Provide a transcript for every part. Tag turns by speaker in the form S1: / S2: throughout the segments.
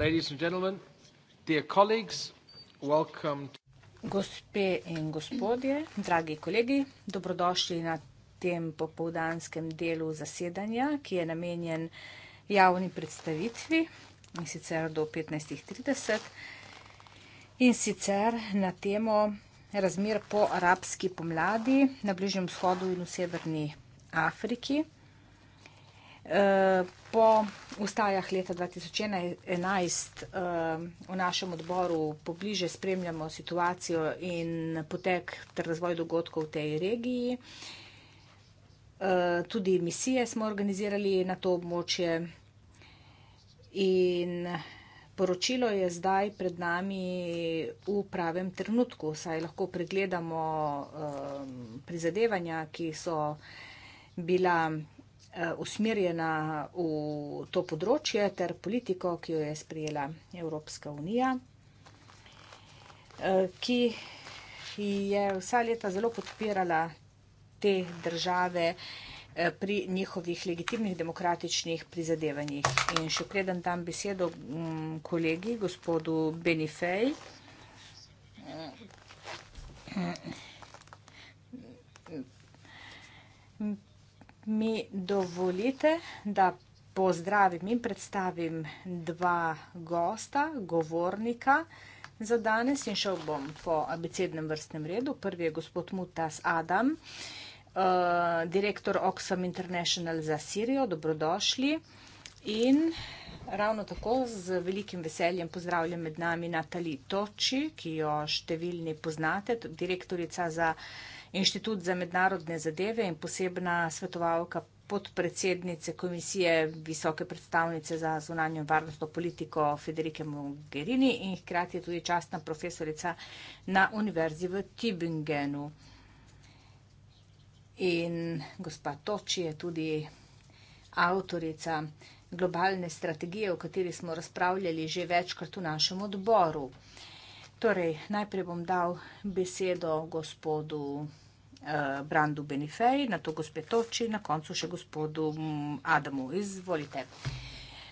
S1: Ladies and gentlemen, dear colleagues, welcome. Gospe in gospodje, dragi kolegi, dobrodošli na tem popovdanskem delu zasedanja, ki je namenjen javni predstavitvi in sicer do 15.30 in sicer na temo razmer po arabski pomladi na Bližnjem vzhodu in v Severni Afriki. Eh, po ustajah leta 2011 ehm, v našem odboru pobliže spremljamo situacijo in potek ter razvoj dogodkov v tej regiji. Ehm, tudi misije smo organizirali na to območje in poročilo je zdaj pred nami v pravem trenutku, saj lahko pregledamo ehm, prizadevanja, ki so bila Eh, usmerjena v to področje ter politiko, ki jo je sprijela Evropska unija, eh, ki je vsa leta zelo podpirala te države eh, pri njihovih legitimnih demokratičnih prizadevanjih. In še preden dam besedo mm, kolegi, gospodu Benifej, mi dovolite, da pozdravim in predstavim dva gosta, govornika za danes in šel bom po abecednem vrstnem redu. Prvi je gospod Mutas Adam, uh, direktor Oxfam International za Sirijo. Dobrodošli. In ravno tako z velikim veseljem pozdravljam med nami Natali Toči, ki jo številni poznate, direktorica za. Inštitut za mednarodne zadeve in posebna svetovalka podpredsednice komisije visoke predstavnice za zunanjo varnostno politiko Federike Mogherini in hkrati je tudi častna profesorica na univerzi v Tübingenu. In gospa Toči je tudi avtorica globalne strategije, o kateri smo razpravljali že večkrat v našem odboru. Torej, najprej bom dal besedo gospodu uh, Brandu Benifeji, na to gospe Toči, na koncu še gospodu mm, Adamu. Izvolite.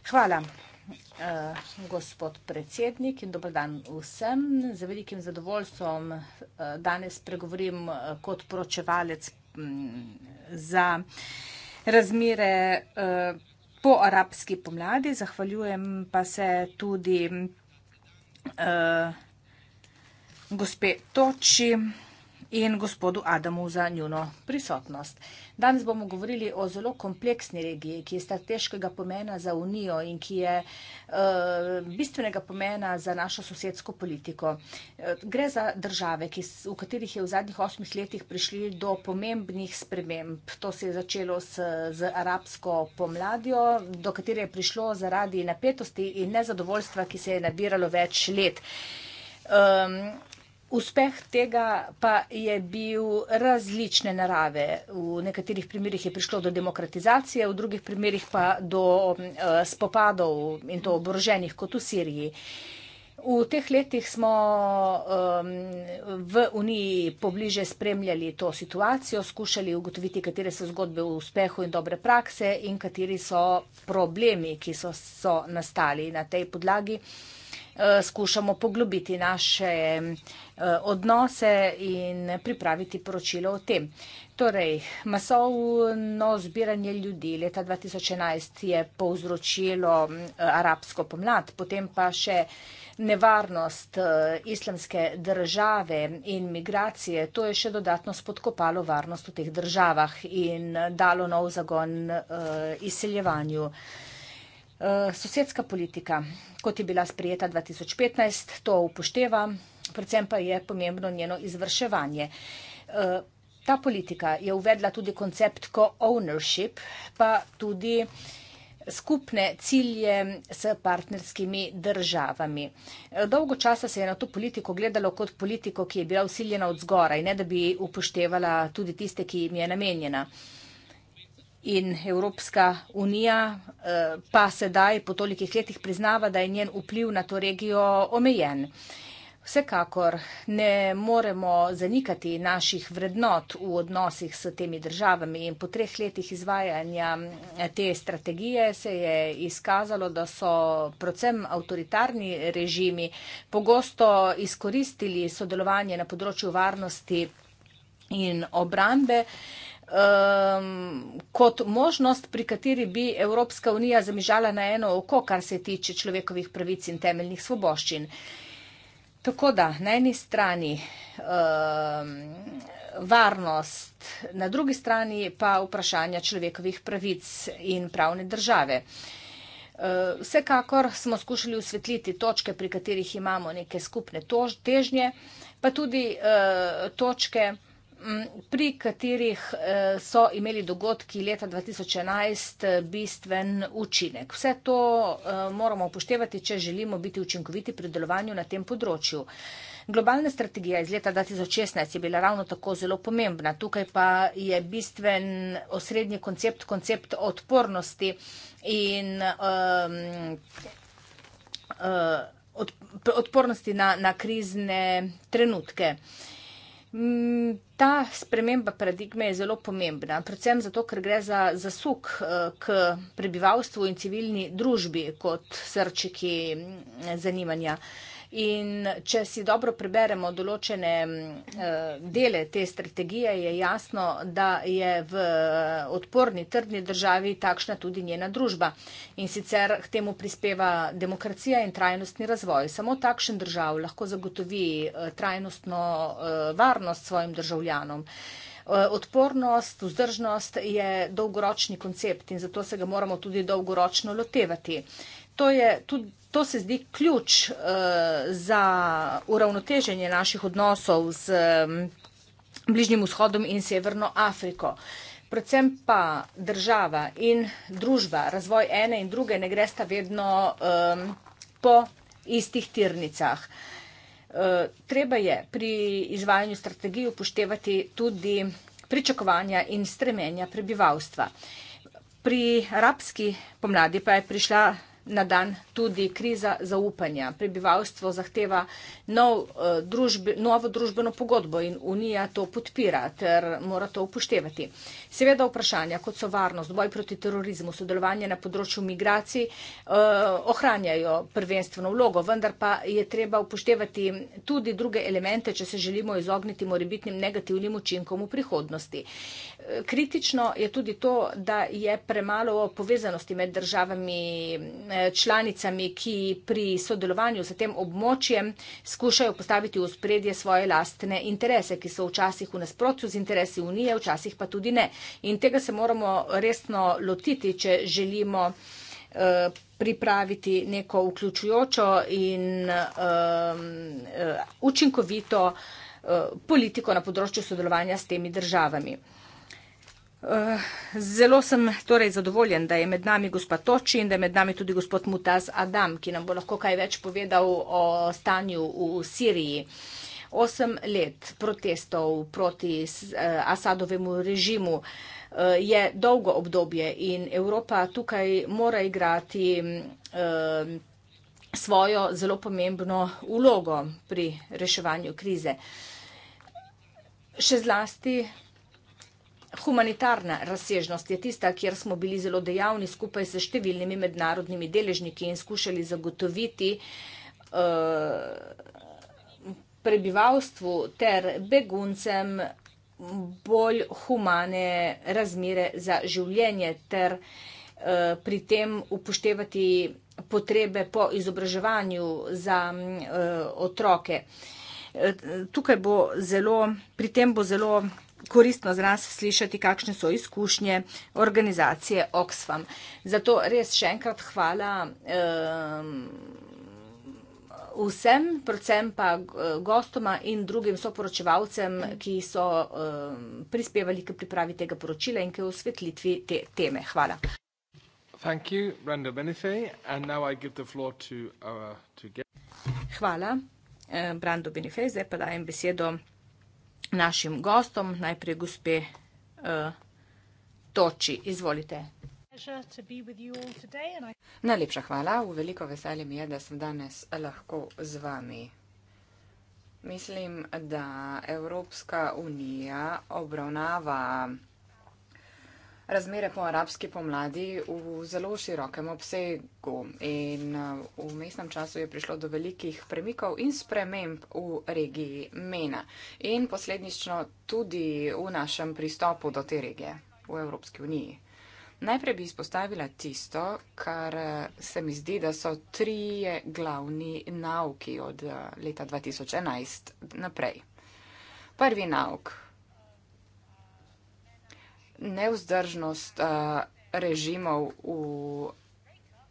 S1: Hvala, uh, gospod predsednik in dobro dan vsem. Z velikim zadovoljstvom uh, danes pregovorim uh, kot poročevalec um, za razmire uh, po arabski pomladi. Zahvaljujem pa se tudi uh, gospe Toči in gospodu Adamu za njuno prisotnost. Danes bomo govorili o zelo kompleksni regiji, ki je strateškega pomena za Unijo in ki je e, bistvenega pomena za našo sosedsko politiko. E, gre za države, ki, v katerih je v zadnjih osmih letih prišli do pomembnih sprememb. To se je začelo s, z arabsko pomladjo, do katere je prišlo zaradi napetosti in nezadovoljstva, ki se je nabiralo več let. E, Uspeh tega pa je bil različne narave. V nekaterih primerjih je prišlo do demokratizacije, v drugih primerjih pa do eh, spopadov in to oboroženih kot v Siriji. V teh letih smo um, v Uniji pobliže spremljali to situacijo, skušali ugotoviti, katere so zgodbe v uspehu in dobre prakse in kateri so problemi, ki so, so nastali na tej podlagi. Uh, skušamo poglobiti naše uh, Eh, odnose in pripraviti poročilo o tem. Torej, masovno zbiranje ljudi leta 2011 je povzročilo eh, arabsko pomlad, potem pa še nevarnost eh, islamske države in migracije. To je še dodatno spodkopalo varnost v teh državah in dalo nov zagon izseljevanju. Sosedska politika, kot je bila sprijeta 2015, to upošteva predvsem pa je pomembno njeno izvrševanje. E, ta politika je uvedla tudi koncept co-ownership, pa tudi skupne cilje s partnerskimi državami. E, dolgo časa se je na to politiko gledalo kot politiko, ki je bila usiljena od zgoraj, ne da bi upoštevala tudi tiste, ki jim je namenjena. In Evropska unija e, pa sedaj po tolikih letih priznava, da je njen vpliv na to regijo omejen. Vsekakor ne moremo zanikati naših vrednot v odnosih s temi državami in po treh letih izvajanja eh, te strategije se je izkazalo, da so predvsem avtoritarni režimi pogosto izkoristili sodelovanje na področju varnosti in obrambe ehm, kot možnost, pri kateri bi Evropska unija zamižala na eno oko, kar se tiče človekovih pravic in temeljnih svoboščin. Tako da, na eni strani um, varnost, na drugi strani pa vprašanja človekovih pravic in pravne države. Ehm, vsekakor smo skušali usvetliti točke, pri katerih imamo neke skupne tož, težnje, pa tudi uh, točke, pri katerih eh, so imeli dogodki leta 2011 eh, bistven učinek. Vse to eh, moramo upoštevati, če želimo biti učinkoviti pri delovanju na tem področju. Globalna strategija iz leta 2016 je bila ravno tako zelo pomembna. Tukaj pa je bistven osrednji koncept, koncept odpornosti in um, odpornosti na, na krizne trenutke. Mm, ta sprememba paradigme je zelo pomembna, predvsem zato, ker gre za zasuk eh, k prebivalstvu in civilni družbi kot srčiki mm, zanimanja. In če si dobro preberemo določene eh, dele te strategije, je jasno, da je v eh, odporni, trdni državi takšna tudi njena družba. In sicer k temu prispeva demokracija in trajnostni razvoj. Samo takšen držav lahko zagotovi eh, trajnostno varnost svojim državljanom. Odpornost, vzdržnost je dolgoročni koncept in zato se ga moramo tudi dolgoročno lotevati to, je, tudi, to se zdi ključ uh, za uravnoteženje naših odnosov z um, Bližnjim vzhodom in Severno Afriko. Predvsem pa država in družba, razvoj ene in druge ne gre sta vedno um, po istih tirnicah. Eh, treba je pri izvajanju strategij upoštevati tudi pričakovanja in stremenja prebivalstva. Pri arabski pomladi pa je prišla na dan tudi kriza zaupanja. Prebivalstvo zahteva nov, uh, družbe, novo družbeno pogodbo in Unija to podpira ter mora to upoštevati. Seveda vprašanja, kot so varnost, boj proti terorizmu, sodelovanje na področju migracij uh, ohranjajo prvenstveno vlogo, vendar pa je treba upoštevati tudi druge elemente, če se želimo izogniti morebitnim negativnim učinkom v prihodnosti. Eh, kritično je tudi to, da je premalo povezanosti med državami, članicami, ki pri sodelovanju s tem območjem skušajo postaviti v spredje svoje lastne interese, ki so včasih v nasprotju z interesi Unije, včasih pa tudi ne. In tega se moramo resno lotiti, če želimo eh, pripraviti neko vključujočo in ehm, eh, učinkovito eh, politiko na področju sodelovanja s temi državami. Eh, zelo sem torej zadovoljen, da je med nami gospa Toči in da je med nami tudi gospod Mutaz Adam, ki nam bo lahko kaj več povedal o stanju v Siriji. Osem let protestov proti eh, Asadovemu režimu eh, je dolgo obdobje in Evropa tukaj mora igrati svojo zelo pomembno vlogo pri reševanju krize. Še zlasti Humanitarna razsežnost je tista, kjer smo bili zelo dejavni skupaj s številnimi mednarodnimi deležniki in skušali zagotoviti uh, prebivalstvu ter beguncem bolj humane razmere za življenje ter uh, pri tem upoštevati potrebe po izobraževanju za uh, otroke. Tukaj bo zelo, pri tem bo zelo koristno za nas slišati, kakšne so izkušnje organizacije Oxfam. Zato res še enkrat hvala um, vsem, predvsem pa gostoma in drugim soporočevalcem, ki so um, prispevali k pripravi tega poročila in k osvetlitvi te teme. Hvala. Hvala, eh, Brando Benefej. Zdaj pa dajem besedo našim gostom, najprej gospe eh, Toči. Izvolite. Najlepša hvala, v veliko veselje mi je, da
S2: sem danes lahko z vami. Mislim, da Evropska unija obravnava Razmere po arabski pomladi v zelo širokem obsegu in v mestnem času je prišlo do velikih premikov in sprememb v regiji Mena in posledično tudi v našem pristopu do te regije v Evropski uniji. Najprej bi izpostavila tisto, kar se mi zdi, da so tri glavni nauki od leta 2011 naprej. Prvi nauk neuzdržnost eh, režimov v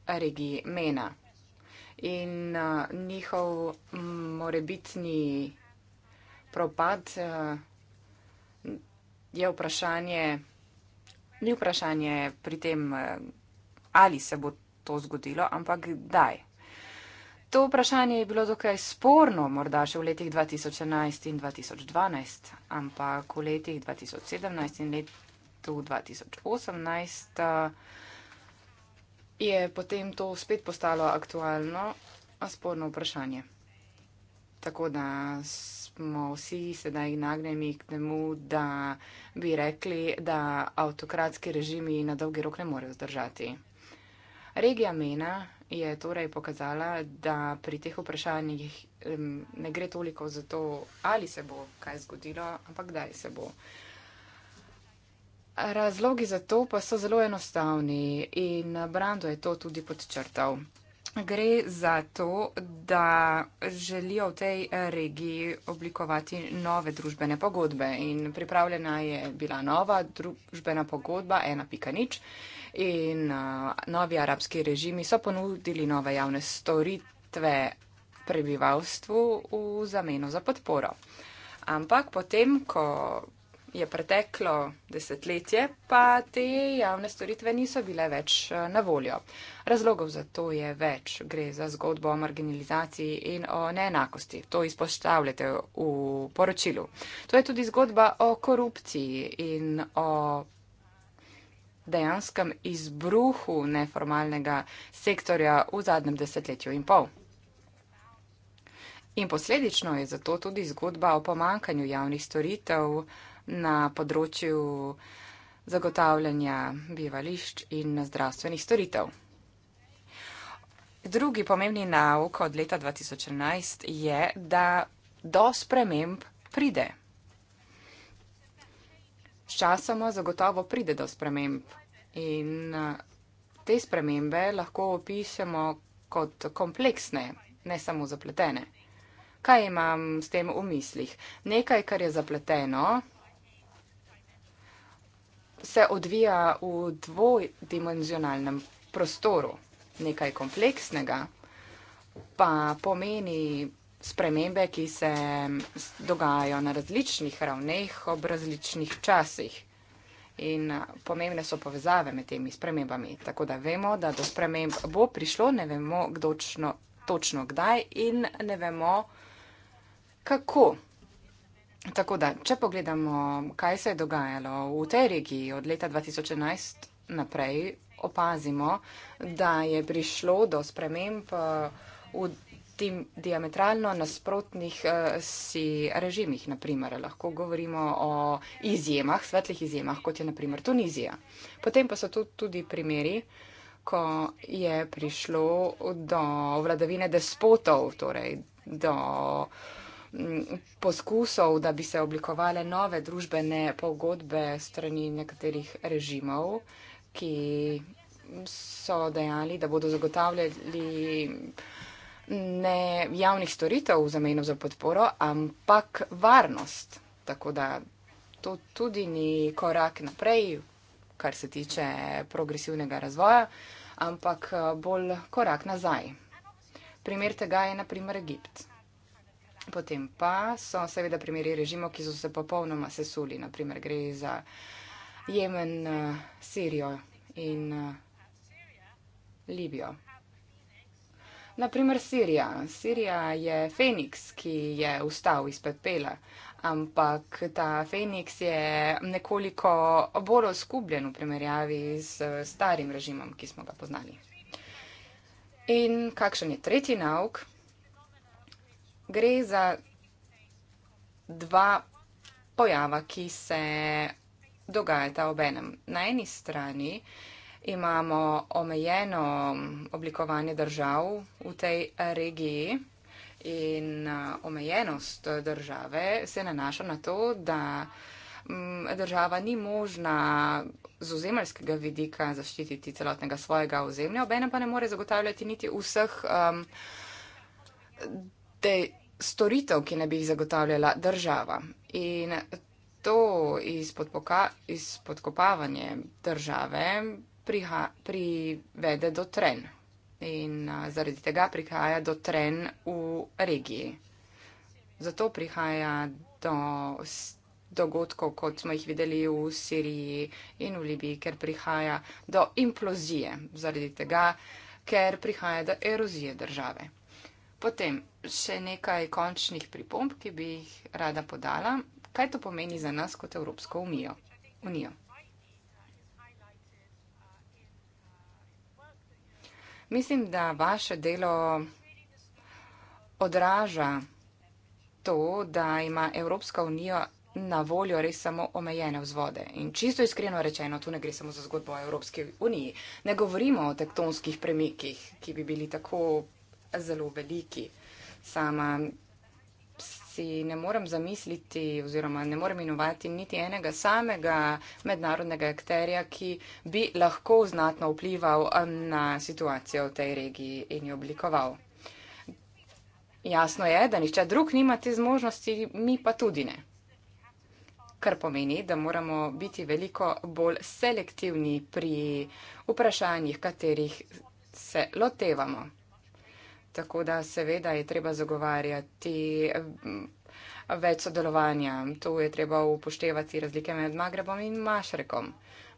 S2: regiji Mena in eh, njihov morebitni propad eh, je vprašanje, ni vprašanje pri tem, ali se bo to zgodilo, ampak kdaj. To vprašanje je bilo dokaj sporno, morda še v letih 2011 in 2012, ampak v letih 2017 in letih letu 2018 eh, je potem to spet postalo aktualno, a sporno vprašanje. Tako da smo vsi sedaj nagnjeni k temu, da bi rekli, da avtokratski režimi na dolgi rok ne morejo zdržati. Regija Mena je torej pokazala, da pri teh vprašanjih ne gre toliko za to, ali se bo kaj zgodilo, ampak kdaj se bo. Razlogi za to pa so zelo enostavni in Brando je to tudi podčrtal. Gre za to, da želijo v tej regiji oblikovati nove družbene pogodbe in pripravljena je bila nova družbena pogodba, ena pika nič in uh, novi arabski režimi so ponudili nove javne storitve prebivalstvu v zameno za podporo. Ampak potem, ko je preteklo desetletje, pa te javne storitve niso bile več eh, na voljo. Razlogov za to je več. Gre za zgodbo o marginalizaciji in o neenakosti. To izpostavljate v poročilu. To je tudi zgodba o korupciji in o dejanskem izbruhu neformalnega sektorja v zadnjem desetletju in pol. In posledično je zato tudi zgodba o pomankanju javnih storitev uh, na področju zagotavljanja bivališč in zdravstvenih storitev. Drugi pomembni nauk od leta 2011 je, da do sprememb pride. Sčasoma zagotovo pride do sprememb in te spremembe lahko opišemo kot kompleksne, ne samo zapletene. Kaj imam s tem v mislih? Nekaj, kar je zapleteno, se odvija v dvodimenzionalnem prostoru. Nekaj kompleksnega pa pomeni spremembe, ki se dogajajo na različnih ravneh ob različnih časih. In pomembne so povezave med temi spremembami, tako da vemo, da do sprememb bo prišlo, ne vemo, kdočno, točno kdaj in ne vemo, kako. Tako da, če pogledamo, kaj se je dogajalo v tej regiji od leta 2011 naprej, opazimo, da je prišlo do sprememb eh, v tem diametralno nasprotnih eh, si režimih. Naprimer, lahko govorimo o izjemah, svetlih izjemah, kot je naprimer Tunizija. Potem pa so tu tudi primeri, ko je prišlo do vladavine despotov, torej do. Uh, poskusov, da bi se oblikovale nove družbene pogodbe strani nekaterih režimov, ki so dejali, da bodo zagotavljali ne javnih storitev v zamenju za podporo, ampak varnost. Tako da to tudi ni korak naprej, kar se tiče progresivnega razvoja, ampak bolj korak nazaj. Primer tega je naprimer Egipt. Potem pa so seveda primeri režimov, ki so se popolnoma sesuli. Naprimer gre za Jemen, eh, Sirijo in eh, Libijo. Naprimer Sirija. Sirija je Feniks, ki je ustal iz pepela, ampak ta Feniks je nekoliko bolj oskubljen v primerjavi s eh, starim režimom, ki smo ga poznali. In kakšen je tretji nauk? gre za dva pojava, ki se dogajata ob enem. Na eni strani imamo omejeno oblikovanje držav v tej regiji in omejenost države se nanaša na to, da država ni možna z ozemeljskega vidika zaščititi celotnega svojega ozemlja, obenem pa ne more zagotavljati niti vseh um, te storitev, ki ne bi jih zagotavljala država. In to izpod, poka, izpod kopavanje države priha, privede do tren. In a, zaradi tega prihaja do tren v regiji. Zato prihaja do dogodkov, kot smo jih videli v Siriji in v Libiji, ker prihaja do implozije, zaradi tega, ker prihaja do erozije države. Potem še nekaj končnih pripomb, ki bi jih rada podala. Kaj to pomeni za nas kot Evropsko unijo? unijo. Mislim, da vaše delo odraža to, da ima Evropska unija na voljo res samo omejene vzvode. In čisto iskreno rečeno, tu ne gre samo za zgodbo o Evropski uniji. Ne govorimo o tektonskih premikih, ki bi bili tako zelo veliki. Sama si ne morem zamisliti oziroma ne morem inovati niti enega samega mednarodnega akterja, ki bi lahko znatno vplival na situacijo v tej regiji in jo oblikoval. Jasno je, da nišče drug nima te zmožnosti, mi pa tudi ne. Kar pomeni, da moramo biti veliko bolj selektivni pri vprašanjih, katerih se lotevamo tako da seveda je treba zagovarjati mm, več sodelovanja. Tu je treba upoštevati razlike med Magrebom in Mašrekom.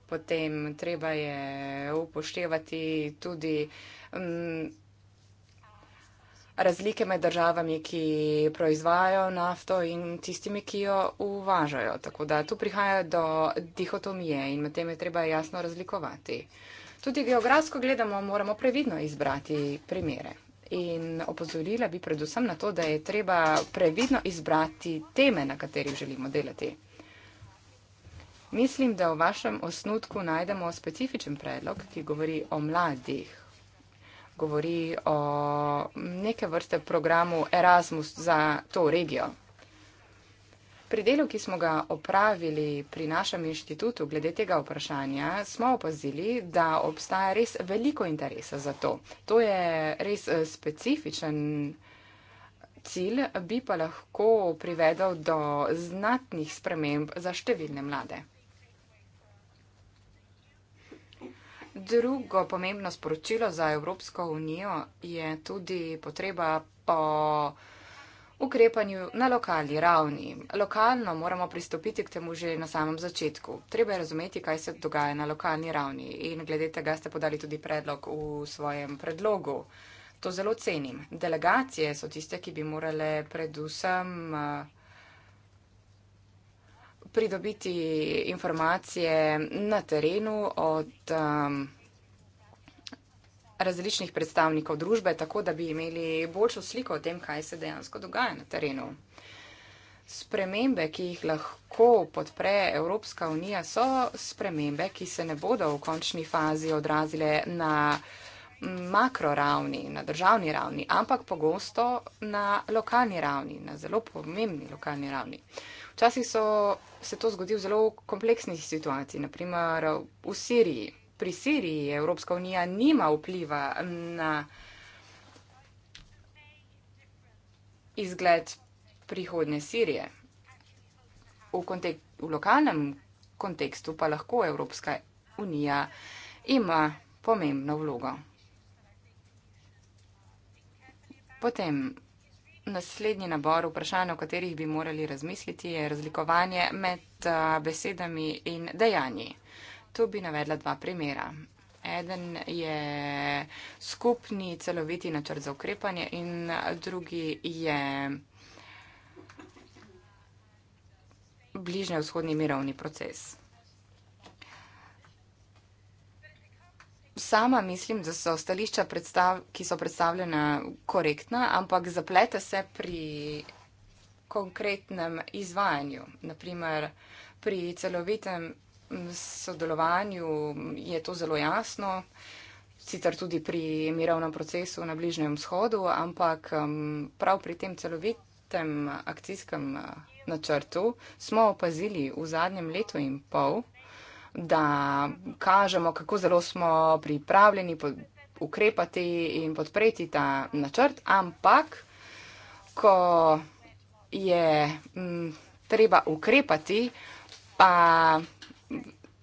S2: Potem treba je upoštevati tudi um, razlike med državami, ki proizvajajo nafto in tistimi, ki jo uvažajo. Tako da tu prihaja do dihotomije in med tem je treba jasno razlikovati. Tudi geografsko gledamo, moramo previdno izbrati primere. In opozorila bi predvsem na to, da je treba previdno izbrati teme, na katerih želimo delati. Mislim, da v vašem osnutku najdemo specifičen predlog, ki govori o mladih. Govori o neke vrste programu Erasmus za to regijo. Pri delu, ki smo ga opravili pri našem inštitutu glede tega vprašanja, smo opazili, da obstaja res veliko interesa za to. To je res eh, specifičen cilj, bi pa lahko privedel do znatnih sprememb za številne mlade. Drugo pomembno sporočilo za Evropsko unijo je tudi potreba po ukrepanju na lokalni ravni. Lokalno moramo pristopiti k temu že na samem začetku. Treba je razumeti, kaj se dogaja na lokalni ravni in glede tega ste podali tudi predlog v svojem predlogu. To zelo cenim. Delegacije so tiste, ki bi morale predvsem eh, pridobiti informacije na terenu od. Um, različnih predstavnikov družbe, tako da bi imeli boljšo sliko o tem, kaj se dejansko dogaja na terenu. Spremembe, ki jih lahko podpre Evropska unija, so spremembe, ki se ne bodo v končni fazi odrazile na makroravni, na državni ravni, ampak pogosto na lokalni ravni, na zelo pomembni lokalni ravni. Včasih so se to zgodilo v zelo kompleksnih situacijah, naprimer v Siriji pri Siriji Evropska unija nima vpliva na izgled prihodnje Sirije. V, kontek v lokalnem kontekstu pa lahko Evropska unija ima pomembno vlogo. Potem naslednji nabor vprašanj, o katerih bi morali razmisliti, je razlikovanje med besedami in dejanji. Tu bi navedla dva primera. Eden je skupni celoviti načrt za ukrepanje in drugi je bližnje vzhodni mirovni proces. Sama mislim, da so stališča, ki so predstavljena, korektna, ampak zaplete se pri konkretnem izvajanju, naprimer pri celovitem sodelovanju je to zelo jasno, sicer tudi pri mirovnem procesu na Bližnjem vzhodu, ampak um, prav pri tem celovitem uh, akcijskem uh, načrtu smo opazili v zadnjem letu in pol, da kažemo, kako zelo smo pripravljeni ukrepati in podpreti ta načrt, ampak ko je m, mm, treba ukrepati, pa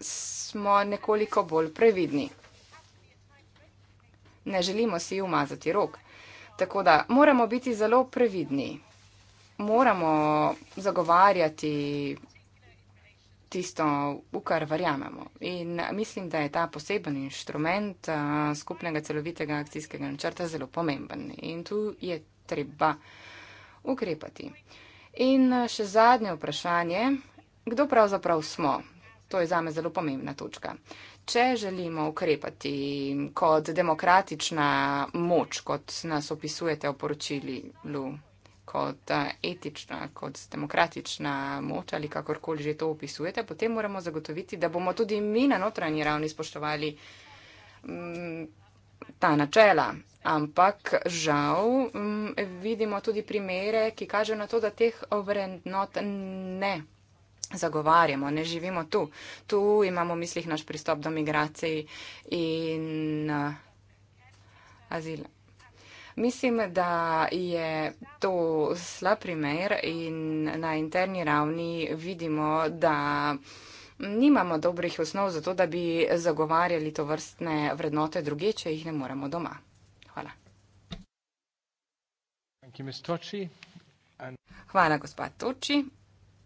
S2: smo nekoliko bolj previdni. Ne želimo si umazati rok. Tako da moramo biti zelo previdni. Moramo zagovarjati tisto, v kar verjamemo. In mislim, da je ta poseben inštrument eh, skupnega celovitega akcijskega načrta zelo pomemben. In tu je treba ukrepati. In eh, še zadnje vprašanje, kdo pravzaprav smo? To je zame zelo pomembna točka. Če želimo ukrepati kot demokratična moč, kot nas opisujete v poročilu, kot eh, etična, kot demokratična moč ali kakorkoli že to opisujete, potem moramo zagotoviti, da bomo tudi mi na notranji ravni spoštovali mm, ta načela. Ampak žal mm, vidimo tudi primere, ki kažejo na to, da teh vrednot ne zagovarjamo, ne živimo tu. Tu imamo v mislih naš pristop do migracij in uh, eh, azila. Mislim, da je to slab primer in na interni ravni vidimo, da nimamo dobrih osnov za to, da bi zagovarjali to vrstne vrednote druge, če jih ne moremo doma. Hvala. Hvala, gospod Toči.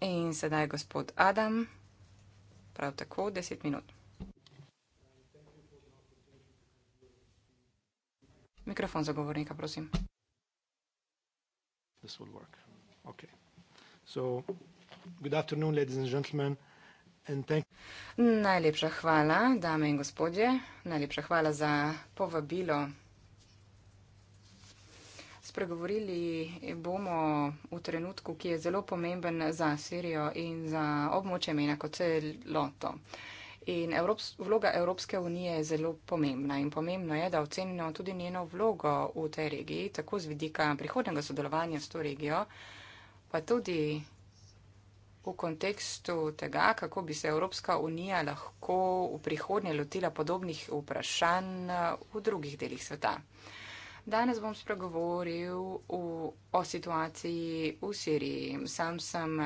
S2: In sedaj gospod Adam, prav tako 10 minut. Mikrofon za govornika, prosim. This will work. Okay. So, good afternoon,
S1: ladies and gentlemen. And thank
S2: najlepša hvala, dame in gospodje. Najlepša hvala za povabilo. Spregovorili bomo v trenutku, ki je zelo pomemben za Sirijo in za območje mena kot celoto. In Evrops vloga Evropske unije je zelo pomembna in pomembno je, da ocenimo tudi njeno vlogo v tej regiji, tako z vidika prihodnega sodelovanja s to regijo, pa tudi v kontekstu tega, kako bi se Evropska unija lahko v prihodnje lotila podobnih vprašanj v drugih delih sveta. Danes bom spregovoril v, o situaciji v Siriji. Sam sem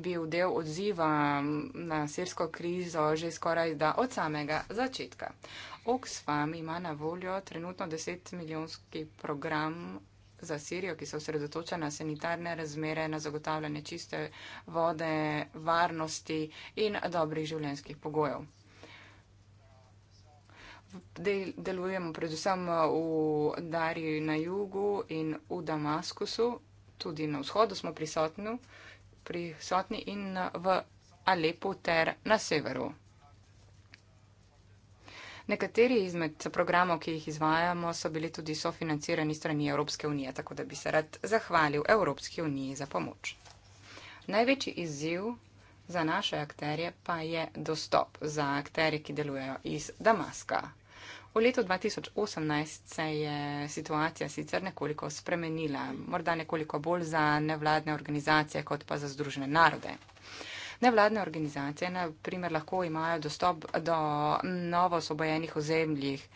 S2: bil del odziva na sirsko krizo že skoraj da od samega začetka. Oxfam ima na voljo trenutno 10 milijonski program za Sirijo, ki se osredotoča na sanitarne razmere, na zagotavljanje čiste vode, varnosti in dobrih življenjskih pogojev delujemo predvsem eh, v Dariji na jugu in v Damaskusu, tudi na vzhodu smo prisotni, prisotni in eh, v Alepu ter na severu. Nekateri izmed programov, ki jih izvajamo, so bili tudi sofinancirani strani Evropske unije, tako da bi se rad zahvalil Evropski uniji za pomoč. Največji izziv za naše akterje pa je dostop za akterje, ki delujejo iz Damaska. V letu 2018 se je situacija sicer nekoliko spremenila, morda nekoliko bolj za nevladne organizacije, kot pa za Združene narode. Nevladne organizacije, na primer, lahko imajo dostop do novo osvobojenih ozemljih,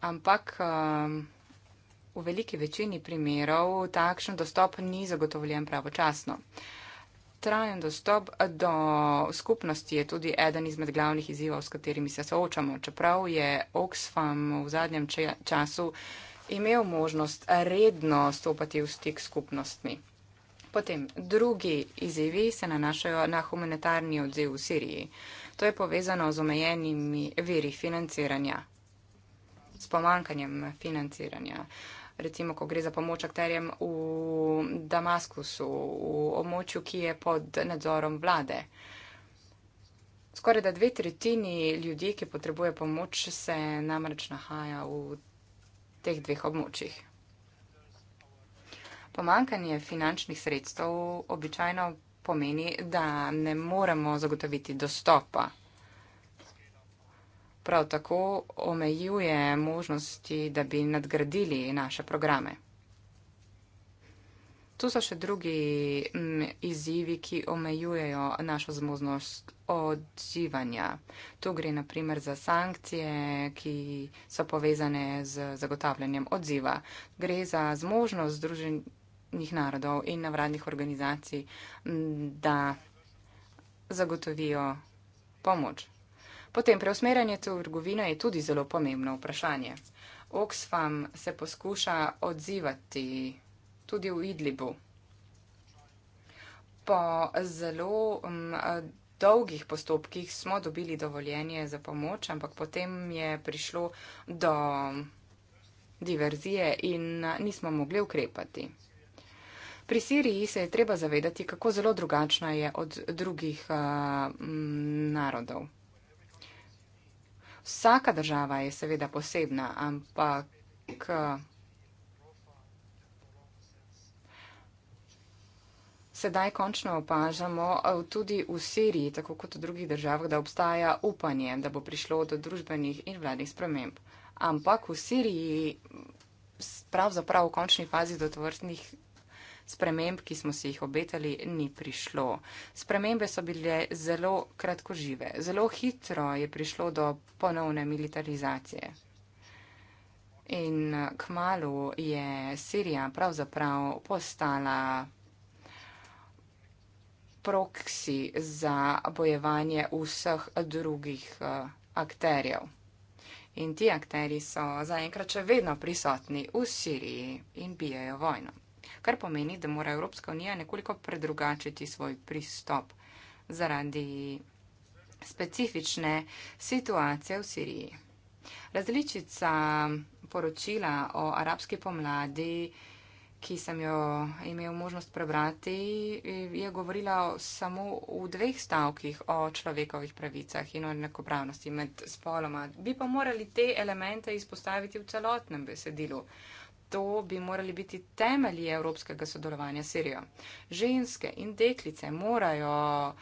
S2: ampak um, v veliki večini primerov takšen dostop ni zagotovljen pravočasno trajen dostop do skupnosti je tudi eden izmed glavnih izzivov, s katerimi se soočamo. Čeprav je Oxfam v zadnjem času imel možnost redno stopati v stik skupnostmi. Potem drugi izzivi se nanašajo na humanitarni odziv v Siriji. To je povezano z omejenimi viri financiranja, s pomankanjem financiranja recimo, ko gre za pomoč akterjem v Damaskusu, v območju, ki je pod nadzorom vlade. Skoraj da dve tretjini ljudi, ki potrebuje pomoč, se namreč nahaja v teh dveh območjih. Pomankanje finančnih sredstev običajno pomeni, da ne moremo zagotoviti dostopa prav tako omejuje možnosti, da bi nadgradili naše programe. Tu so še drugi m, izzivi, ki omejujejo našo zmožnost odzivanja. Tu gre naprimer za sankcije, ki so povezane z zagotavljanjem odziva. Gre za zmožnost Združenih narodov in navradnih organizacij, m, da zagotovijo pomoč Potem preusmerjanje trgovine je tudi zelo pomembno vprašanje. Oxfam se poskuša odzivati tudi v Idlibu. Po zelo um, dolgih postopkih smo dobili dovoljenje za pomoč, ampak potem je prišlo do diverzije in nismo mogli ukrepati. Pri Siriji se je treba zavedati, kako zelo drugačna je od drugih uh, narodov. Vsaka država je seveda posebna, ampak sedaj končno opažamo tudi v Siriji, tako kot v drugih državah, da obstaja upanje, da bo prišlo do družbenih in vladnih sprememb. Ampak v Siriji pravzaprav v končni fazi do tovrstnih sprememb, ki smo si jih obetali, ni prišlo. Spremembe so bile zelo kratkožive. Zelo hitro je prišlo do ponovne militarizacije. In eh, k malu je Sirija pravzaprav postala proksi za bojevanje vseh drugih eh, akterjev. In ti akteri so zaenkrat še vedno prisotni v Siriji in bijajo vojno kar pomeni, da mora Evropska unija nekoliko predrugačiti svoj pristop zaradi specifične situacije v Siriji. Različica poročila o arabski pomladi, ki sem jo imel možnost prebrati, je govorila samo v dveh stavkih o človekovih pravicah in o enakopravnosti med spoloma. Bi pa morali te elemente izpostaviti v celotnem besedilu to bi morali biti temelji evropskega sodelovanja s Sirijo. Ženske in deklice morajo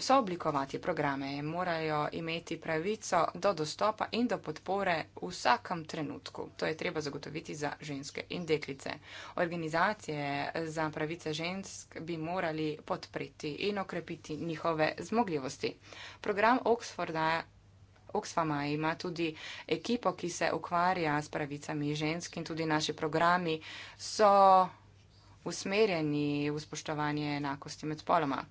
S2: sooblikovati programe, morajo imeti pravico do dostopa in do podpore v vsakem trenutku. To je treba zagotoviti za ženske in deklice. Organizacije za pravice žensk bi morali podpreti in okrepiti njihove zmogljivosti. Program Oxforda Oxfama ima tudi ekipo, ki se ukvarja s pravicami žensk in tudi naši programi so usmerjeni v spoštovanje enakosti med spoloma.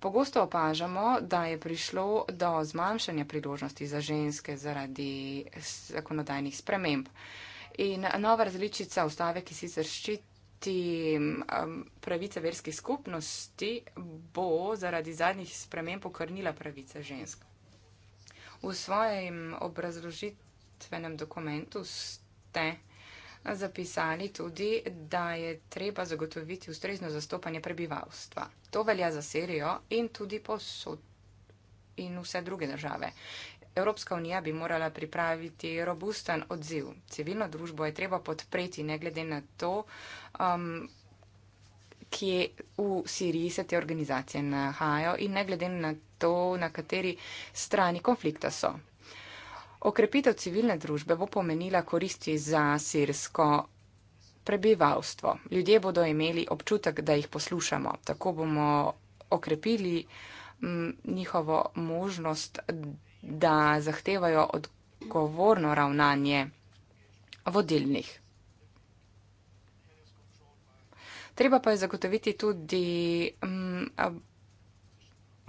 S2: Pogosto opažamo, da je prišlo do zmanjšanja priložnosti za ženske zaradi zakonodajnih sprememb. In nova različica ustave, ki sicer ščiti um, pravice verskih skupnosti, bo zaradi zadnjih sprememb okrnila pravice žensk. V svojem obrazložitvenem dokumentu ste zapisali tudi, da je treba zagotoviti ustrezno zastopanje prebivalstva. To velja za Sirijo in tudi posod in vse druge države. Evropska unija bi morala pripraviti robusten odziv. Civilno družbo je treba podpreti, ne glede na to, um, kje v Siriji se te organizacije nahajajo in ne glede na to, to, na kateri strani konflikta so. Okrepitev civilne družbe bo pomenila koristi za sirsko prebivalstvo. Ljudje bodo imeli občutek, da jih poslušamo. Tako bomo okrepili njihovo možnost, da zahtevajo odgovorno ravnanje vodilnih. Treba pa je zagotoviti tudi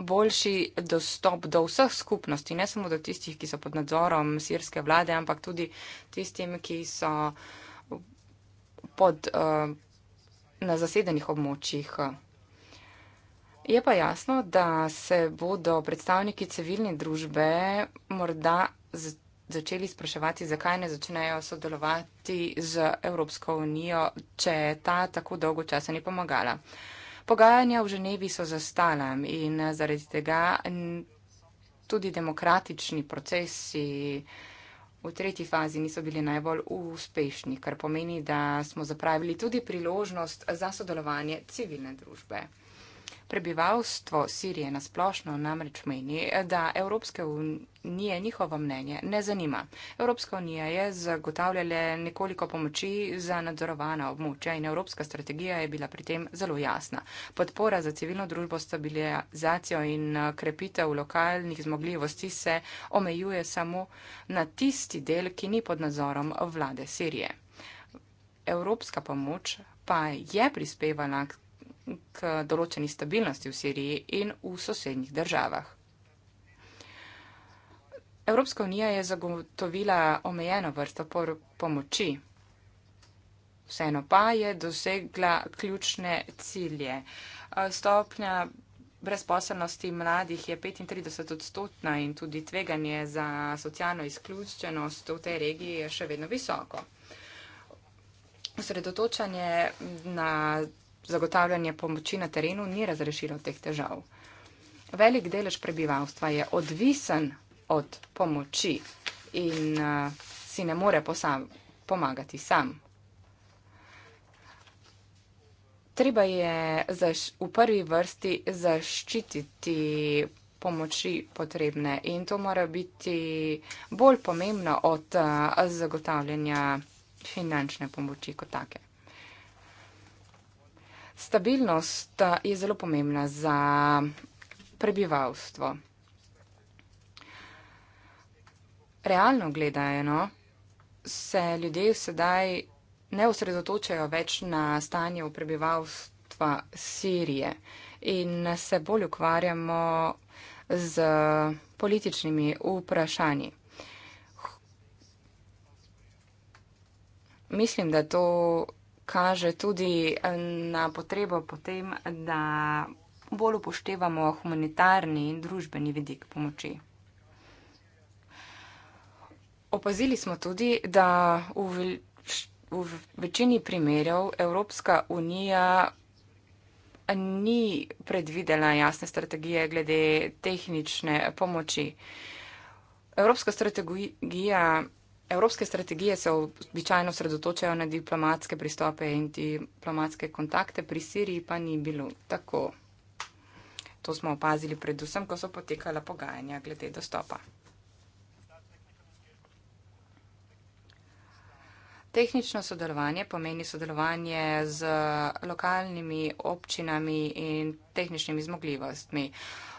S2: boljši dostop do vseh skupnosti, ne samo do tistih, ki so pod nadzorom sirske vlade, ampak tudi tistim, ki so pod, eh, na zasedenih območjih. Je pa jasno, da se bodo predstavniki civilne družbe morda začeli spraševati, zakaj ne začnejo sodelovati z Evropsko unijo, če ta tako dolgo časa ni pomagala. Pogajanja v Ženevi so zastala in eh, zaradi tega tudi demokratični procesi v tretji fazi niso bili najbolj uspešni, kar pomeni, da smo zapravili tudi priložnost za sodelovanje civilne družbe. Prebivalstvo Sirije nasplošno namreč meni, da Evropske unije njihovo mnenje ne zanima. Evropska unija je zagotavljala nekoliko pomoči za nadzorovana območja in evropska strategija je bila pri tem zelo jasna. Podpora za civilno družbo, stabilizacijo in eh, krepitev lokalnih zmogljivosti se omejuje samo na tisti del, ki ni pod nadzorom vlade Sirije. Evropska pomoč pa je prispevala k k določeni stabilnosti v Siriji in v sosednjih državah. Evropska unija je zagotovila omejeno vrsto pomoči. Vseeno pa je dosegla ključne cilje. Stopnja brezposelnosti mladih je 35 odstotna in tudi tveganje za socialno izključenost v tej regiji je še vedno visoko. Osredotočanje na zagotavljanje pomoči na terenu ni razrešilo teh težav. Velik delež prebivalstva je odvisen od pomoči in uh, si ne more posam, pomagati sam. Treba je zaš, v prvi vrsti zaščititi pomoči potrebne in to mora biti bolj pomembno od uh, zagotavljanja finančne pomoči kot take. Stabilnost eh, je zelo pomembna za prebivalstvo. Realno gledajeno se ljudje sedaj ne osredotočajo več na stanje v prebivalstva Sirije in se bolj ukvarjamo z političnimi vprašanji. Mislim, da to kaže tudi eh, na potrebo potem, da bolj upoštevamo humanitarni in družbeni vidik pomoči. Opazili smo tudi, da v, v večini primerjev Evropska unija ni predvidela jasne strategije glede tehnične pomoči. Evropska strategija Evropske strategije se običajno sredotočajo na diplomatske pristope in diplomatske kontakte, pri Siriji pa ni bilo tako. To smo opazili predvsem, ko so potekala pogajanja glede dostopa. Tehnično sodelovanje pomeni sodelovanje z lokalnimi občinami in tehničnimi zmogljivostmi.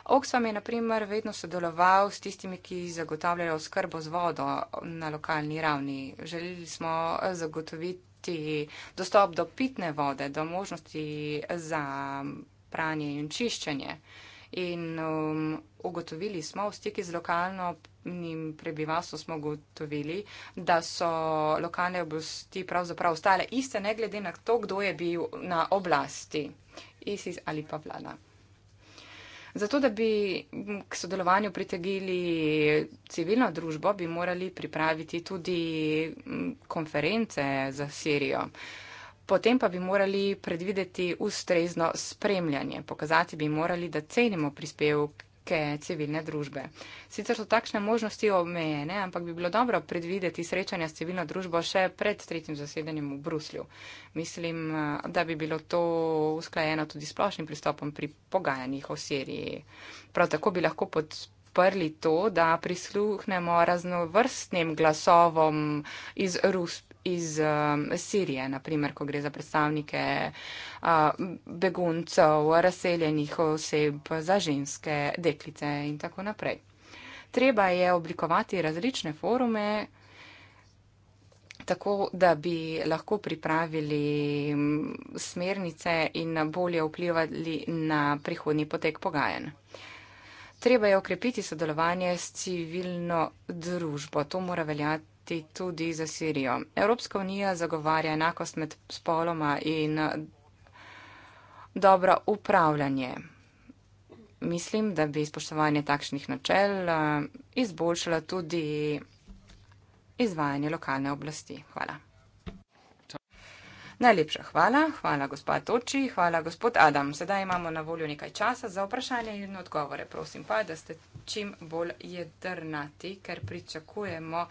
S2: Oxfam je naprimer vedno sodeloval s tistimi, ki zagotavljajo skrbo z vodo na lokalni ravni. Želeli smo eh, zagotoviti dostop do pitne vode, do možnosti za pranje in čiščenje. In um, ugotovili smo v stiki z lokalno občino, lokalnim prebivalstvom smo ugotovili, da so lokalne oblasti pravzaprav ostale iste, ne glede na to, kdo je bil na oblasti, ISIS ali pa vlada. Zato, da bi k sodelovanju pritegili civilno družbo, bi morali pripraviti tudi konference za Sirijo. Potem pa bi morali predvideti ustrezno spremljanje. Pokazati bi morali, da cenimo prispevke neke civilne družbe. Sicer so takšne možnosti omejene, ampak bi bilo dobro predvideti srečanja s civilno družbo še pred tretjim zasedanjem v Bruslju. Mislim, da bi bilo to usklajeno tudi splošnim pristopom pri pogajanjih o Siriji. Prav tako bi lahko pod. Prvi to, da prisluhnemo raznovrstnim glasovom iz Rus iz um, Sirije, naprimer, ko gre za predstavnike uh, beguncev, razseljenih oseb, za ženske, deklice in tako naprej. Treba je oblikovati različne forume, tako da bi lahko pripravili um, smernice in bolje vplivali na prihodni potek pogajanj. Treba je okrepiti sodelovanje s civilno družbo. To mora veljati veljati tudi za Sirijo. Evropska unija zagovarja enakost med spoloma in dobro upravljanje. Mislim, da bi spoštovanje takšnih načel eh, izboljšalo tudi izvajanje lokalne oblasti. Hvala. Najlepša hvala. Hvala, gospod Toči. Hvala, gospod Adam. Sedaj imamo na voljo nekaj časa za vprašanje in odgovore. Prosim pa, da ste čim bolj jedrnati, ker pričakujemo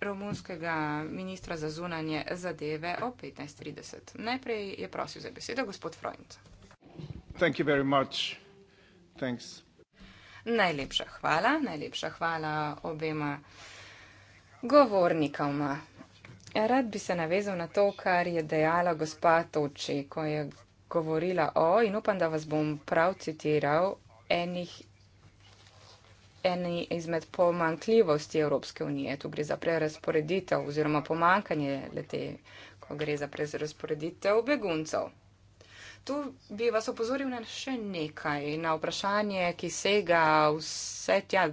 S2: romunskega ministra za zunanje zadeve o 15.30. Najprej je prosil za besedo gospod Freund. Najlepša hvala, najlepša hvala obema govornikoma. Rad bi se navezal na to, kar je dejala gospa Toči, ko je govorila o, in upam, da vas bom prav citiral, enih eni izmed pomankljivosti Evropske unije. Tu gre za prerasporeditev oziroma pomankanje lete, ko gre za prerasporeditev beguncev. Tu bi vas opozoril na še nekaj, na vprašanje, ki sega vse tja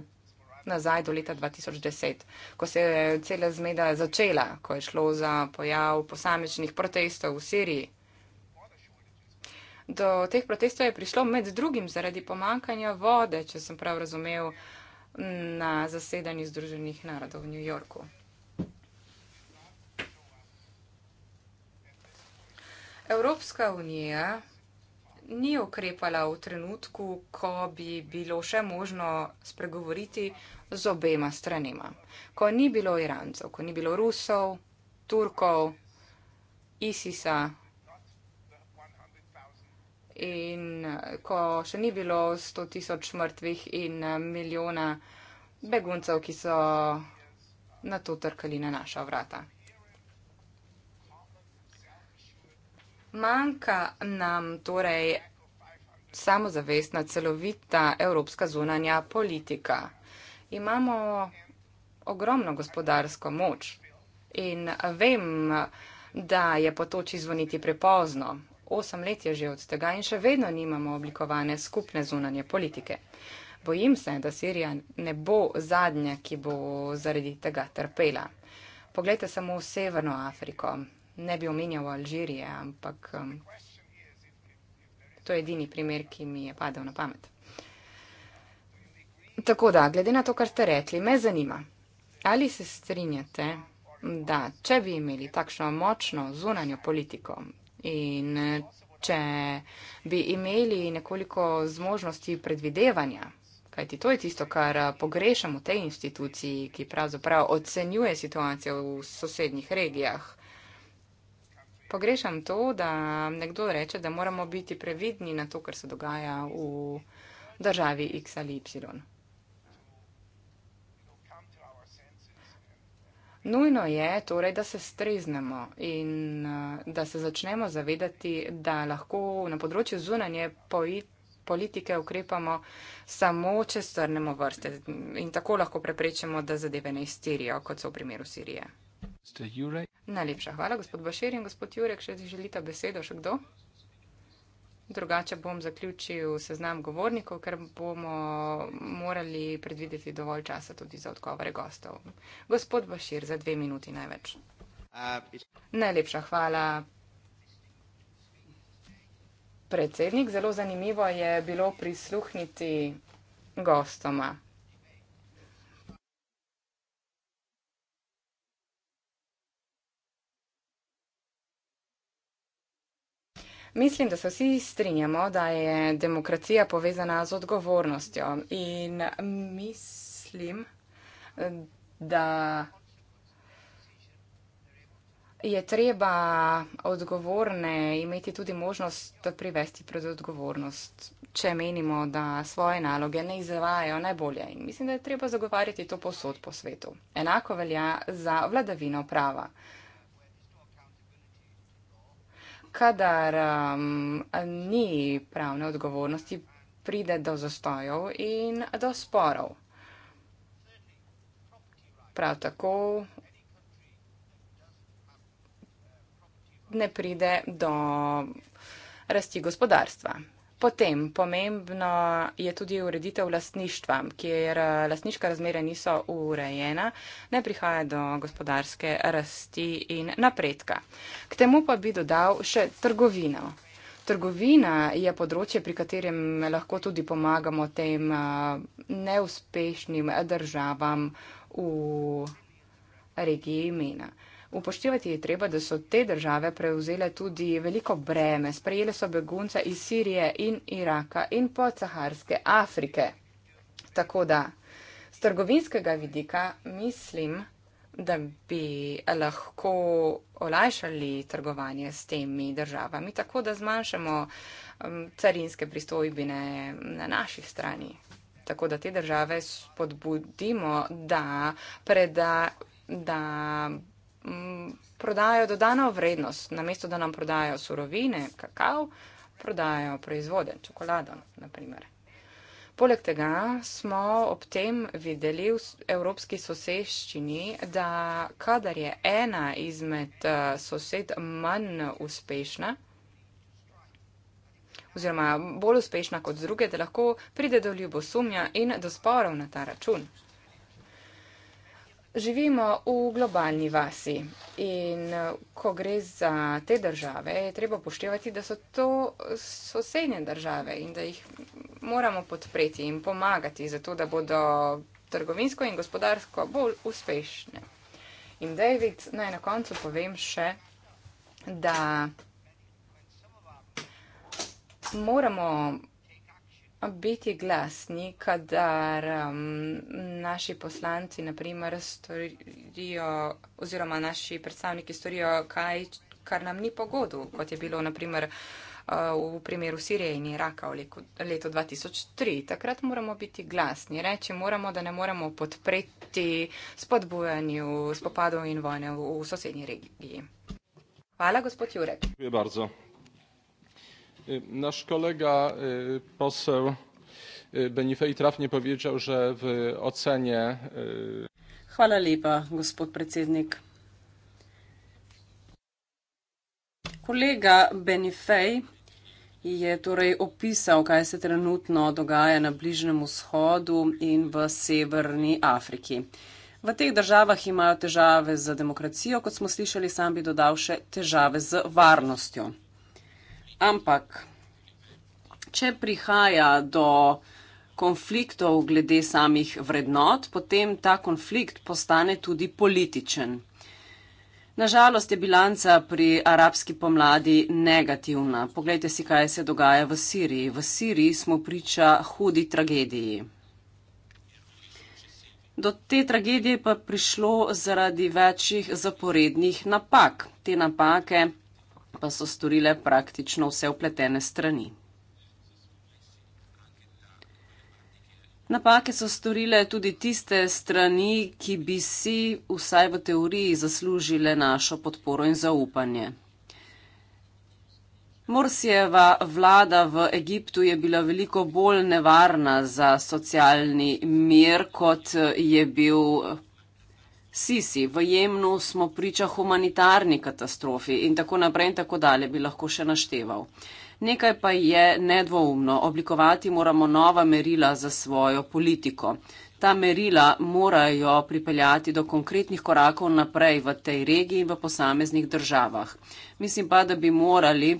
S2: nazaj do leta 2010, ko se je cela zmeda začela, ko je šlo za pojav posamečnih protestov v Siriji. Do teh protestov je prišlo med drugim zaradi pomankanja vode, če sem prav razumel, uh, na zasedanju Združenih narodov v New Yorku. Evropska unija ni ukrepala v trenutku, ko bi bilo še možno spregovoriti z obema stranima. Ko ni bilo Irancev, ko ni bilo Rusov, Turkov, ISIS-a, in eh, ko še ni bilo 100 tisoč mrtvih in eh, milijona beguncev, ki so na to trkali na naša vrata. Manjka nam torej samozavestna, celovita evropska zunanja politika. Imamo ogromno gospodarsko moč in vem, da je potoči zvoniti prepozno osem let je že od tega in še vedno nimamo oblikovane skupne zunanje politike. Bojim se, da Sirija ne bo zadnja, ki bo zaradi tega trpela. Poglejte samo v Severno Afriko. Ne bi omenjal Alžirije, ampak um, to je edini primer, ki mi je padel na pamet. Tako da, glede na to, kar ste rekli, me zanima, ali se strinjate, da če bi imeli takšno močno zunanjo politiko, In če bi imeli nekoliko zmožnosti predvidevanja, kajti to je tisto, kar pogrešamo v tej instituciji, ki pravzaprav ocenjuje situacijo v sosednjih regijah. Pogrešam to, da nekdo reče, da moramo biti previdni na to, kar se dogaja v državi X ali Y. Nujno je torej, da se streznemo in eh, da se začnemo zavedati, da lahko na področju zunanje poiti politike ukrepamo samo, če strnemo vrste in tako lahko preprečemo, da zadeve ne izterijo, kot so v primeru Sirije. Najlepša hvala, gospod Bašer in gospod Jurek, še želite besedo, še kdo? Drugače bom zaključil seznam govornikov, ker bomo morali predvideti dovolj časa tudi za odgovore gostov. Gospod Bašir, za dve minuti največ. Najlepša hvala. Predsednik, zelo zanimivo je bilo prisluhniti gostoma. Mislim, da se vsi strinjamo, da je demokracija povezana z odgovornostjo in mislim, da je treba odgovorne imeti tudi možnost privesti pred odgovornost, če menimo, da svoje naloge ne izvajajo najbolje. In mislim, da je treba zagovarjati to posod po svetu. Enako velja za vladavino prava kadar um, ni pravne odgovornosti, pride do zastojev in do sporov. Prav tako ne pride do rasti gospodarstva. Potem pomembno je tudi ureditev lastništva, kjer eh, lastniška razmere niso urejena, ne prihaja do gospodarske rasti in napredka. K temu pa bi dodal še trgovino. Trgovina je področje, pri katerem lahko tudi pomagamo tem eh, neuspešnim državam v regiji Mina. Upoštevati je treba, da so te države prevzele tudi veliko breme. Sprejele so begunce iz Sirije in Iraka in podsaharske Afrike. Tako da z trgovinskega vidika mislim, da bi lahko olajšali trgovanje s temi državami, tako da zmanjšamo um, carinske pristojbine na naši strani. Tako da te države spodbudimo, da, preda, da Mm, prodajo dodano vrednost, namesto da nam prodajo surovine, kakav, prodajo proizvode, čokolado, naprimer. Poleg tega smo ob tem videli v evropski soseščini, da kadar je ena izmed eh, sosed manj uspešna, oziroma bolj uspešna kot druge, da lahko pride do ljubosumja in do sporov na ta račun. Živimo v globalni vasi in eh, ko gre za te države, je treba poštevati, da so to sosednje države in da jih moramo podpreti in pomagati, zato da bodo trgovinsko in gospodarsko bolj uspešne. In David, naj na koncu povem še, da moramo biti glasni, kadar um, naši poslanci, naprimer, storijo oziroma naši predstavniki storijo kaj, kar nam ni pogodu, kot je bilo naprimer uh, v primeru Sirije in Iraka v leku, letu 2003. Takrat moramo biti glasni, reči moramo, da ne moramo podpreti spodbujanju spopadov in vojne v, v sosednji regiji. Hvala, gospod Jurek.
S3: Hvala. Nasz kolega poseł Benifej trafnie powiedział, że w ocenie. Hvala lepa, gospod predsednik. Kolega Benifej je torej opisal, kaj se trenutno dogaja na Bližnem vzhodu in v Severni Afriki. V teh državah imajo težave z demokracijo, kot smo slišali, sam bi dodal še težave z varnostjo. Ampak, če prihaja do konfliktov glede samih vrednot, potem ta konflikt postane tudi političen. Nažalost je bilanca pri arabski pomladi negativna. Poglejte si, kaj se dogaja v Siriji. V Siriji smo priča hudi tragediji. Do te tragedije pa prišlo zaradi večjih zaporednih napak. Te napake pa so storile praktično vse upletene strani. Napake so storile tudi tiste strani, ki bi si vsaj v teoriji zaslužile našo podporo in zaupanje. Morsijeva vlada v Egiptu je bila veliko bolj nevarna za socialni mir, kot je bil Sisi, v Jemnu smo priča humanitarni katastrofi in tako naprej in tako dalje bi lahko še našteval. Nekaj pa je nedvoumno, oblikovati moramo nova merila za svojo politiko. Ta merila morajo pripeljati do konkretnih korakov naprej v tej regiji in v posameznih državah. Mislim pa, da bi morali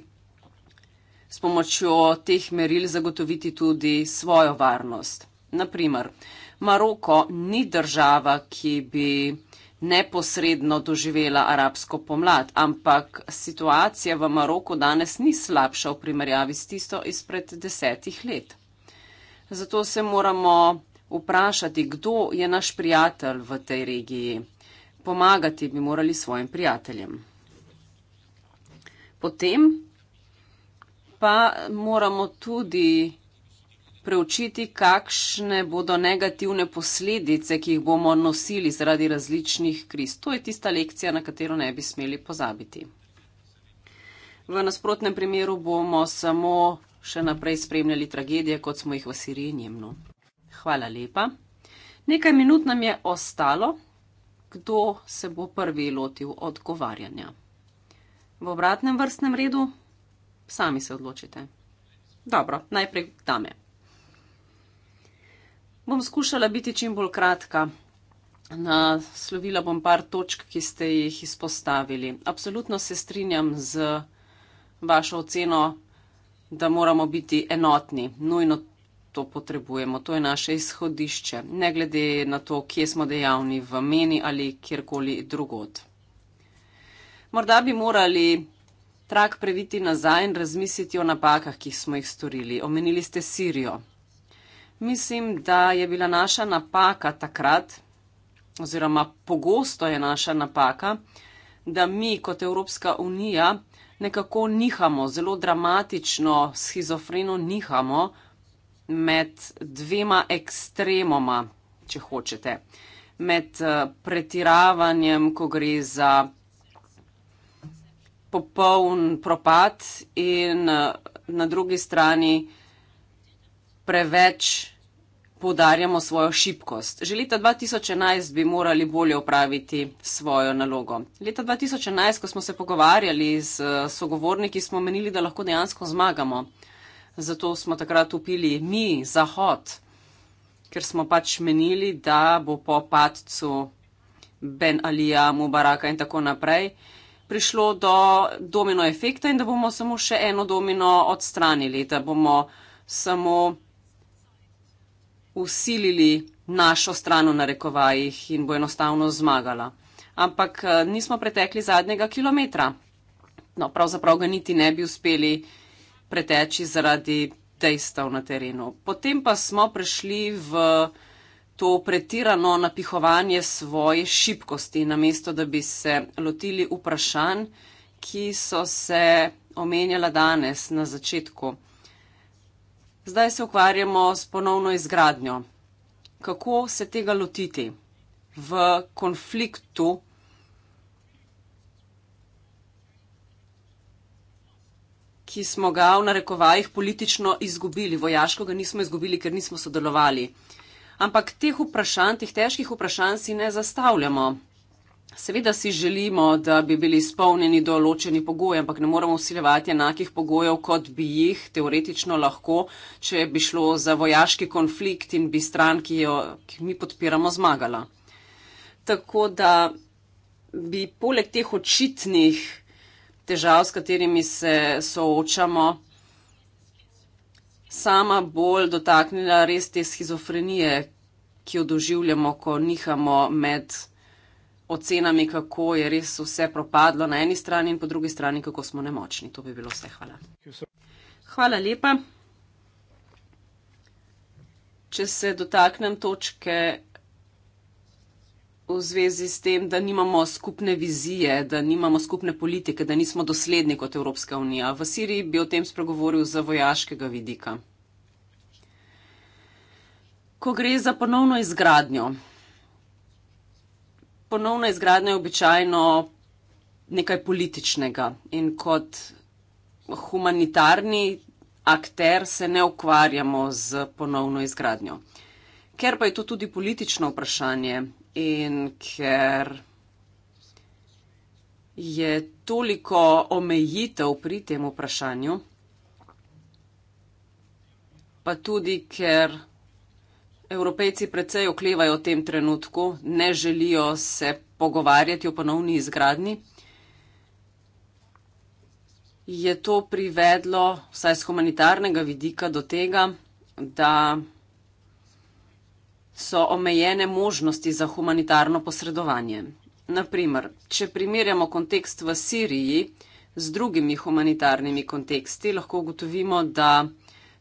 S3: s pomočjo teh meril zagotoviti tudi svojo varnost. Naprimer, Maroko ni država, ki bi neposredno doživela arabsko pomlad, ampak situacija v Maroku danes ni slabša v primerjavi s tisto izpred desetih let. Zato se moramo vprašati, kdo je naš prijatelj v tej regiji. Pomagati bi morali svojim prijateljem. Potem pa moramo tudi preučiti, kakšne bodo negativne posledice, ki jih bomo nosili zaradi različnih kriz. To je tista lekcija, na katero ne bi smeli pozabiti. V nasprotnem primeru bomo samo še naprej spremljali tragedije, kot smo jih v Siriji njemno. Hvala lepa. Nekaj minut nam je ostalo, kdo se bo prvi lotil odgovarjanja. V obratnem vrstnem redu sami se odločite. Dobro, najprej dame. Bom skušala biti čim bolj kratka. Naslovila bom par točk, ki ste jih izpostavili. Absolutno se strinjam z vašo oceno, da moramo biti enotni. Nujno to potrebujemo. To je naše izhodišče, ne glede na to, kje smo dejavni v meni ali kjerkoli drugod. Morda bi morali trak previti nazaj in razmisliti o napakah, ki smo jih storili. Omenili ste Sirijo. Mislim, da je bila naša napaka takrat, oziroma pogosto je naša napaka, da mi kot Evropska unija nekako nihamo, zelo dramatično, schizofreno nihamo med dvema ekstremoma, če hočete, med eh, pretiravanjem, ko gre za popoln propad in eh, na drugi strani preveč podarjamo svojo šibkost. Že leta 2011 bi morali bolje upraviti svojo nalogo. Leta 2011, ko smo se pogovarjali z sogovorniki, smo menili, da lahko dejansko zmagamo. Zato smo takrat upili mi, Zahod, ker smo pač menili, da bo po padcu Ben Alija, Mubaraka in tako naprej prišlo do domino efekta in da bomo samo še eno domino odstranili, da bomo samo usilili našo stran v narekovajih in bo enostavno zmagala. Ampak eh, nismo pretekli zadnjega kilometra. No, pravzaprav ga niti ne bi uspeli preteči zaradi dejstev na terenu. Potem pa smo prišli v to pretirano napihovanje svoje šibkosti, namesto da bi se lotili vprašanj, ki so se omenjala danes na začetku. Zdaj se ukvarjamo s ponovno izgradnjo. Kako se tega lotiti v konfliktu? Ki smo ga v narekovajih politično izgubili, vojaško ga nismo izgubili, ker nismo sodelovali. Ampak teh vprašanj, teh težkih vprašanj si ne zastavljamo. Seveda si želimo, da bi bili izpolnjeni določeni pogoji, ampak ne moramo usilevati enakih pogojev, kot bi jih teoretično lahko, če bi šlo za vojaški konflikt in bi stran, ki jo ki mi podpiramo, zmagala. Tako da bi poleg teh očitnih težav, s katerimi se soočamo, sama bolj dotaknila res te schizofrenije, ki jo doživljamo, ko nihamo med ocenami, kako je res vse propadlo na eni strani in po drugi strani, kako smo nemočni. To bi bilo vse. Hvala. Hvala lepa. Če se dotaknem točke v zvezi s tem, da nimamo skupne vizije, da nimamo skupne politike, da nismo dosledni kot Evropska unija. V Siriji bi o tem spregovoril za vojaškega vidika. Ko gre za ponovno izgradnjo, ponovna izgradnja je običajno nekaj političnega in kot humanitarni akter se ne ukvarjamo z ponovno izgradnjo. Ker pa je to tudi politično vprašanje in ker je toliko omejitev pri tem vprašanju, pa tudi ker. Evropejci precej oklevajo v tem trenutku, ne želijo se pogovarjati o ponovni izgradni. Je to privedlo, vsaj z humanitarnega vidika, do tega, da so omejene možnosti za humanitarno posredovanje. Naprimer, če primerjamo kontekst v Siriji z drugimi humanitarnimi konteksti, lahko ugotovimo, da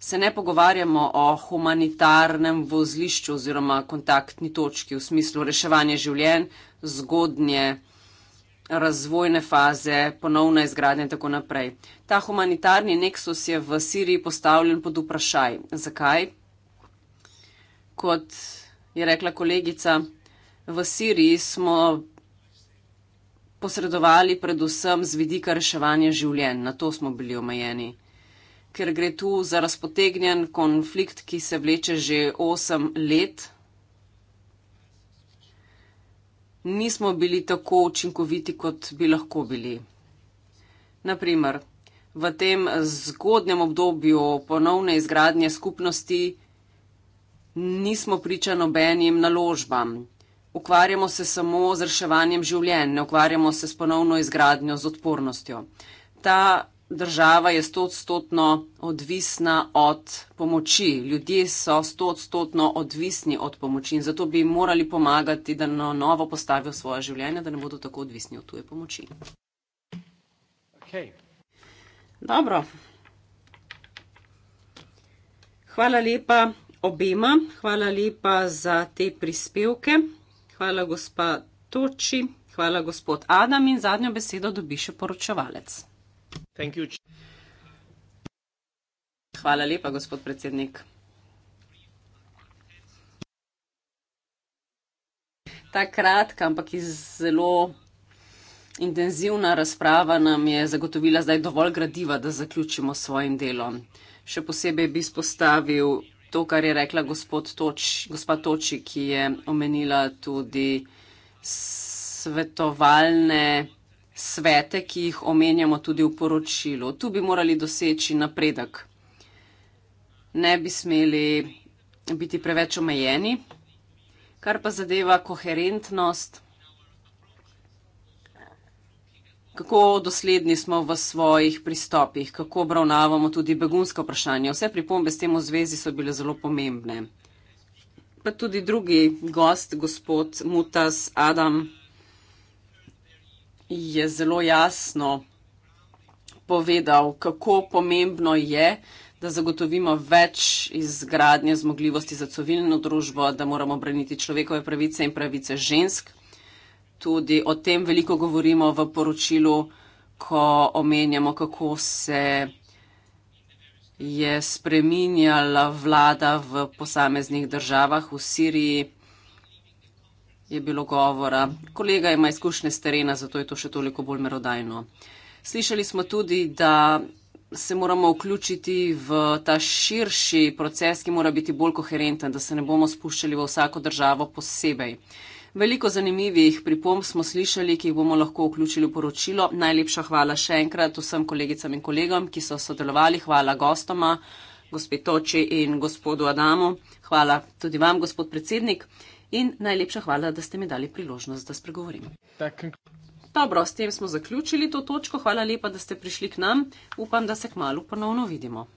S3: se ne pogovarjamo o humanitarnem vozlišču oziroma kontaktni točki v smislu reševanja življenj, zgodnje razvojne faze, ponovna izgradnja in tako naprej. Ta humanitarni neksus je v Siriji postavljen pod vprašaj. Zakaj? Kot je rekla kolegica, v Siriji smo posredovali predvsem z vidika reševanja življenj. Na to smo bili omejeni ker gre tu za razpotegnjen konflikt, ki se vleče že 8 let. Nismo bili tako učinkoviti, kot bi lahko bili. Naprimer, v tem zgodnjem obdobju ponovne izgradnje skupnosti nismo priča nobenim naložbam. Ukvarjamo se samo z reševanjem življenj, ne ukvarjamo se s ponovno izgradnjo, z odpornostjo. Ta država je stotstotno odvisna od pomoči. Ljudje so stotstotno odvisni od pomoči in zato bi morali pomagati, da na novo postavijo svoje življenje, da ne bodo tako odvisni od tuje pomoči. Okay. Dobro. Hvala lepa obema, hvala lepa za te prispevke. Hvala gospa Toči, hvala gospod Adam in zadnjo besedo dobi še poročevalec. Hvala lepa, gospod predsednik. Ta kratka, ampak zelo intenzivna razprava nam je zagotovila zdaj dovolj gradiva, da zaključimo s svojim delom. Še posebej bi spostavil to, kar je rekla Toč, gospa Toči, ki je omenila tudi svetovalne svete, ki jih omenjamo tudi v poročilu. Tu bi morali doseči napredek. Ne bi smeli biti preveč omejeni, kar pa zadeva koherentnost, kako dosledni smo v svojih pristopih, kako obravnavamo tudi begunsko vprašanje. Vse pripombe s tem v zvezi so bile zelo pomembne. Pa tudi drugi gost, gospod Mutas Adam je zelo jasno povedal, kako pomembno je, da zagotovimo več izgradnje zmogljivosti za civilno družbo, da moramo braniti človekove pravice in pravice žensk. Tudi o tem veliko govorimo v poročilu, ko omenjamo, kako se je spreminjala vlada v posameznih državah v Siriji je bilo govora. Kolega ima izkušnje s terena, zato je to še toliko bolj merodajno. Slišali smo tudi, da se moramo vključiti v ta širši proces, ki mora biti bolj koherenten, da se ne bomo spuščali v vsako državo posebej. Veliko zanimivih pripomb smo slišali, ki jih bomo lahko vključili v poročilo. Najlepša hvala še enkrat vsem kolegicam in kolegom, ki so sodelovali. Hvala gostoma, gospe Toči in gospodu Adamu. Hvala tudi vam, gospod predsednik in najlepša hvala, da ste mi dali priložnost, da spregovorim. Tak. Hm. Dobro, s tem smo zaključili to točko. Hvala lepa, da ste prišli k nam. Upam, da se k malu ponovno vidimo.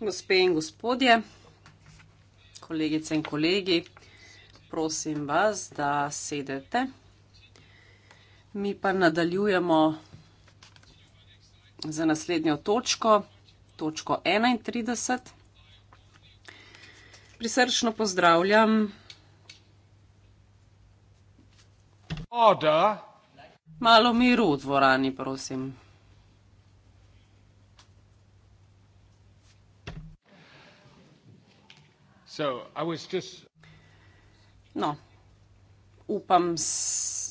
S3: Gospe in gospodje, kolegice in kolegi, prosim vas, da sedete. Mi pa nadaljujemo za naslednjo točko, točko 31. Prisrčno pozdravljam. Order. Malo miru v dvorani, prosim. No, upam,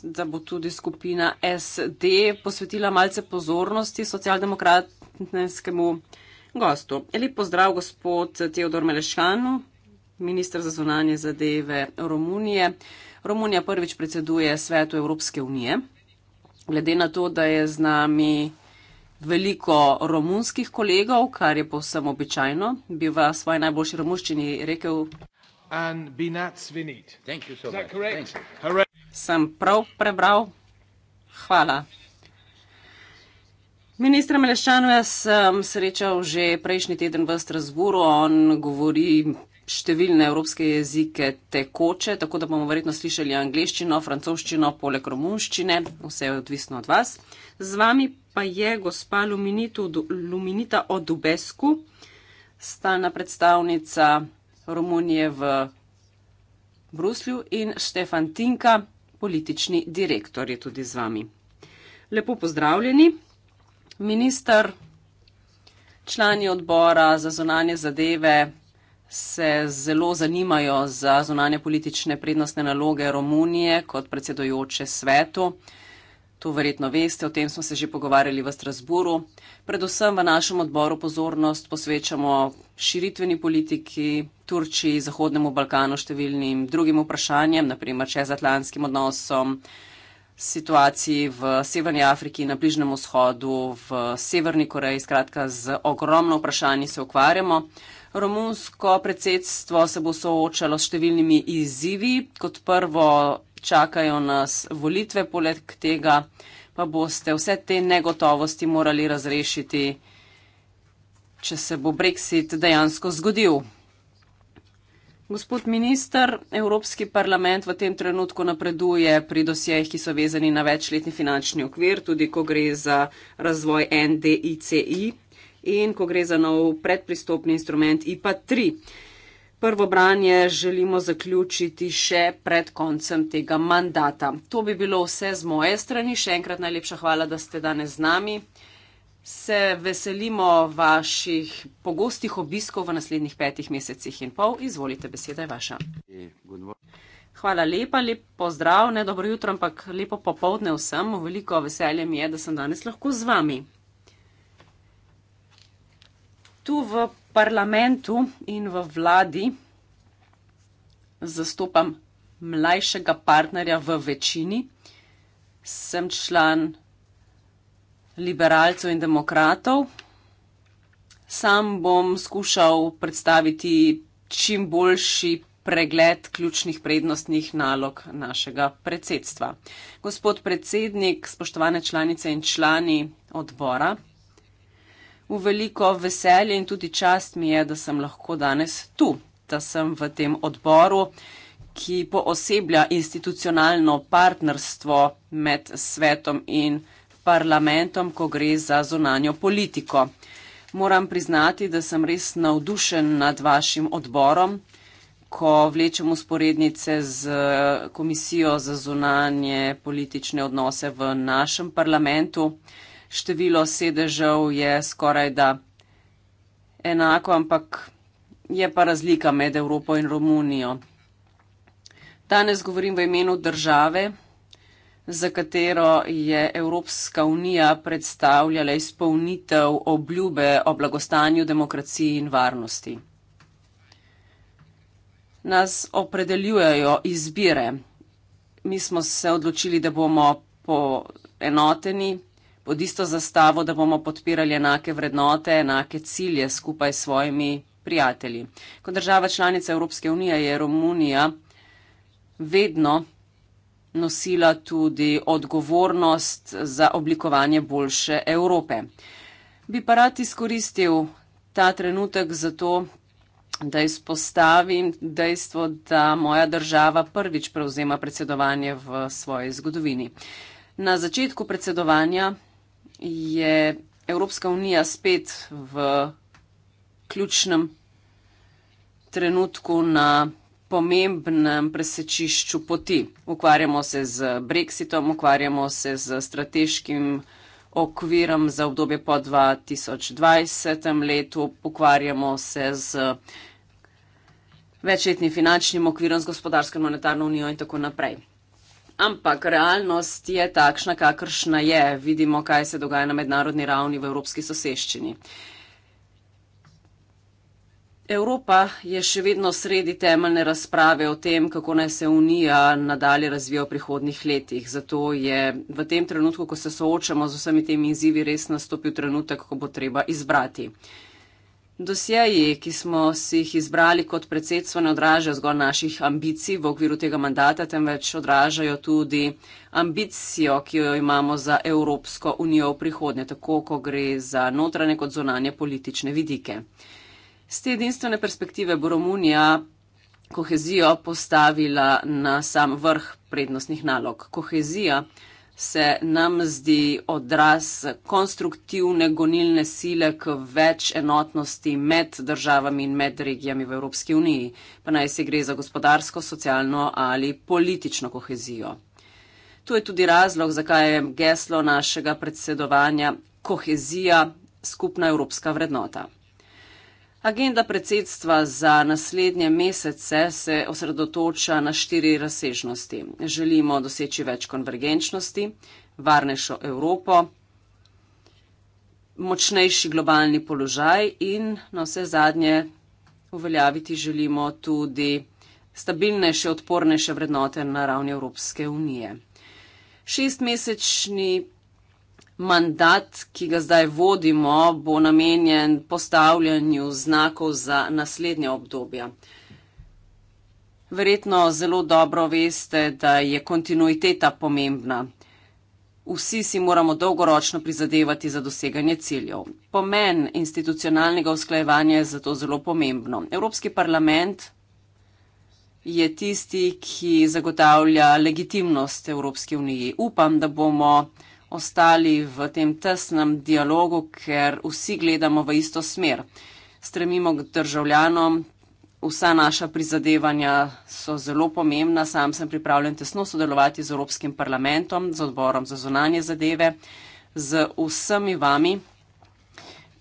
S3: da bo tudi skupina SD posvetila malce pozornosti socialdemokratskemu gostu. Lep pozdrav, gospod Teodor Melešanu, ministr za zvonanje zadeve Romunije. Romunija prvič predseduje svetu Evropske unije. Glede na to, da je z nami veliko romunskih kolegov, kar je povsem običajno, bi v svoji najboljši romuščini rekel. Sem prav prebral? Hvala. Ministra Meleščanova sem srečal že prejšnji teden v Strasburu, on govori številne evropske jezike tekoče, tako da bomo verjetno slišali angliščino, francoščino, poleg romunščine, vse je odvisno od vas. Z vami pa je gospa Luminitu, Luminita Odubesku, stalna predstavnica Romunije v Bruslju in Štefan Tinka, politični direktor je tudi z vami. Lepo pozdravljeni. Minister, člani odbora za zonanje zadeve se zelo zanimajo za zunanje politične prednostne naloge Romunije kot predsedojoče svetu. To verjetno veste, o tem smo se že pogovarjali v Strasburu. Predvsem v našem odboru pozornost posvečamo širitveni politiki, Turčiji, Zahodnemu Balkanu, številnim drugim vprašanjem, naprimer čezatlantskim odnosom, situaciji v Severni Afriki, na Bližnem vzhodu, v Severni Koreji. Skratka, z ogromno vprašanji se ukvarjamo. Romunsko predsedstvo se bo soočalo s številnimi izzivi. Kot prvo čakajo nas volitve, poleg tega pa boste vse te negotovosti morali razrešiti, če se bo Brexit dejansko zgodil. Gospod minister, Evropski parlament v tem trenutku napreduje pri dosjejih, ki so vezani na večletni finančni okvir, tudi ko gre za razvoj NDICI in ko gre za nov predpristopni instrument IPA-3. Prvo branje želimo zaključiti še pred koncem tega mandata. To bi bilo vse z moje strani. Še enkrat najlepša hvala, da ste danes z nami. Se veselimo vaših pogostih obiskov v naslednjih petih mesecih in pol. Izvolite, beseda je vaša. Hvala lepa, lep pozdrav, ne dobro jutro, ampak lepo popovdne vsem. Veliko veselje mi je, da sem danes lahko z vami tu v parlamentu in v vladi zastopam mlajšega partnerja v večini. Sem član liberalcev in demokratov. Sam bom skušal predstaviti čim boljši pregled ključnih prednostnih nalog našega predsedstva. Gospod predsednik, spoštovane članice in člani odbora, v veliko veselje in tudi čast mi je, da sem lahko danes tu, da sem v tem odboru, ki pooseblja institucionalno partnerstvo med svetom in parlamentom, ko gre za zonanjo politiko. Moram priznati, da sem res navdušen nad vašim odborom, ko vlečem usporednice z Komisijo za zonanje politične odnose v našem parlamentu število sedežev je skoraj da enako, ampak je pa razlika med Evropo in Romunijo. Danes govorim v imenu države, za katero je Evropska unija predstavljala izpolnitev obljube o blagostanju, demokraciji in varnosti. Nas opredeljujejo izbire. Mi smo se odločili, da bomo poenoteni pod isto zastavo, da bomo podpirali enake vrednote, enake cilje skupaj s svojimi prijatelji. Kot država članica Evropske unije je Romunija vedno nosila tudi odgovornost za oblikovanje boljše Evrope. Bi pa rad izkoristil ta trenutek za to, da izpostavim dejstvo, da moja država prvič prevzema predsedovanje v svoji zgodovini. Na začetku predsedovanja je Evropska unija spet v ključnem trenutku na pomembnem presečišču poti. Ukvarjamo se z Brexitom, ukvarjamo se z strateškim okvirom za obdobje po 2020 letu, ukvarjamo se z večletnim finančnim okvirom, z gospodarsko in monetarno unijo in tako naprej. Ampak realnost je takšna, kakršna je. Vidimo, kaj se dogaja na mednarodni ravni v evropski soseščini. Evropa je še vedno sredi temeljne razprave o tem, kako naj se Unija nadalje razvija v prihodnih letih. Zato je v tem trenutku, ko se soočamo z vsemi temi izzivi, res nastopil trenutek, ko bo treba izbrati. Dosjeji, ki smo si jih izbrali kot predsedstvo, ne odražajo zgolj naših ambicij v okviru tega mandata, temveč odražajo tudi ambicijo, ki jo imamo za Evropsko unijo v prihodnje, tako ko gre za notranje kot zonanje politične vidike. Z te edinstvene perspektive bo Romunija kohezijo postavila na sam vrh prednostnih nalog. Kohezija se nam zdi odraz konstruktivne gonilne sile k več enotnosti med državami in med regijami v Evropski uniji, pa naj se gre za gospodarsko, socialno ali politično kohezijo. To je tudi razlog, zakaj je geslo našega predsedovanja kohezija skupna evropska vrednota. Agenda predsedstva za naslednje mesece se osredotoča na štiri razsežnosti. Želimo doseči več konvergenčnosti, varnejšo Evropo, močnejši globalni položaj in na vse zadnje uveljaviti želimo tudi stabilnejše, odpornejše vrednote na ravni Evropske unije. Šestmesečni mandat, ki ga zdaj vodimo, bo namenjen postavljanju znakov za naslednje obdobje. Verjetno zelo dobro veste, da je kontinuiteta pomembna. Vsi si moramo dolgoročno prizadevati za doseganje ciljev. Pomen institucionalnega usklajevanja je zato zelo pomembno. Evropski parlament je tisti, ki zagotavlja legitimnost Evropske unije. Upam, da bomo ostali v tem tesnem dialogu, ker vsi gledamo v isto smer. Stremimo k državljanom, vsa naša prizadevanja so zelo pomembna. Sam sem pripravljen tesno sodelovati z Evropskim parlamentom, z odborom za zonanje zadeve, z vsemi vami.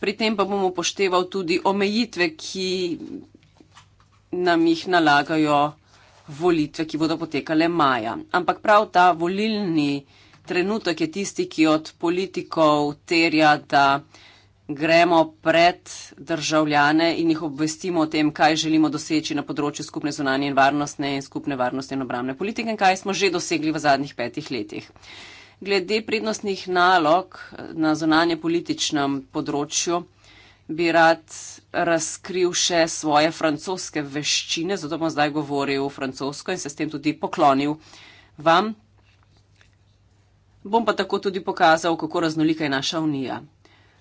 S3: Pri tem pa bomo upošteval tudi omejitve, ki nam jih nalagajo volitve, ki bodo potekale maja. Ampak prav ta volilni trenutek je tisti, ki od politikov terja, da gremo pred državljane in jih obvestimo o tem, kaj želimo doseči na področju skupne zunanje in varnostne in skupne varnostne in obramne politike in kaj smo že dosegli v zadnjih petih letih. Glede prednostnih nalog na zunanje političnem področju bi rad razkril še svoje francoske veščine, zato bom zdaj govoril francosko in se s tem tudi poklonil vam, Bom pa tako tudi pokazal, kako raznolika je naša unija.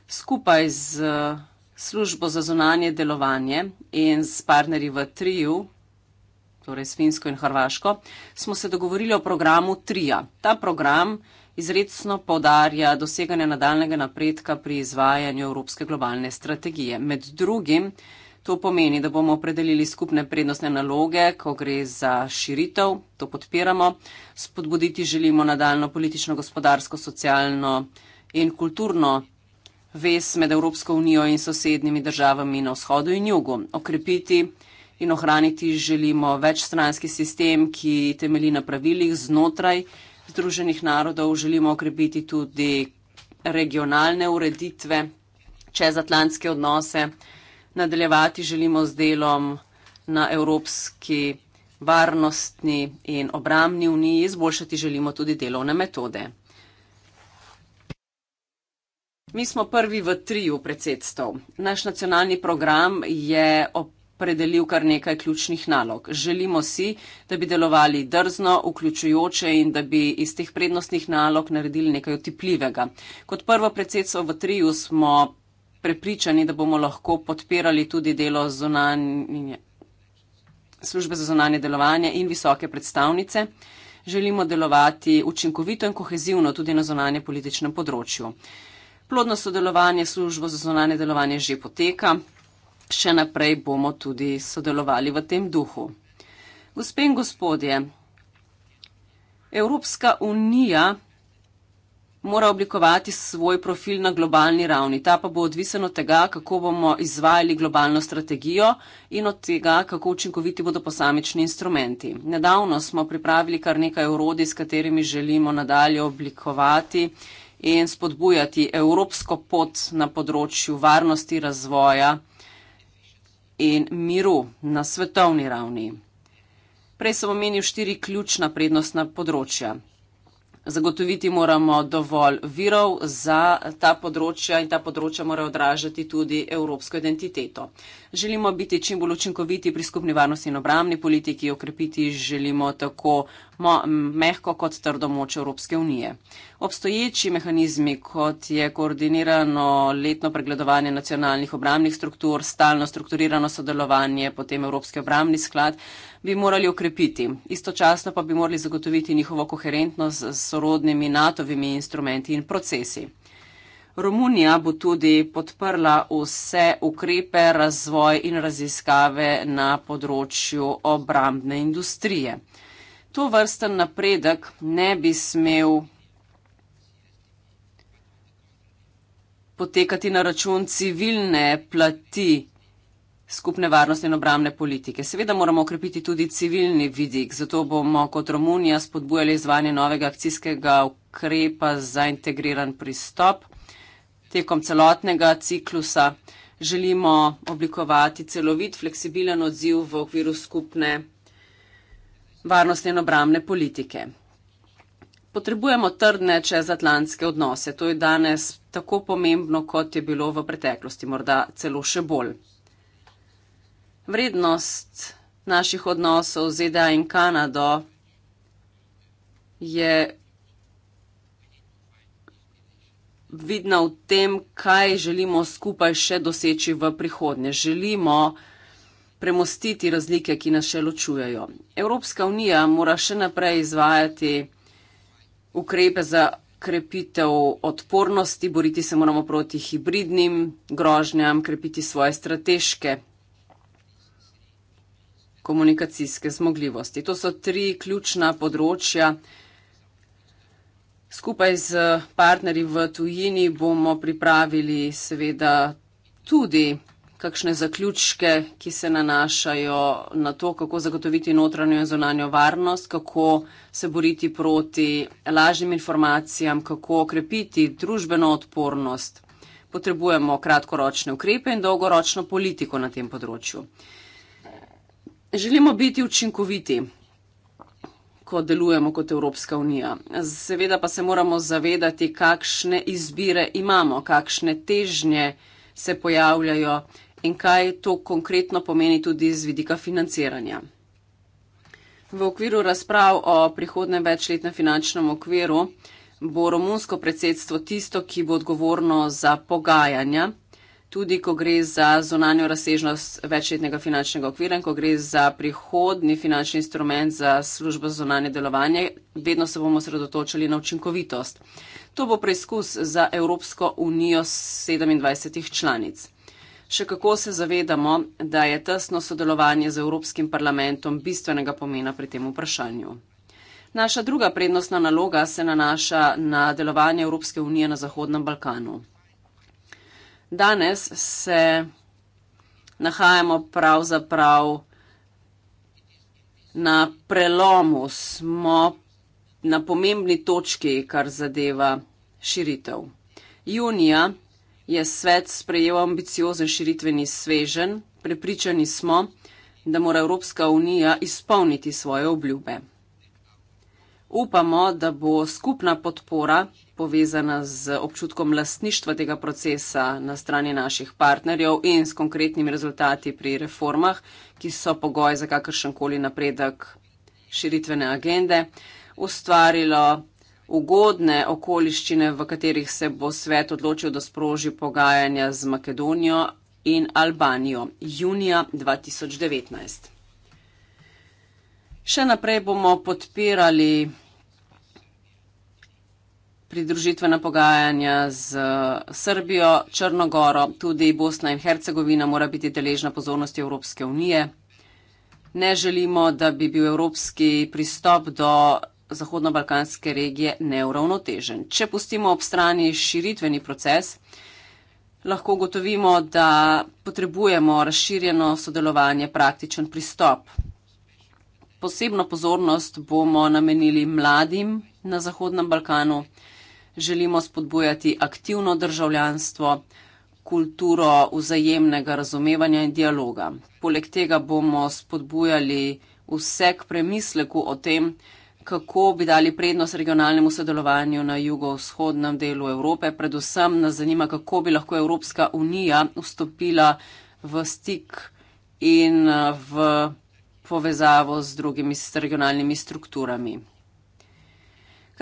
S3: Skupaj z eh, službo za zonanje delovanje in s partnerji v triju, torej s Finsko in Hrvaško, smo se dogovorili o programu trija. Ta program izredno podarja doseganje nadaljnega napredka pri izvajanju Evropske globalne strategije. Med drugim To pomeni, da bomo opredelili skupne prednostne naloge, ko gre za širitev, to podpiramo. Spodbuditi želimo nadaljno politično, gospodarsko, socialno in kulturno vez med Evropsko unijo in sosednjimi državami na vzhodu in jugu. Okrepiti in ohraniti želimo večstranski sistem, ki temeli na pravilih znotraj Združenih narodov. Želimo okrepiti tudi regionalne ureditve, čezatlantske odnose nadaljevati želimo z delom na Evropski varnostni in obramni uniji, izboljšati želimo tudi delovne metode. Mi smo prvi v triju predsedstv. Naš nacionalni program je opredelil kar nekaj ključnih nalog. Želimo si, da bi delovali drzno, vključujoče in da bi iz teh prednostnih nalog naredili nekaj otipljivega. Kot prvo predsedstvo v triju smo prepričani, da bomo lahko podpirali tudi delo zunanje, službe za zunanje delovanje in visoke predstavnice. Želimo delovati učinkovito in kohezivno tudi na zunanje političnem področju. Plodno sodelovanje službo za zunanje delovanje že poteka, še naprej bomo tudi sodelovali v tem duhu. Gospe in gospodje, Evropska unija mora oblikovati svoj profil na globalni ravni. Ta pa bo odvisen od tega, kako bomo izvajali globalno strategijo in od tega, kako učinkoviti bodo posamični instrumenti. Nedavno smo pripravili kar nekaj urodij, s katerimi želimo nadalje oblikovati in spodbujati evropsko pot na področju varnosti, razvoja in miru na svetovni ravni. Prej sem omenil štiri ključna prednostna področja. Zagotoviti moramo dovolj virov za ta področja in ta področja morajo odražati tudi evropsko identiteto. Želimo biti čim bolj učinkoviti pri skupni varnosti in obramni politiki, okrepiti želimo tako mehko kot trdo moč Evropske unije. Obstoječi mehanizmi, kot je koordinirano letno pregledovanje nacionalnih obramnih struktur, stalno strukturirano sodelovanje, potem Evropski obramni sklad, bi morali okrepiti. Istočasno pa bi morali zagotoviti njihovo koherentnost s sorodnimi NATO-vimi instrumenti in procesi. Romunija bo tudi podprla vse ukrepe, razvoj in raziskave na področju obrambne industrije. To vrsten napredek ne bi smel potekati na račun civilne plati skupne varnostne in obramne politike. Seveda moramo okrepiti tudi civilni vidik, zato bomo kot Romunija spodbujali izvanje novega akcijskega ukrepa za integriran pristop. Tekom celotnega ciklusa želimo oblikovati celovit, fleksibilen odziv v okviru skupne varnostne in obramne politike. Potrebujemo trdne čezatlantske odnose. To je danes tako pomembno, kot je bilo v preteklosti, morda celo še bolj vrednost naših odnosov z ZDA in Kanado je vidna v tem, kaj želimo skupaj še doseči v prihodnje. Želimo premostiti razlike, ki nas še ločujejo. Evropska unija mora še naprej izvajati ukrepe za krepitev odpornosti, boriti se moramo proti hibridnim grožnjam, krepiti svoje strateške komunikacijske zmogljivosti. To so tri ključna področja. Skupaj z partnerji v tujini bomo pripravili seveda tudi kakšne zaključke, ki se nanašajo na to, kako zagotoviti notranjo in zonanjo varnost, kako se boriti proti lažnim informacijam, kako okrepiti družbeno odpornost. Potrebujemo kratkoročne ukrepe in dolgoročno politiko na tem področju želimo biti učinkoviti, ko delujemo kot Evropska unija. Seveda pa se moramo zavedati, kakšne izbire imamo, kakšne težnje se pojavljajo in kaj to konkretno pomeni tudi z vidika financiranja. V okviru razprav o prihodnem večletnem finančnem okviru bo romunsko predsedstvo tisto, ki bo odgovorno za pogajanja tudi ko gre za zonanjo razsežnost večletnega finančnega okvira in ko gre za prihodni finančni instrument za službo zonanje delovanje, vedno se bomo sredotočili na učinkovitost. To bo preizkus za Evropsko unijo 27 članic. Še kako se zavedamo, da je tesno sodelovanje z Evropskim parlamentom bistvenega pomena pri tem vprašanju. Naša druga prednostna naloga se nanaša na delovanje Evropske unije na Zahodnem Balkanu. Danes se nahajamo pravzaprav na prelomu, smo na pomembni točki, kar zadeva širitev. Junija je svet sprejel ambiciozen širitveni svežen, prepričani smo, da mora Evropska unija izpolniti svoje obljube upamo, da bo skupna podpora povezana z občutkom lastništva tega procesa na strani naših partnerjev in s konkretnimi rezultati pri reformah, ki so pogoj za kakršen koli napredek širitvene agende, ustvarilo ugodne okoliščine, v katerih se bo svet odločil, da sproži pogajanja z Makedonijo in Albanijo junija 2019. Še naprej bomo podpirali pridružitvena pogajanja z eh, Srbijo, Črnogoro, tudi Bosna in Hercegovina mora biti deležna pozornosti Evropske unije. Ne želimo, da bi bil evropski pristop do zahodno-balkanske regije neuravnotežen. Če pustimo ob strani širitveni proces, lahko gotovimo, da potrebujemo razširjeno sodelovanje, praktičen pristop. Posebno pozornost bomo namenili mladim na Zahodnem Balkanu, želimo spodbujati aktivno državljanstvo, kulturo vzajemnega razumevanja in dialoga. Poleg tega bomo spodbujali vse k premisleku o tem, kako bi dali prednost regionalnemu sodelovanju na jugovzhodnem delu Evrope. Predvsem nas zanima, kako bi lahko Evropska unija vstopila v stik in eh, v povezavo z drugimi regionalnimi strukturami.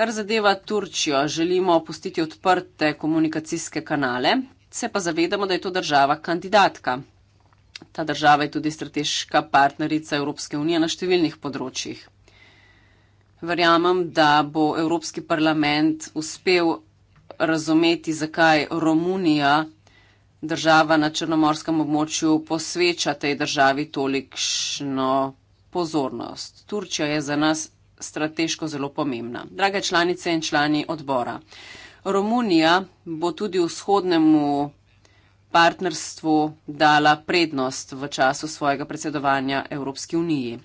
S3: Kar zadeva Turčijo, želimo opustiti odprte komunikacijske kanale, se pa zavedamo, da je to država kandidatka. Ta država je tudi strateška partnerica Evropske unije na številnih področjih. Verjamem, da bo Evropski parlament uspel razumeti, zakaj Romunija, država na črnomorskem območju, posveča tej državi tolikšno pozornost. Turčija je za nas strateško zelo pomembna. Drage članice in člani odbora, Romunija bo tudi vzhodnemu partnerstvu dala prednost v času svojega predsedovanja Evropski uniji.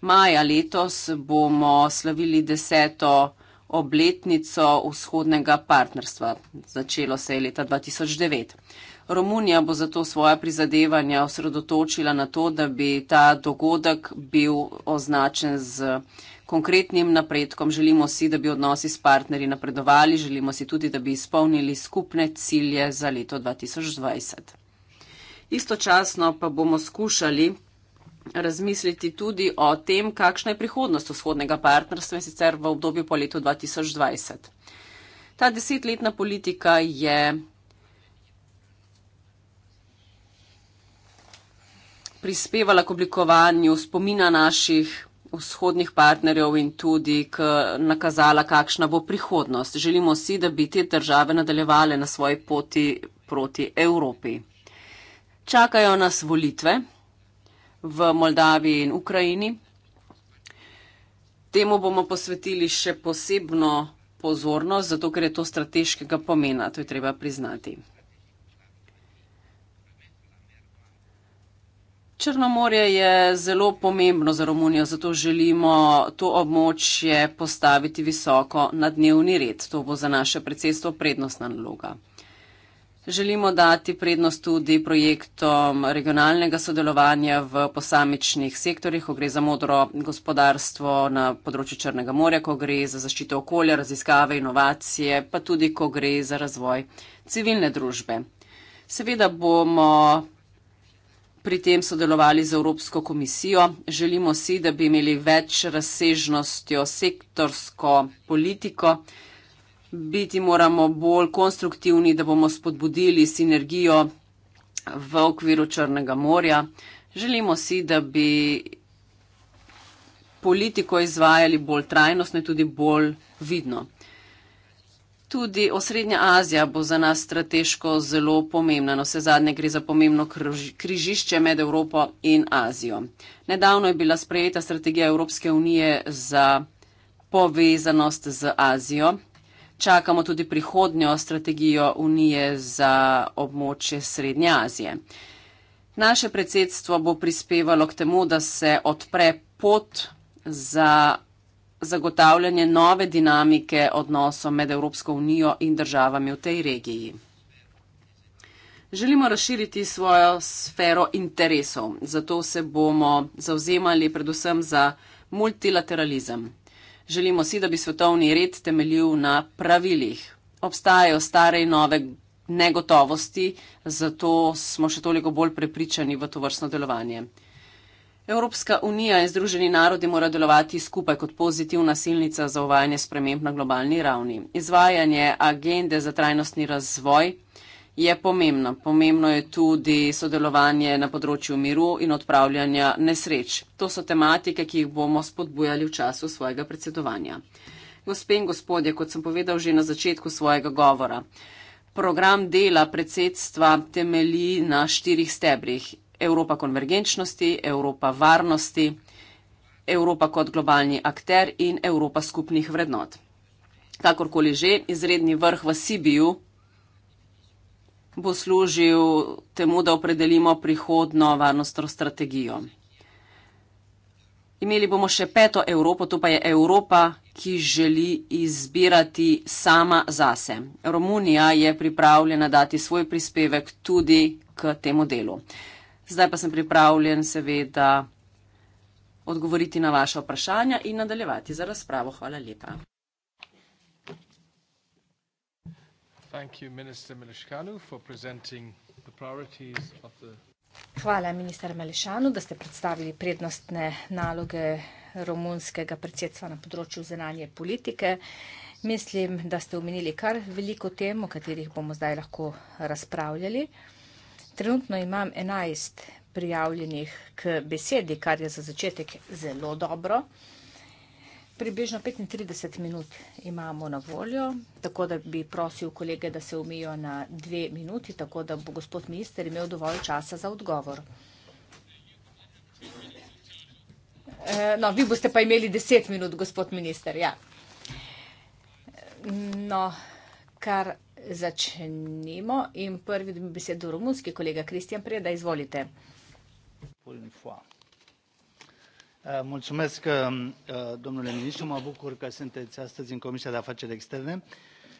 S3: Maja letos bomo slavili deseto obletnico vzhodnega partnerstva. Začelo se je leta 2009. Romunija bo zato svoja prizadevanja osredotočila na to, da bi ta dogodek bil označen z konkretnim napredkom. Želimo si, da bi odnosi s partnerji napredovali, želimo si tudi, da bi izpolnili skupne cilje za leto 2020. Istočasno pa bomo skušali razmisliti tudi o tem, kakšna je prihodnost vzhodnega partnerstva in sicer v obdobju po letu 2020. Ta desetletna politika je prispevala k oblikovanju spomina naših vzhodnih partnerjev in tudi k, nakazala, kakšna bo prihodnost. Želimo si, da bi te države nadaljevale na svoji poti proti Evropi. Čakajo nas volitve v Moldaviji in Ukrajini. Temu bomo posvetili še posebno pozornost, zato ker je to strateškega pomena, to je treba priznati. Črnomorje je zelo pomembno za Romunijo, zato želimo to območje postaviti visoko na dnevni red. To bo za naše predsedstvo prednostna naloga. Želimo dati prednost tudi projektom regionalnega sodelovanja v posamičnih sektorjih, ko gre za modro gospodarstvo na področju Črnega morja, ko gre za zaščito okolja, raziskave, inovacije, pa tudi ko gre za razvoj civilne družbe. Seveda bomo pri tem sodelovali z Evropsko komisijo. Želimo si, da bi imeli več razsežnostjo sektorsko politiko. Biti moramo bolj konstruktivni, da bomo spodbudili sinergijo v okviru Črnega morja. Želimo si, da bi politiko izvajali bolj trajnostno in tudi bolj vidno. Tudi osrednja Azija bo za nas strateško zelo pomembna. Na no, vse zadnje gre za pomembno križišče med Evropo in Azijo. Nedavno je bila sprejeta strategija Evropske unije za povezanost z Azijo. Čakamo tudi prihodnjo strategijo Unije za območje Srednje Azije. Naše predsedstvo bo prispevalo k temu, da se odpre pot za zagotavljanje nove dinamike odnosov med Evropsko unijo in državami v tej regiji. Želimo razširiti svojo sfero interesov, zato se bomo zauzemali predvsem za multilateralizem. Želimo si, da bi svetovni red temeljil na pravilih. Obstajajo stare in nove negotovosti, zato smo še toliko bolj prepričani v to vrstno delovanje. Evropska unija in Združeni narodi mora delovati skupaj kot pozitivna silnica za uvajanje sprememb na globalni ravni. Izvajanje agende za trajnostni razvoj je pomembno. Pomembno je tudi sodelovanje na področju miru in odpravljanja nesreč. To so tematike, ki jih bomo spodbujali v času svojega predsedovanja. Gospe in gospodje, kot sem povedal že na začetku svojega govora, program dela predsedstva temelji na štirih stebrih. Evropa konvergenčnosti, Evropa varnosti, Evropa kot globalni akter in Evropa skupnih vrednot. Kakorkoli že, izredni vrh v Sibiju bo služil temu, da opredelimo prihodno varnostno strategijo. Imeli bomo še peto Evropo, to pa je Evropa, ki želi izbirati sama zase. Romunija je pripravljena dati svoj prispevek tudi k temu delu. Zdaj pa sem pripravljen, seveda, odgovoriti na vaše vprašanja in nadaljevati za razpravo. Hvala lepa.
S1: Hvala, minister Melešanu, da ste predstavili prednostne naloge romunskega predsedstva na področju zunanje politike. Mislim, da ste omenili kar veliko tem, o katerih bomo zdaj lahko razpravljali trenutno imam 11 prijavljenih k besedi, kar je za začetek zelo dobro. Približno 35 minut imamo na voljo, tako da bi prosil kolege, da se umijo na dve minuti, tako da bo gospod minister imel dovolj časa za odgovor. Eh, no, vi boste pa imeli 10 minut, gospod minister, ja. No, kar Začnimo in prvi dobi besedo romunski kolega Kristjan Preda, izvolite. Eh, mulțumesc, eh, eh, domnule ministru, mă bucur că sunteți astăzi în Comisia de Afaceri Externe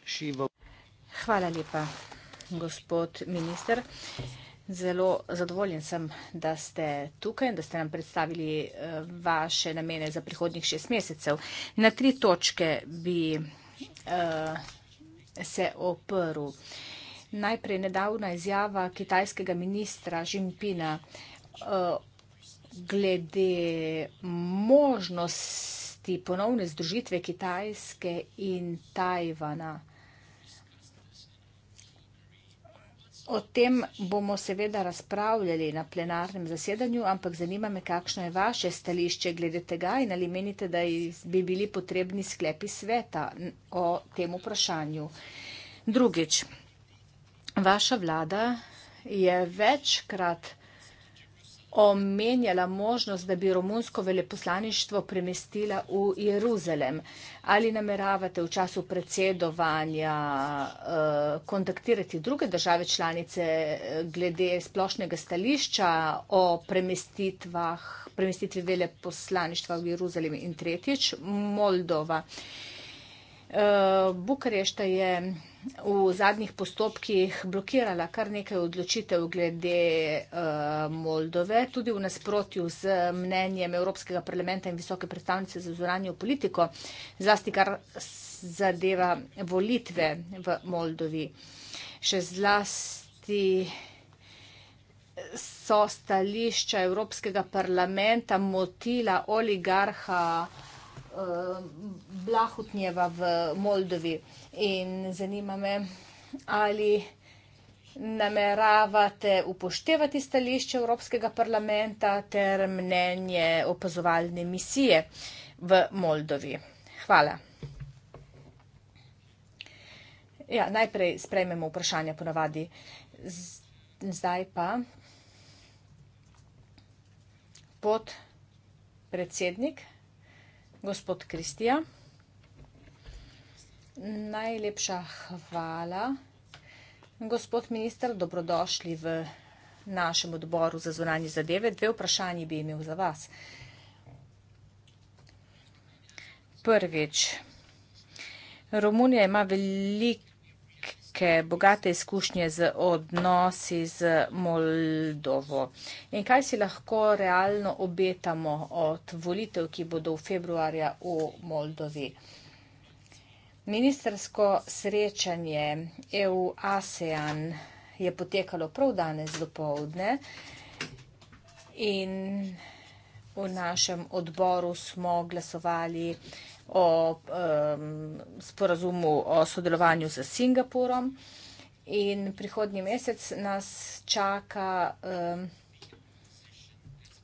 S1: și vă... Hvala lepa, gospod minister. Zelo zadovoljen sem, da ste tukaj in da ste nam predstavili vaše namene za prihodnjih šest mesecev. Na tri točke bi uh, se oprl. Najprej nedavna izjava kitajskega ministra Žimpina eh, glede možnosti ponovne združitve Kitajske in Tajvana. O tem bomo seveda razpravljali na plenarnem zasedanju, ampak zanima me, kakšno je vaše stališče glede tega in ali menite, da bi bili potrebni sklepi sveta o tem vprašanju. Drugič, vaša vlada je večkrat omenjala možnost, da bi romunsko veleposlaništvo premestila v Jeruzalem. Ali nameravate v času predsedovanja eh, kontaktirati druge države članice eh, glede splošnega stališča o premestitvah, premestitvi veleposlaništva v Jeruzalem in tretjič Moldova? Eh, Bukarešta je v zadnjih postopkih blokirala kar nekaj odločitev glede eh, Moldove, tudi v nasprotju z mnenjem Evropskega parlamenta in visoke predstavnice za zoranjo politiko, zlasti kar zadeva volitve v Moldovi. Še zlasti so stališča Evropskega parlamenta motila oligarha Moldova, uh, Blahutnjeva v Moldovi in zanima me, ali nameravate upoštevati stališče Evropskega parlamenta ter mnenje opazovalne misije v Moldovi. Hvala. Ja, najprej sprejmemo vprašanja ponavadi. Zdaj pa pod predsednik Gospod Kristija, najlepša hvala. Gospod minister, dobrodošli v našem odboru za zvonanje zadeve. Dve vprašanji bi imel za vas. Prvič, Romunija ima velik neke bogate izkušnje z odnosi z Moldovo. In kaj si lahko realno obetamo od volitev, ki bodo v februarja v Moldovi? Ministersko srečanje EU-ASEAN je potekalo prav danes do povdne in v našem odboru smo glasovali uh, o um, sporazumu o sodelovanju z Singapurom in prihodnji mesec nas čaka um,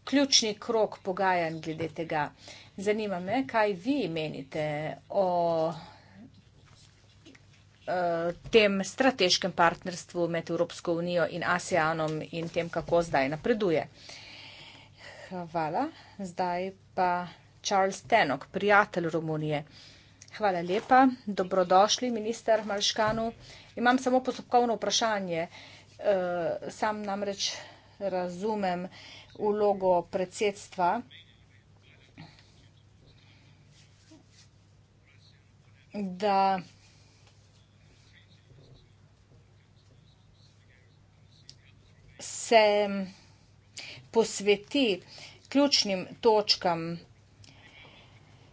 S1: ključni krok pogajanj glede tega. Zanima me, kaj vi menite o e, tem strateškem partnerstvu med Evropsko unijo in ASEANom in tem, kako zdaj napreduje. Hvala. Zdaj pa Charles Tenok, prijatelj Romunije. Hvala lepa, dobrodošli, minister Malškanu. Imam samo postopkovno vprašanje. E, sam namreč razumem ulogo predsedstva. da se posveti ključnim točkam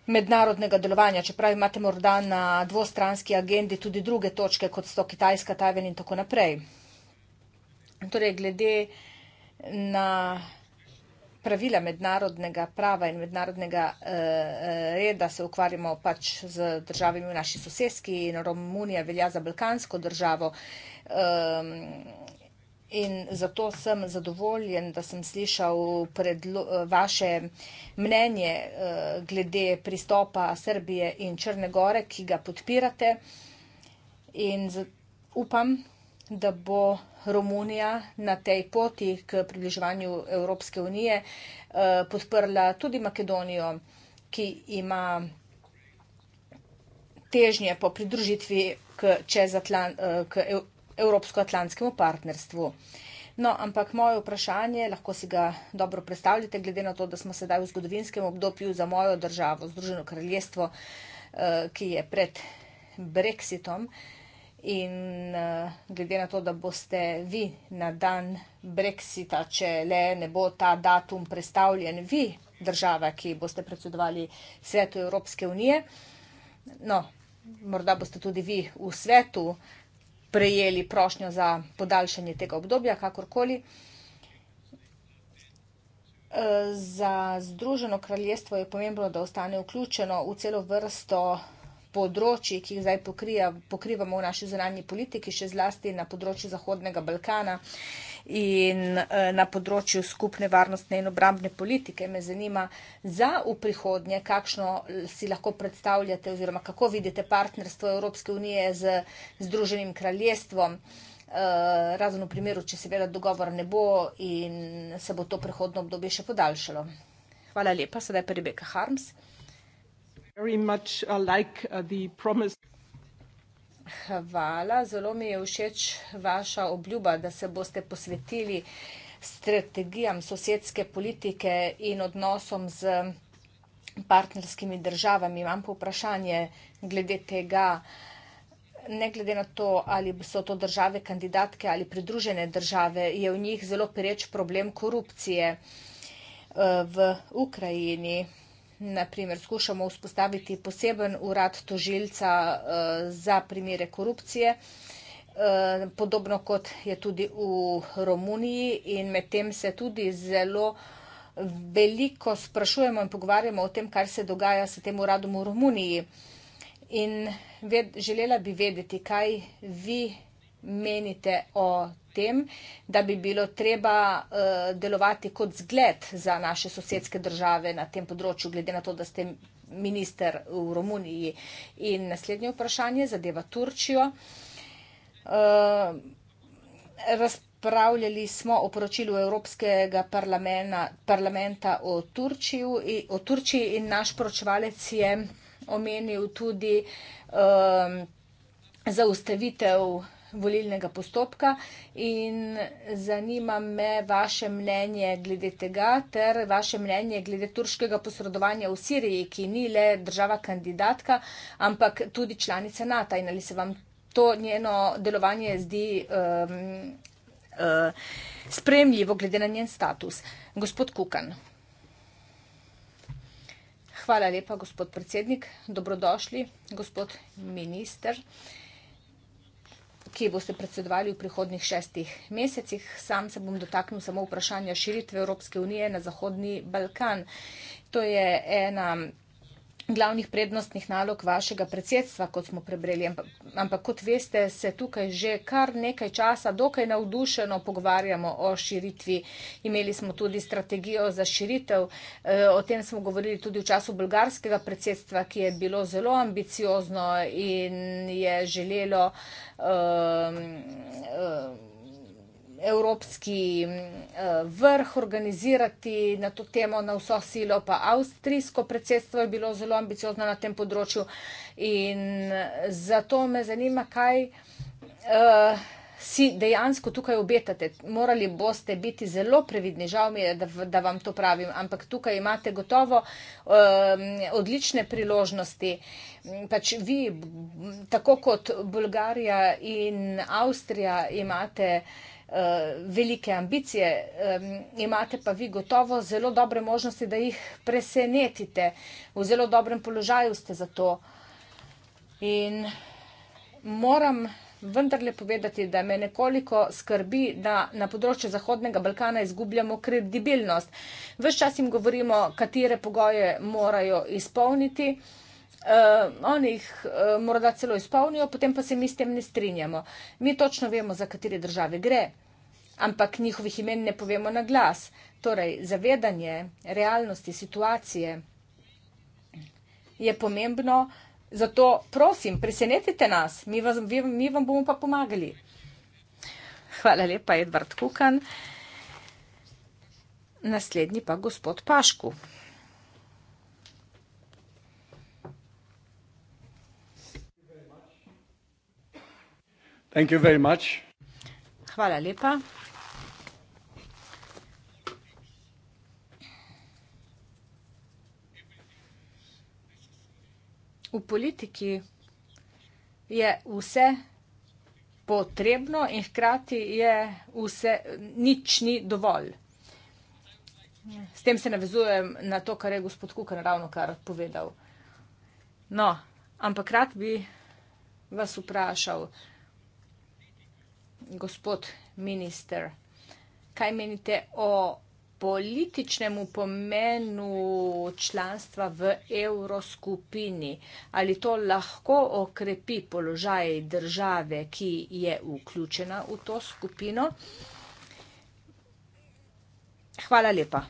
S1: mednarodnega delovanja, čeprav imate morda na dvostranski agendi tudi druge točke, kot so Kitajska, Tajven in tako naprej. Torej, glede na pravila mednarodnega prava in mednarodnega eh, reda se ukvarjamo pač z državami v naši soseski in Romunija velja za balkansko državo. Eh, In zato sem zadovoljen, da sem slišal predlo, vaše mnenje eh, glede pristopa Srbije in Črne Gore, ki ga podpirate. In upam, da bo Romunija na tej poti k približevanju Evropske unije eh, podprla tudi Makedonijo, ki ima težnje po pridružitvi k, eh, k Evropsko-atlantskemu partnerstvu. No, ampak moje vprašanje, lahko si ga dobro predstavljate, glede na to, da smo sedaj v zgodovinskem obdobju za mojo državo, Združeno kraljestvo, eh, ki je pred Brexitom in eh, glede na to, da boste vi na dan Brexita, če le ne bo ta datum predstavljen, vi država, ki boste predsedovali svetu Evropske unije. No, morda boste tudi vi v svetu, prejeli prošnjo za podaljšanje tega obdobja, kakorkoli. Za Združeno kraljestvo je pomembno, da ostane vključeno v celo vrsto področji, ki jih zdaj pokrija, pokrivamo v naši zunanji politiki, še zlasti na področju Zahodnega Balkana in eh, na področju skupne varnostne in obrambne politike. Me zanima za v prihodnje, kakšno si lahko predstavljate oziroma kako vidite partnerstvo Evropske unije z Združenim kraljestvom. Eh, razen v primeru, če seveda dogovor ne bo in se bo to prehodno obdobje še podaljšalo. Hvala lepa, sedaj pa Rebeka Harms. Hvala, zelo mi je všeč vaša obljuba, da se boste posvetili strategijam sosedske politike in odnosom z partnerskimi državami. Imam pa vprašanje glede tega, ne glede na to, ali so to države kandidatke ali pridružene države, je v njih zelo pereč problem korupcije, eh, v Ukrajini naprimer, skušamo vzpostaviti poseben urad tožilca eh, za primere korupcije, eh, podobno kot je tudi v Romuniji in med tem se tudi zelo veliko sprašujemo in pogovarjamo o tem, kar se dogaja s tem uradom v Romuniji. In ved, želela bi vedeti, kaj vi menite o tem, da bi bilo treba uh, delovati kot zgled za naše sosedske države na tem področju, glede na to, da ste minister v Romuniji. In naslednje vprašanje zadeva Turčijo. Uh, eh, Pravljali smo o poročilu Evropskega parlamenta o Turčiji, o Turčiji in naš poročevalec je omenil tudi um, zaustavitev volilnega postopka in zanima me vaše mnenje glede tega ter vaše mnenje glede turškega posredovanja v Siriji, ki ni le država kandidatka, ampak tudi članica NATO in ali se vam to njeno delovanje zdi um, uh, spremljivo glede na njen status. Gospod Kukan. Hvala lepa, gospod predsednik. Dobrodošli, gospod minister. Uh, ki boste predsedovali v prihodnih šestih mesecih. Sam se bom dotaknil samo vprašanja širitve Evropske unije na Zahodni Balkan. To je ena glavnih prednostnih nalog vašega predsedstva, kot smo prebrali. Ampak, ampak kot veste, se tukaj že kar nekaj časa dokaj navdušeno pogovarjamo o širitvi. Imeli smo tudi strategijo za širitev, eh, o tem smo govorili tudi v času bolgarskega predsedstva, ki je bilo zelo ambiciozno in je želelo. Um, um, evropski mm, eh, vrh organizirati na to temo na vso silo, pa avstrijsko predsedstvo je bilo zelo ambiciozno na tem področju. In eh, zato me zanima, kaj uh, si dejansko tukaj obetate. Morali boste biti zelo previdni, žal mi je, da, da vam to pravim, ampak tukaj imate gotovo um, odlične priložnosti. Pač vi, tako kot Bolgarija in Avstrija, imate. Eh, velike ambicije, um, imate pa vi gotovo zelo dobre možnosti, da jih presenetite. V zelo dobrem položaju ste za to. In moram vendarle povedati, da me nekoliko skrbi, da na področju Zahodnega Balkana izgubljamo kredibilnost. Ves čas jim govorimo, katere pogoje morajo izpolniti. Uh, oni jih uh, morda celo izpolnijo, potem pa se mi s tem ne strinjamo. Mi točno vemo, za katere države gre ampak njihovih imen ne povemo na glas. Torej, zavedanje realnosti situacije je pomembno, zato prosim, presenetite nas, mi vam, mi vam bomo pa pomagali. Hvala lepa, Edvard Kukan. Naslednji pa gospod Pašku. Hvala lepa. v politiki je vse potrebno in hkrati je vse, nič ni dovolj. S tem se navezujem na to, kar je gospod Kukan ravno kar povedal. No, ampak rad bi vas vprašal, gospod minister, kaj menite o političnemu pomenu članstva v evroskupini? Ali to lahko okrepi položaj države, ki je vključena v to skupino? Hvala lepa.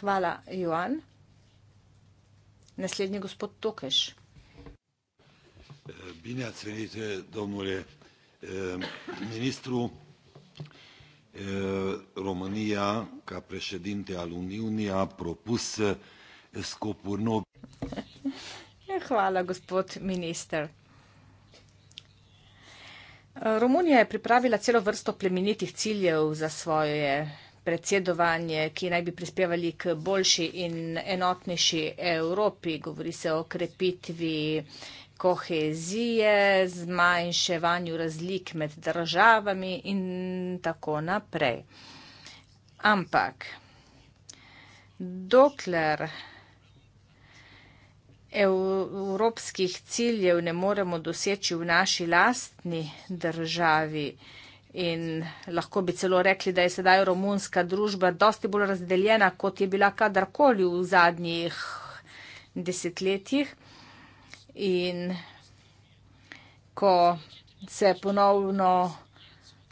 S1: Hvala, Joan. Naslednji gospod Tokeš.
S3: Bine ați venit, domnule eh, ministru. E, România, ca președinte al Uniunii, a propus e, scopuri noi.
S1: E, hvala, gospod minister. Romunija je pripravila celo vrsto plemenitih ciljev za svoje predsedovanje, ki naj bi prispevali k boljši in enotnejši Evropi. Govori se o krepitvi kohezije, zmanjševanju razlik med državami in tako naprej. Ampak, dokler evropskih ciljev ne moremo doseči v naši lastni državi in lahko bi celo rekli, da je sedaj romunska družba dosti bolj razdeljena, kot je bila kadarkoli v zadnjih desetletjih, in ko se ponovno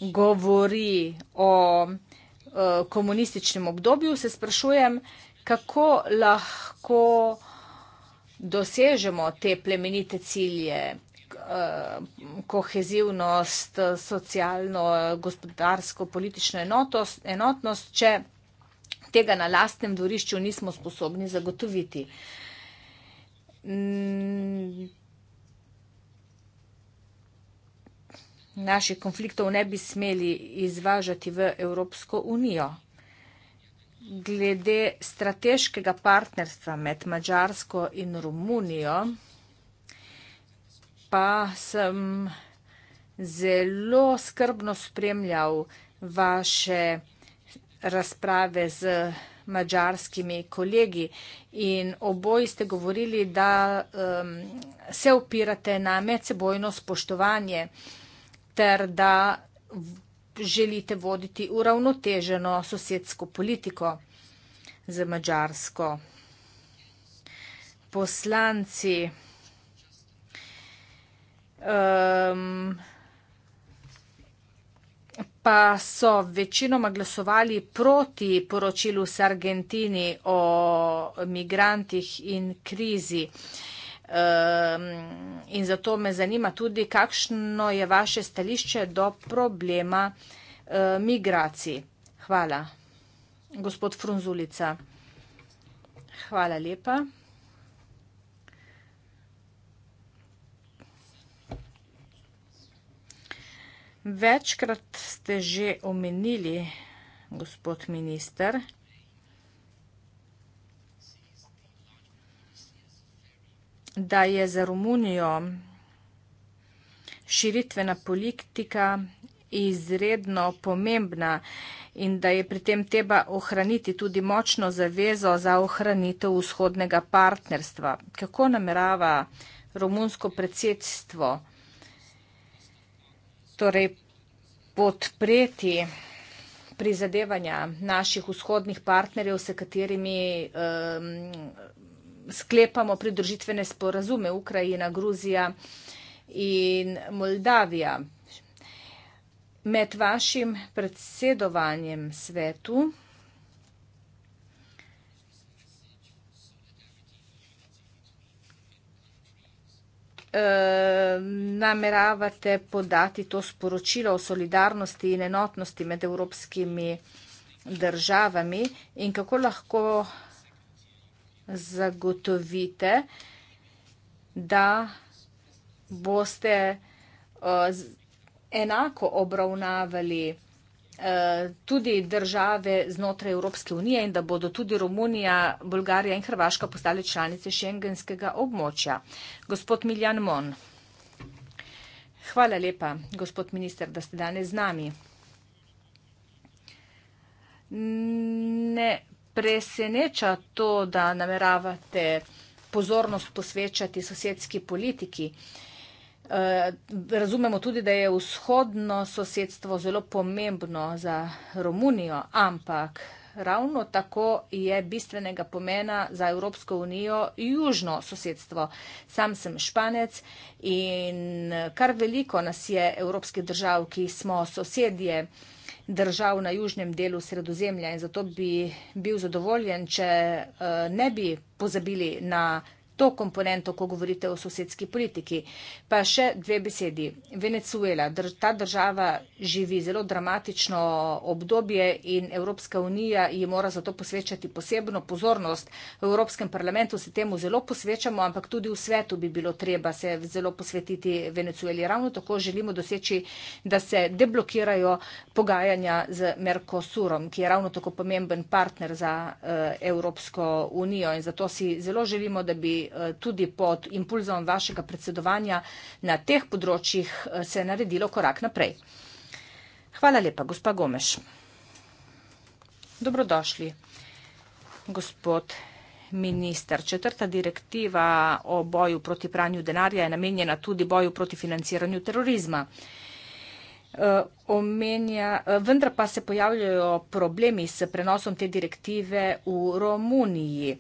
S1: govori o e, komunističnem obdobju, se sprašujem, kako lahko dosežemo te plemenite cilje, e, kohezivnost, socialno, gospodarsko, politično enotnost, če tega na lastnem dvorišču nismo sposobni zagotoviti. Mm, naših konfliktov ne bi smeli izvažati v Evropsko unijo. Glede strateškega partnerstva med Mačarsko in Romunijo, pa sem zelo skrbno spremljal vaše razprave z mađarskimi kolegi. In oboji ste govorili, da um, se opirate na medsebojno spoštovanje ter da želite voditi uravnoteženo sosedsko politiko z Mačarsko. Poslanci um, pa so večinoma glasovali proti poročilu s Argentini o migrantih in krizi. Ehm, in zato me zanima tudi, kakšno je vaše stališče do problema e, migracij. Hvala. Gospod Frunzulica. Hvala lepa. Večkrat ste že omenili, gospod minister, da je za Romunijo širitvena politika izredno pomembna in da je pri tem treba ohraniti tudi močno zavezo za ohranitev vzhodnega partnerstva. Kako namerava romunsko predsedstvo? torej podpreti prizadevanja naših vzhodnih partnerjev, s katerimi um, sklepamo pridružitvene sporazume Ukrajina, Gruzija in Moldavija. Med vašim predsedovanjem svetu Ehm, nameravate podati to sporočilo o solidarnosti in enotnosti med evropskimi državami in kako lahko zagotovite, da boste eh, enako obravnavali Eh, tudi države znotraj Evropske unije in da bodo tudi Romunija, Bolgarija in Hrvaška postale članice šengenskega območja. Gospod Miljan Mon. Hvala lepa, gospod minister, da ste danes z nami. Ne preseneča to, da nameravate pozornost posvečati sosedski politiki. Uh, Eh, razumemo tudi, da je vzhodno sosedstvo zelo pomembno za Romunijo, ampak ravno tako je bistvenega pomena za Evropsko unijo južno sosedstvo. Sam sem španec in kar veliko nas je evropskih držav, ki smo sosedje držav na južnem delu sredozemlja in zato bi bil zadovoljen, če eh, ne bi pozabili na sosedstvo to komponento, ko govorite o sosedski politiki. Pa še dve besedi. Venezuela, dr ta država živi zelo dramatično obdobje in Evropska unija ji mora zato posvečati posebno pozornost. V Evropskem parlamentu se temu zelo posvečamo, ampak tudi v svetu bi bilo treba se zelo posvetiti Venezueli. Ravno tako želimo doseči, da se deblokirajo pogajanja z Mercosurom, ki je ravno tako pomemben partner za uh, Evropsko unijo in zato si zelo želimo, da bi Eh, tudi pod impulzom vašega predsedovanja na teh področjih eh, se je naredilo korak naprej. Hvala lepa, gospa Gomeš. Dobrodošli, gospod minister. Četrta direktiva o boju proti pranju denarja je namenjena tudi boju proti financiranju terorizma. Eh, omenja, vendar pa se pojavljajo problemi s prenosom te direktive v Romuniji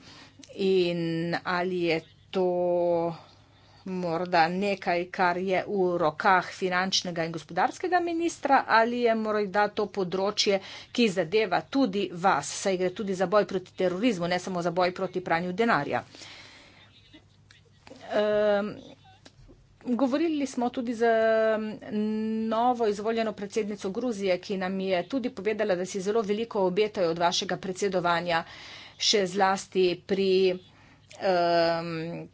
S1: in ali je to morda nekaj, kar je v rokah finančnega in gospodarskega ministra ali je morda to področje, ki zadeva tudi vas, saj gre tudi za boj proti terorizmu, ne samo za boj proti pranju denarja. Um, Govorili smo tudi z novo izvoljeno predsednico Gruzije, ki nam je tudi povedala, da si zelo veliko obetajo od vašega predsedovanja. Uh, še zlasti pri um,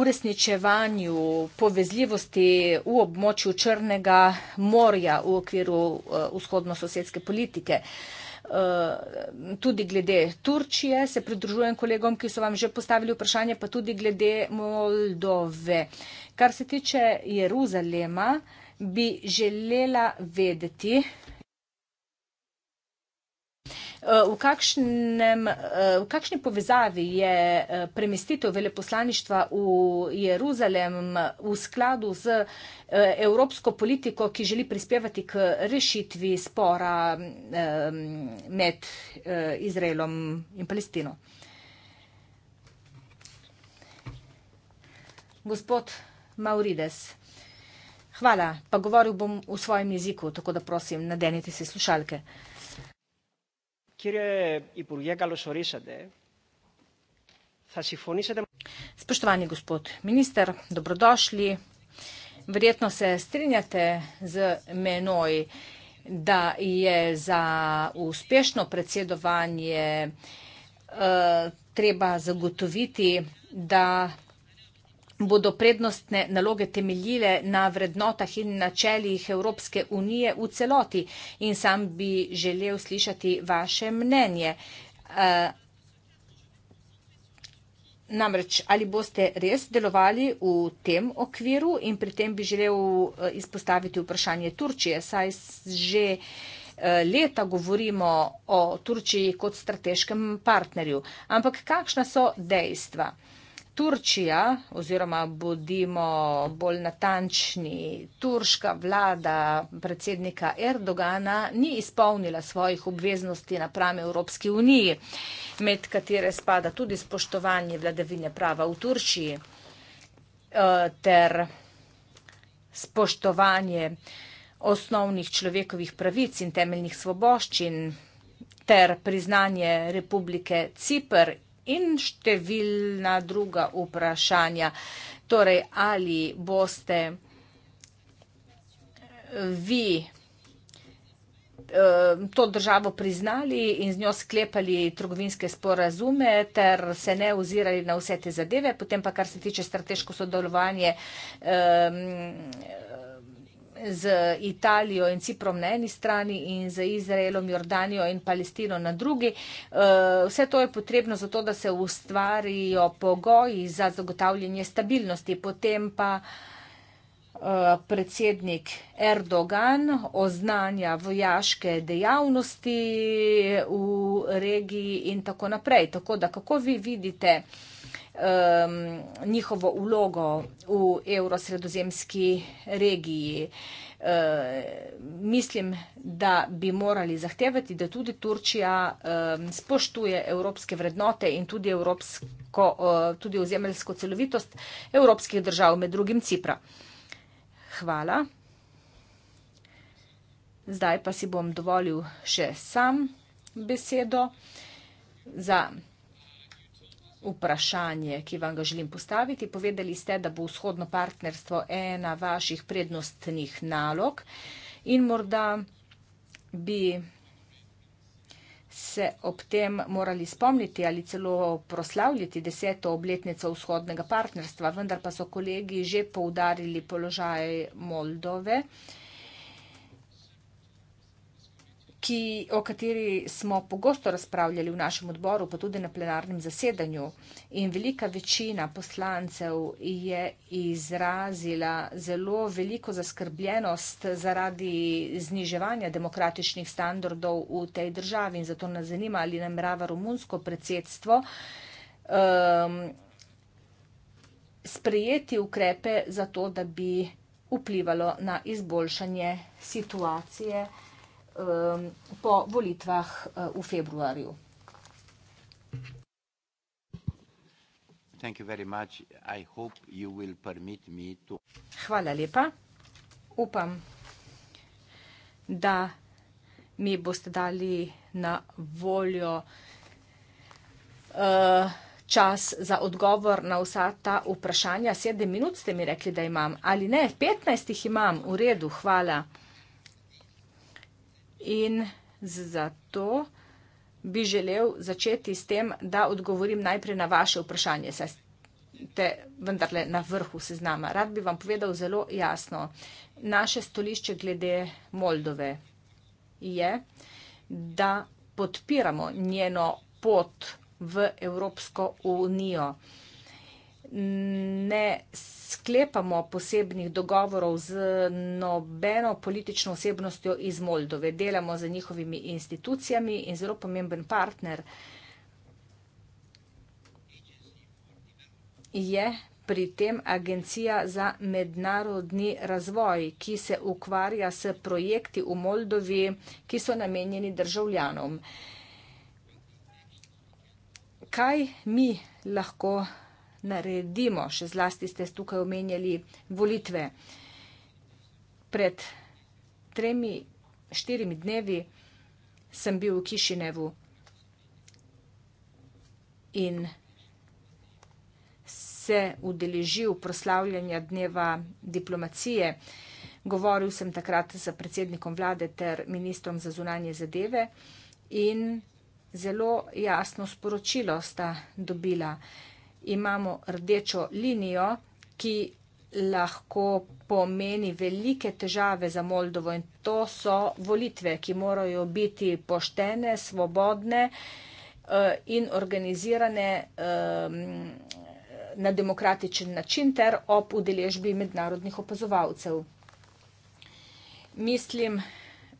S1: uresničevanju povezljivosti v območju Črnega morja v okviru eh, vzhodno-sosedske politike. Eh, tudi glede Turčije se pridružujem kolegom, ki so vam že postavili vprašanje, pa tudi glede Moldove. Kar se tiče Jeruzalema, bi želela vedeti, Eh, v, kakšnem, eh, v kakšni povezavi je eh, premestitev veleposlaništva v Jeruzalem v skladu z evropsko politiko, ki želi prispevati k rešitvi spora med Izraelom in Palestino? Gospod Maurides, hvala, pa govoril bom v svojem jeziku, tako da prosim, nadenite si slušalke.
S3: Κύριε Υπουργέ, καλώς ορίσατε.
S1: Θα συμφωνήσετε... Σποστοβάνι, γκουσπούτ. Μινίστερ, добροδόσλι. Βριέτνο σε στρίνιατε με νόη да је за успешно председовање треба заготовити да bodo prednostne naloge temeljile na vrednotah in načeljih Evropske unije v celoti. In sam bi želel slišati vaše mnenje. Eh, namreč, ali boste res delovali v tem okviru in pri tem bi želel eh, izpostaviti vprašanje Turčije, saj že eh, leta govorimo o Turčiji kot strateškem partnerju. Ampak kakšna so dejstva? Turčija, oziroma bodimo bolj natančni, turška vlada predsednika Erdogana ni izpolnila svojih obveznosti napram Evropski uniji, med katere spada tudi spoštovanje vladavine prava v Turčiji eh, ter spoštovanje osnovnih človekovih pravic in temeljnih svoboščin ter priznanje Republike Cipr in številna druga vprašanja. Torej, ali boste eh, vi eh, to državo priznali in z njo sklepali trgovinske sporazume ter se ne ozirali na vse te zadeve, potem pa kar se tiče strateško sodelovanje. Um, z Italijo in Ciprom na eni strani in z Izraelom, Jordanijo in Palestino na drugi. Eh, vse to je potrebno zato, da se ustvarijo pogoji za zagotavljanje stabilnosti. Potem pa eh, predsednik Erdogan oznanja vojaške dejavnosti v regiji in tako naprej. Tako da kako vi vidite, um, njihovo ulogo v evrosredozemski regiji. Uh, mislim, da bi morali zahtevati, da tudi Turčija um, spoštuje evropske vrednote in tudi, evropsko, uh, tudi ozemeljsko celovitost evropskih držav, med drugim Cipra. Hvala. Zdaj pa si bom dovolil še sam besedo za vprašanje, ki vam ga želim postaviti. Povedali ste, da bo vzhodno partnerstvo ena vaših prednostnih nalog in morda bi se ob tem morali spomniti ali celo proslavljati deseto obletnico vzhodnega partnerstva, vendar pa so kolegi že poudarili položaj Moldove in ki, o kateri smo pogosto razpravljali v našem odboru, pa tudi na plenarnem zasedanju. In velika večina poslancev je izrazila zelo veliko zaskrbljenost zaradi zniževanja demokratičnih standardov v tej državi. In zato nas zanima, ali namerava romunsko predsedstvo. Um, sprejeti ukrepe za to, da bi vplivalo na izboljšanje situacije um, po volitvah uh, v februarju. Hvala lepa. Upam, da mi boste dali na voljo uh, čas za odgovor na vsa ta vprašanja. Sedem minut ste mi rekli, da imam. Ali ne? Petnajst jih imam. V redu. Hvala in zato bi želel začeti s tem, da odgovorim najprej na vaše vprašanje, saj ste vendarle na vrhu seznama. Rad bi vam povedal zelo jasno, naše stolišče glede Moldove je, da podpiramo njeno pot v Evropsko unijo ne sklepamo posebnih dogovorov z nobeno politično osebnostjo iz Moldove. Delamo z njihovimi institucijami in zelo pomemben partner je pri tem Agencija za mednarodni razvoj, ki se ukvarja s projekti v Moldovi, ki so namenjeni državljanom. Kaj mi lahko razvojamo? naredimo, še zlasti ste tukaj omenjali volitve. Pred tremi, štirimi dnevi sem bil v Kišinevu in se udeležil proslavljanja dneva diplomacije. Govoril sem takrat z predsednikom vlade ter ministrom za zunanje zadeve in zelo jasno sporočilo sta dobila imamo rdečo linijo, ki lahko pomeni velike težave za Moldovo in to so volitve, ki morajo biti poštene, svobodne eh, in organizirane ehm, na demokratičen način ter ob udeležbi mednarodnih opazovalcev. Mislim,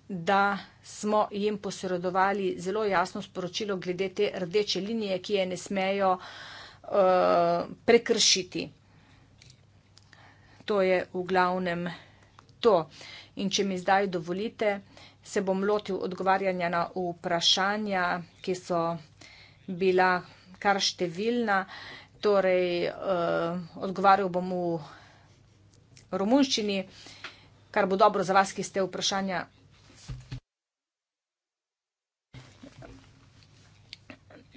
S1: da smo jim posredovali zelo jasno sporočilo glede te rdeče linije, ki je ne smejo uh, prekršiti. To je v glavnem to. In če mi zdaj dovolite, se bom lotil odgovarjanja na vprašanja, ki so bila kar številna. Torej, eh, odgovarjal bom v romunščini, kar bo dobro za vas, ki ste vprašanja.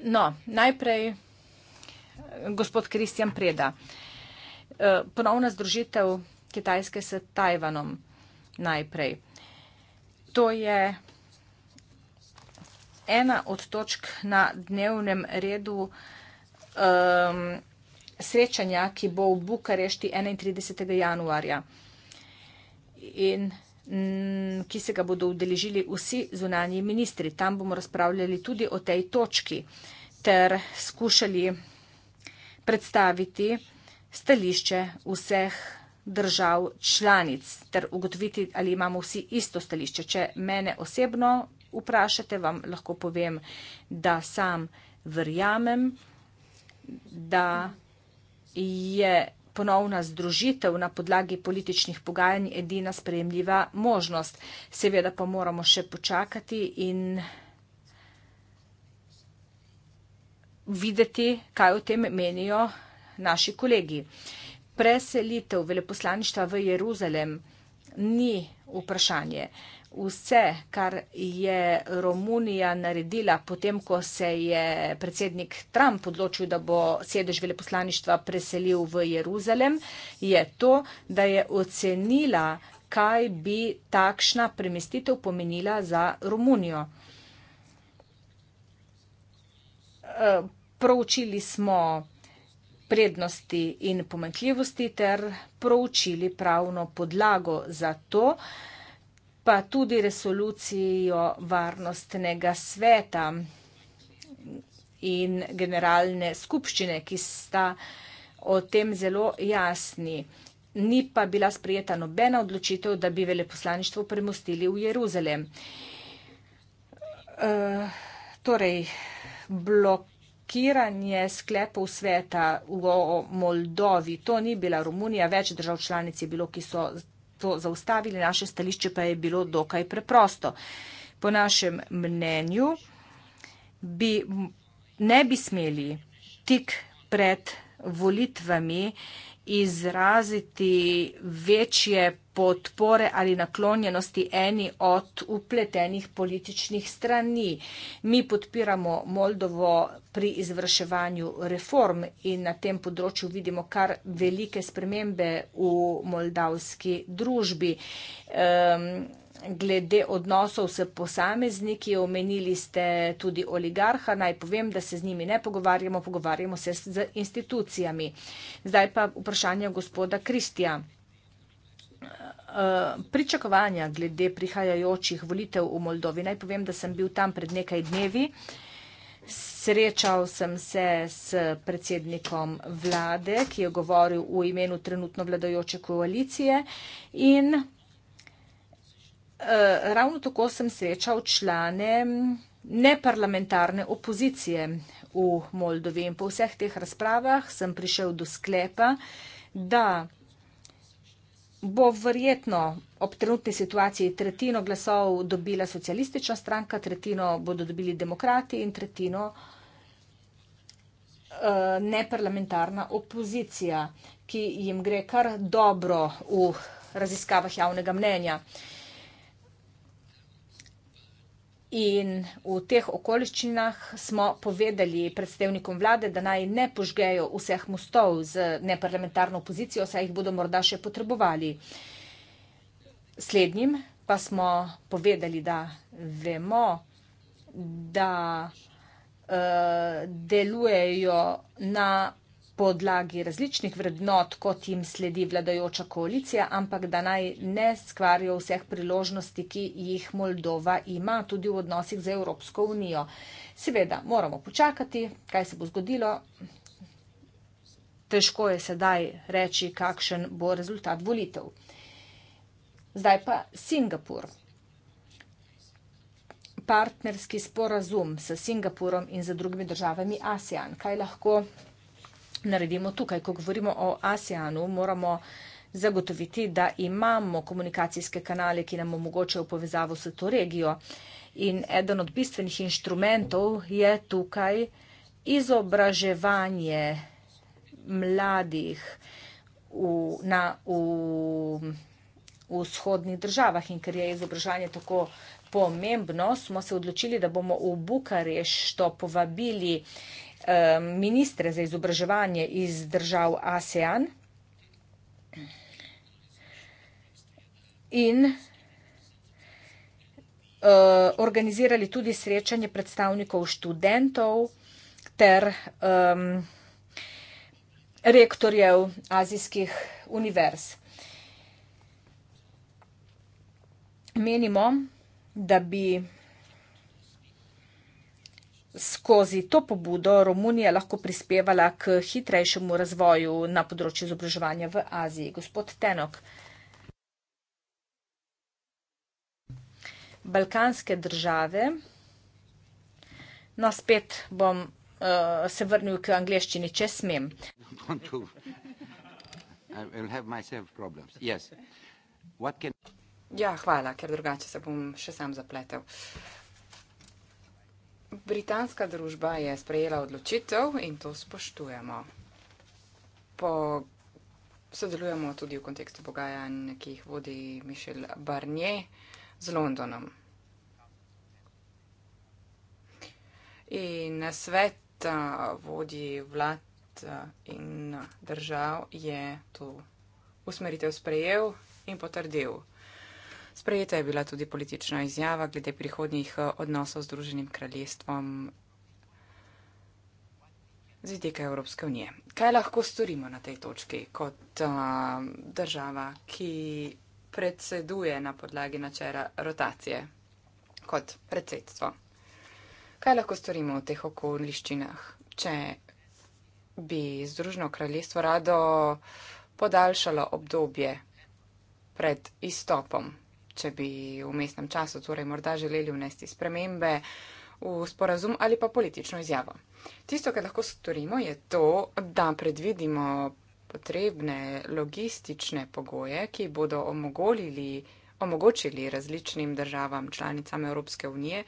S1: No, najprej gospod Kristjan Preda. E, ponovna združitev Kitajske s Tajvanom najprej. To je ena od točk na dnevnem redu um, srečanja, ki bo v Bukarešti 31. januarja in ki se ga bodo udeležili vsi zunanji ministri. Tam bomo razpravljali tudi o tej točki ter skušali predstaviti stališče vseh držav članic ter ugotoviti, ali imamo vsi isto stališče. Če mene osebno vprašate, vam lahko povem, da sam verjamem, da je ponovna združitev na podlagi političnih pogajanj edina sprejemljiva možnost. Seveda pa moramo še počakati in vprašati, videti, kaj o tem menijo naši kolegi. Preselitev veleposlaništva v Jeruzalem ni vprašanje. Vse, kar je Romunija naredila potem, ko se je predsednik Trump odločil, da bo sedež veleposlaništva preselil v Jeruzalem, je to, da je ocenila, kaj bi takšna premestitev pomenila za Romunijo. Eh, proučili smo prednosti in pomenljivosti ter proučili pravno podlago za to, pa tudi resolucijo Varnostnega sveta in Generalne skupščine, ki sta o tem zelo jasni. Ni pa bila sprejeta nobena odločitev, da bi veleposlaništvo premustili v Jeruzalem. Uh, torej, blokiranje sklepov sveta v Moldovi. To ni bila Romunija, več držav članic je bilo, ki so to zaustavili, naše stališče pa je bilo dokaj preprosto. Po našem mnenju bi, ne bi smeli tik pred volitvami izraziti večje podpore ali naklonjenosti eni od upletenih političnih strani. Mi podpiramo Moldovo pri izvrševanju reform in na tem področju vidimo kar velike spremembe v moldavski družbi. Um, glede odnosov s posamezniki, omenili ste tudi oligarha, naj povem, da se z njimi ne pogovarjamo, pogovarjamo se z institucijami. Zdaj pa vprašanje gospoda Kristija. Eh, pričakovanja glede prihajajočih volitev v Moldovi, naj povem, da sem bil tam pred nekaj dnevi, srečal sem se s predsednikom vlade, ki je govoril v imenu trenutno vladajoče koalicije in Eh, ravno tako sem srečal člane neparlamentarne opozicije v Moldovi. In po vseh teh razpravah sem prišel do sklepa, da bo verjetno ob trenutni situaciji tretjino glasov dobila socialistična stranka, tretjino bodo dobili demokrati in tretjino eh, neparlamentarna opozicija, ki jim gre kar dobro v raziskavah javnega mnenja. Uh, In v teh okoliščinah smo povedali predstavnikom vlade, da naj ne požgejo vseh mostov z neparlamentarno opozicijo, saj jih bodo morda še potrebovali. Slednjim pa smo povedali, da vemo, da uh, delujejo na podlagi različnih vrednot, kot jim sledi vladajoča koalicija, ampak da naj ne skvarijo vseh priložnosti, ki jih Moldova ima tudi v odnosih z Evropsko unijo. Seveda moramo počakati, kaj se bo zgodilo. Težko je sedaj reči, kakšen bo rezultat volitev. Zdaj pa Singapur. Partnerski sporazum s Singapurom in z drugimi državami ASEAN. Kaj lahko naredimo tukaj. Ko govorimo o ASEANu, moramo zagotoviti, da imamo komunikacijske kanale, ki nam omogočajo povezavo s to regijo. In eden od bistvenih inštrumentov je tukaj izobraževanje mladih v, na, v, v vzhodnih državah. In ker je izobraževanje tako pomembno, smo se odločili, da bomo v Bukarešto povabili Um, ministre za izobraževanje iz držav ASEAN in uh, organizirali tudi srečanje predstavnikov študentov ter um, rektorjev azijskih univerz. Menimo, da bi skozi to pobudo Romunija lahko prispevala k hitrejšemu razvoju na področju izobraževanja v Aziji. Gospod Tenok. Balkanske države. No, spet bom uh, se vrnil k angleščini, če smem. Ja, hvala,
S2: ker drugače se bom še sam zapletel. Uh, Britanska družba je sprejela odločitev in to spoštujemo. Po sodelujemo tudi v kontekstu pogajanj, ki jih vodi Mišel Barnier z Londonom. In svet vodi vlad in držav je to usmeritev sprejel in potrdil. Sprejeta je bila tudi politična izjava glede prihodnjih eh, odnosov z druženim kraljestvom z vidika Evropske unije. Kaj lahko storimo na tej točki kot uh, država, ki predseduje na podlagi načela rotacije kot predsedstvo? Kaj lahko storimo v teh okoliščinah, če bi Združeno kraljestvo rado podaljšalo obdobje pred izstopom če bi v mestnem času torej morda želeli vnesti spremembe v sporazum ali pa politično izjavo. Tisto, kar lahko storimo, je to, da predvidimo potrebne logistične pogoje, ki bodo omogolili, omogočili različnim državam članicam Evropske unije,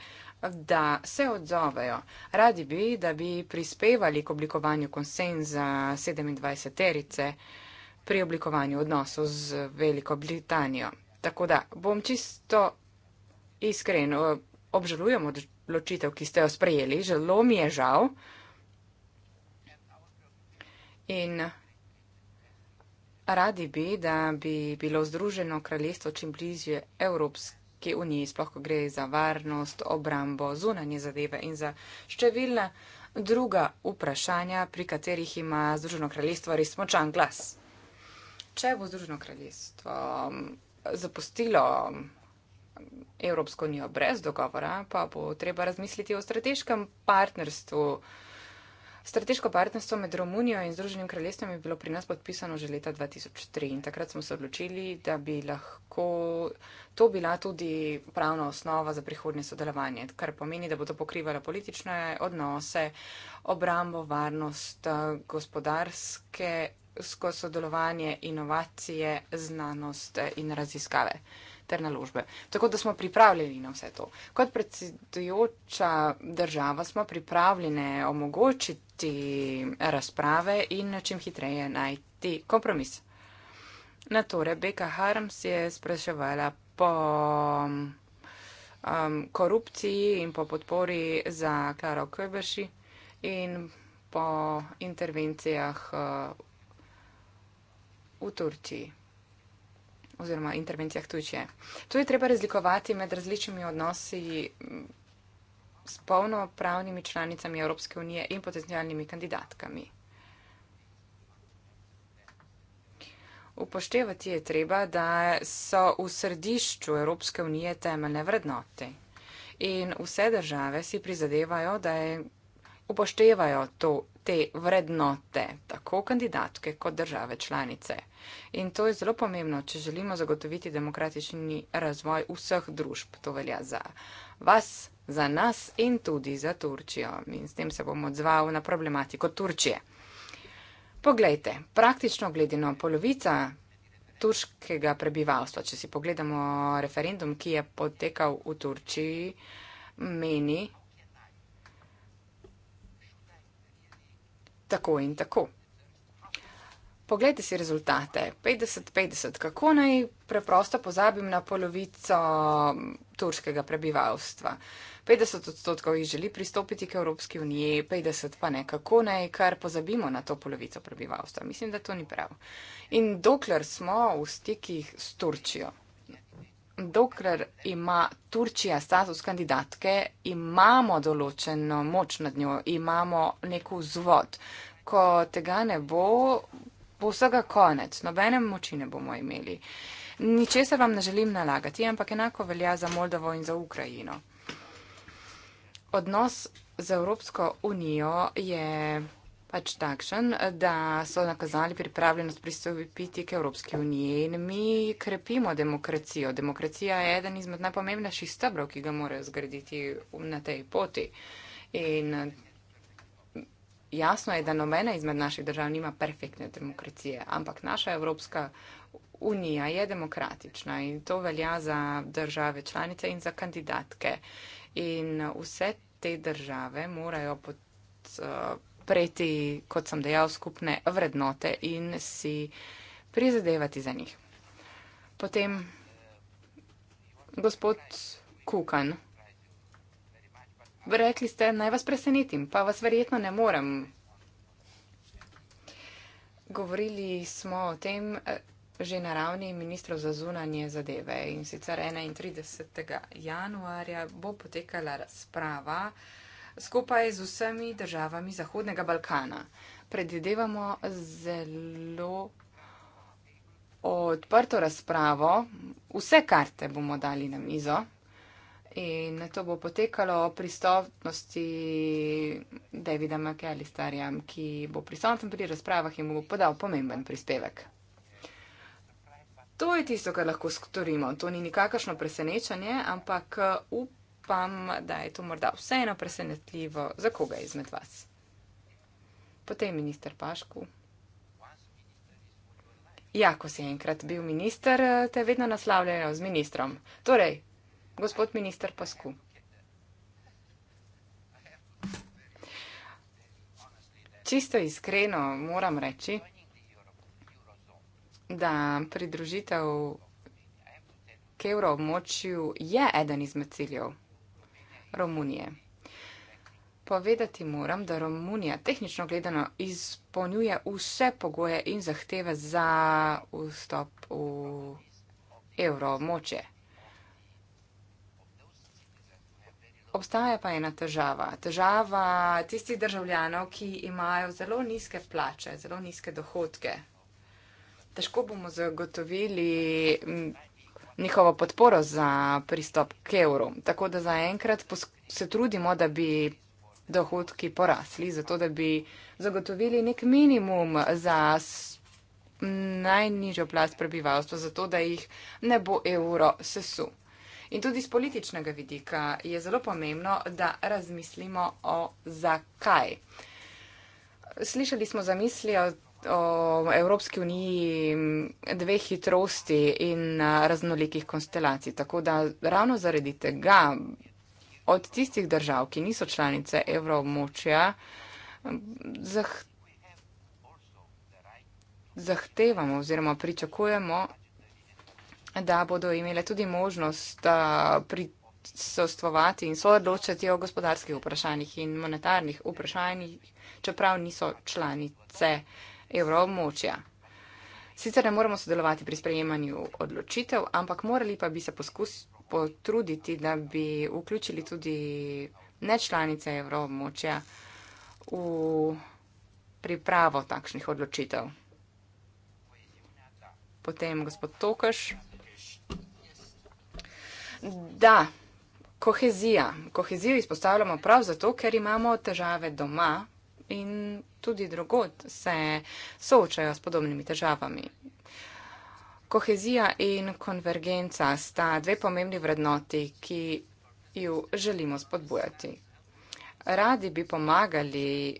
S2: da se odzovejo. Radi bi, da bi prispevali k oblikovanju konsenza 27 terice pri oblikovanju odnosov z Veliko Britanijo. Tako da bom čisto iskren, obžalujem odločitev, ki ste jo sprejeli, zelo mi je žal. In radi bi, da bi bilo Združeno kraljestvo čim bližje Evropske unije, sploh ko gre za varnost, obrambo, zunanje zadeve in za številna druga vprašanja, pri katerih ima Združeno kraljestvo res močan glas. Če bo Združeno kraljestvo zapustilo Evropsko unijo brez dogovora, pa bo treba razmisliti o strateškem partnerstvu. Strateško partnerstvo med Romunijo in Združenim kraljestvom je bilo pri nas podpisano že leta 2003 in takrat smo se odločili, da bi lahko to bila tudi pravna osnova za prihodnje sodelovanje, kar pomeni, da bo to pokrivalo politične odnose, obrambo, varnost, gospodarske partnersko sodelovanje, inovacije, znanost eh, in raziskave ter naložbe. Tako da smo pripravljeni na vse to. Kot predsedujoča država smo pripravljene omogočiti razprave in čim hitreje najti kompromis. Na to Rebeka Harms je spraševala po um, korupciji in po podpori za Klaro Kveberši in po intervencijah uh, v Turčiji oziroma intervencijah tuče. Tu je treba razlikovati med različnimi odnosi s polnopravnimi članicami Evropske unije in potencijalnimi kandidatkami. Upoštevati je treba, da so v središču Evropske unije temeljne vrednote in vse države si prizadevajo, da je upoštevajo to, te vrednote, tako kandidatke kot države članice. In to je zelo pomembno, če želimo zagotoviti demokratični razvoj vseh družb. To velja za vas, za nas in tudi za Turčijo. In s tem se bom odzval na problematiko Turčije. Poglejte, praktično gledeno, polovica turškega prebivalstva, če si pogledamo referendum, ki je potekal v Turčiji, meni, tako in tako. Poglejte si rezultate. 50-50. Kako naj preprosto pozabim na polovico turškega prebivalstva? 50 odstotkov jih želi pristopiti k Evropski uniji, 50 pa ne. Kako naj kar pozabimo na to polovico prebivalstva? Mislim, da to ni prav. In dokler smo v stikih s Turčijo, dokler ima Turčija status kandidatke, imamo določeno moč nad njo, imamo nek vzvod. Ko tega ne bo, bo vsega konec, nobene moči ne bomo imeli. Ničesar vam ne želim nalagati, ampak enako velja za Moldavo in za Ukrajino. Odnos z Evropsko unijo je pač takšen, da so nakazali pripravljenost pristopiti k Evropski uniji in mi krepimo demokracijo. Demokracija je eden izmed najpomembnejših stebrov, ki ga morajo zgraditi na tej poti. In jasno je, da nobena izmed naših držav nima perfektne demokracije, ampak naša Evropska unija je demokratična in to velja za države članice in za kandidatke. In vse te države morajo pod uh, podpreti, kot sem dejal, skupne vrednote in si prizadevati za njih. Potem gospod Kukan. Rekli ste, naj vas presenetim, pa vas verjetno ne morem. Govorili smo o tem eh, že na ravni ministrov za zunanje zadeve in sicer 31. januarja bo potekala razprava skupaj z vsemi državami Zahodnega Balkana. Predvidevamo zelo odprto razpravo. Vse karte bomo dali na mizo in to bo potekalo o pristopnosti Davida McAllisterja, ki bo prisoten pri razpravah in mu bo podal pomemben prispevek. To je tisto, kar lahko storimo. To ni nikakršno presenečanje, ampak upamo. Uh, upam, da je to morda vseeno presenetljivo za koga izmed vas. Potem minister Pašku. Ja, ko si enkrat bil minister, te vedno naslavljajo z ministrom. Torej, gospod minister Pasku. Čisto iskreno moram reči, da pridružitev k evroobmočju je eden izmed ciljev. Romunije. Povedati moram, da Romunija tehnično gledano izpolnjuje vse pogoje in zahteve za vstop v evromoče. Obstaja pa ena težava. Težava tistih državljanov, ki imajo zelo nizke plače, zelo nizke dohodke. Težko bomo zagotovili njihovo podporo za pristop k evru. Tako da zaenkrat se trudimo, da bi dohodki porasli, zato da bi zagotovili nek minimum za najnižjo plast prebivalstva, zato da jih ne bo evro sesu. In tudi z političnega vidika je zelo pomembno, da razmislimo o zakaj. Slišali smo zamisli o o Evropski uniji dve hitrosti in raznolikih konstelacij. Tako da ravno zaradi tega od tistih držav, ki niso članice evroobmočja, zah zahtevamo oziroma pričakujemo, da bodo imele tudi možnost prisostvovati in soodločati o gospodarskih vprašanjih in monetarnih vprašanjih, čeprav niso članice evroobmočja evroobmočja. Sicer ne moremo sodelovati pri sprejemanju odločitev, ampak morali pa bi se poskusiti potruditi, da bi vključili tudi nečlanice evroobmočja v pripravo takšnih odločitev. Potem gospod Tokaš. Da, kohezija. Kohezijo izpostavljamo prav zato, ker imamo težave doma, in tudi drugod se soočajo s podobnimi težavami. Kohezija in konvergenca sta dve pomembni vrednoti, ki ju želimo spodbujati. Radi bi pomagali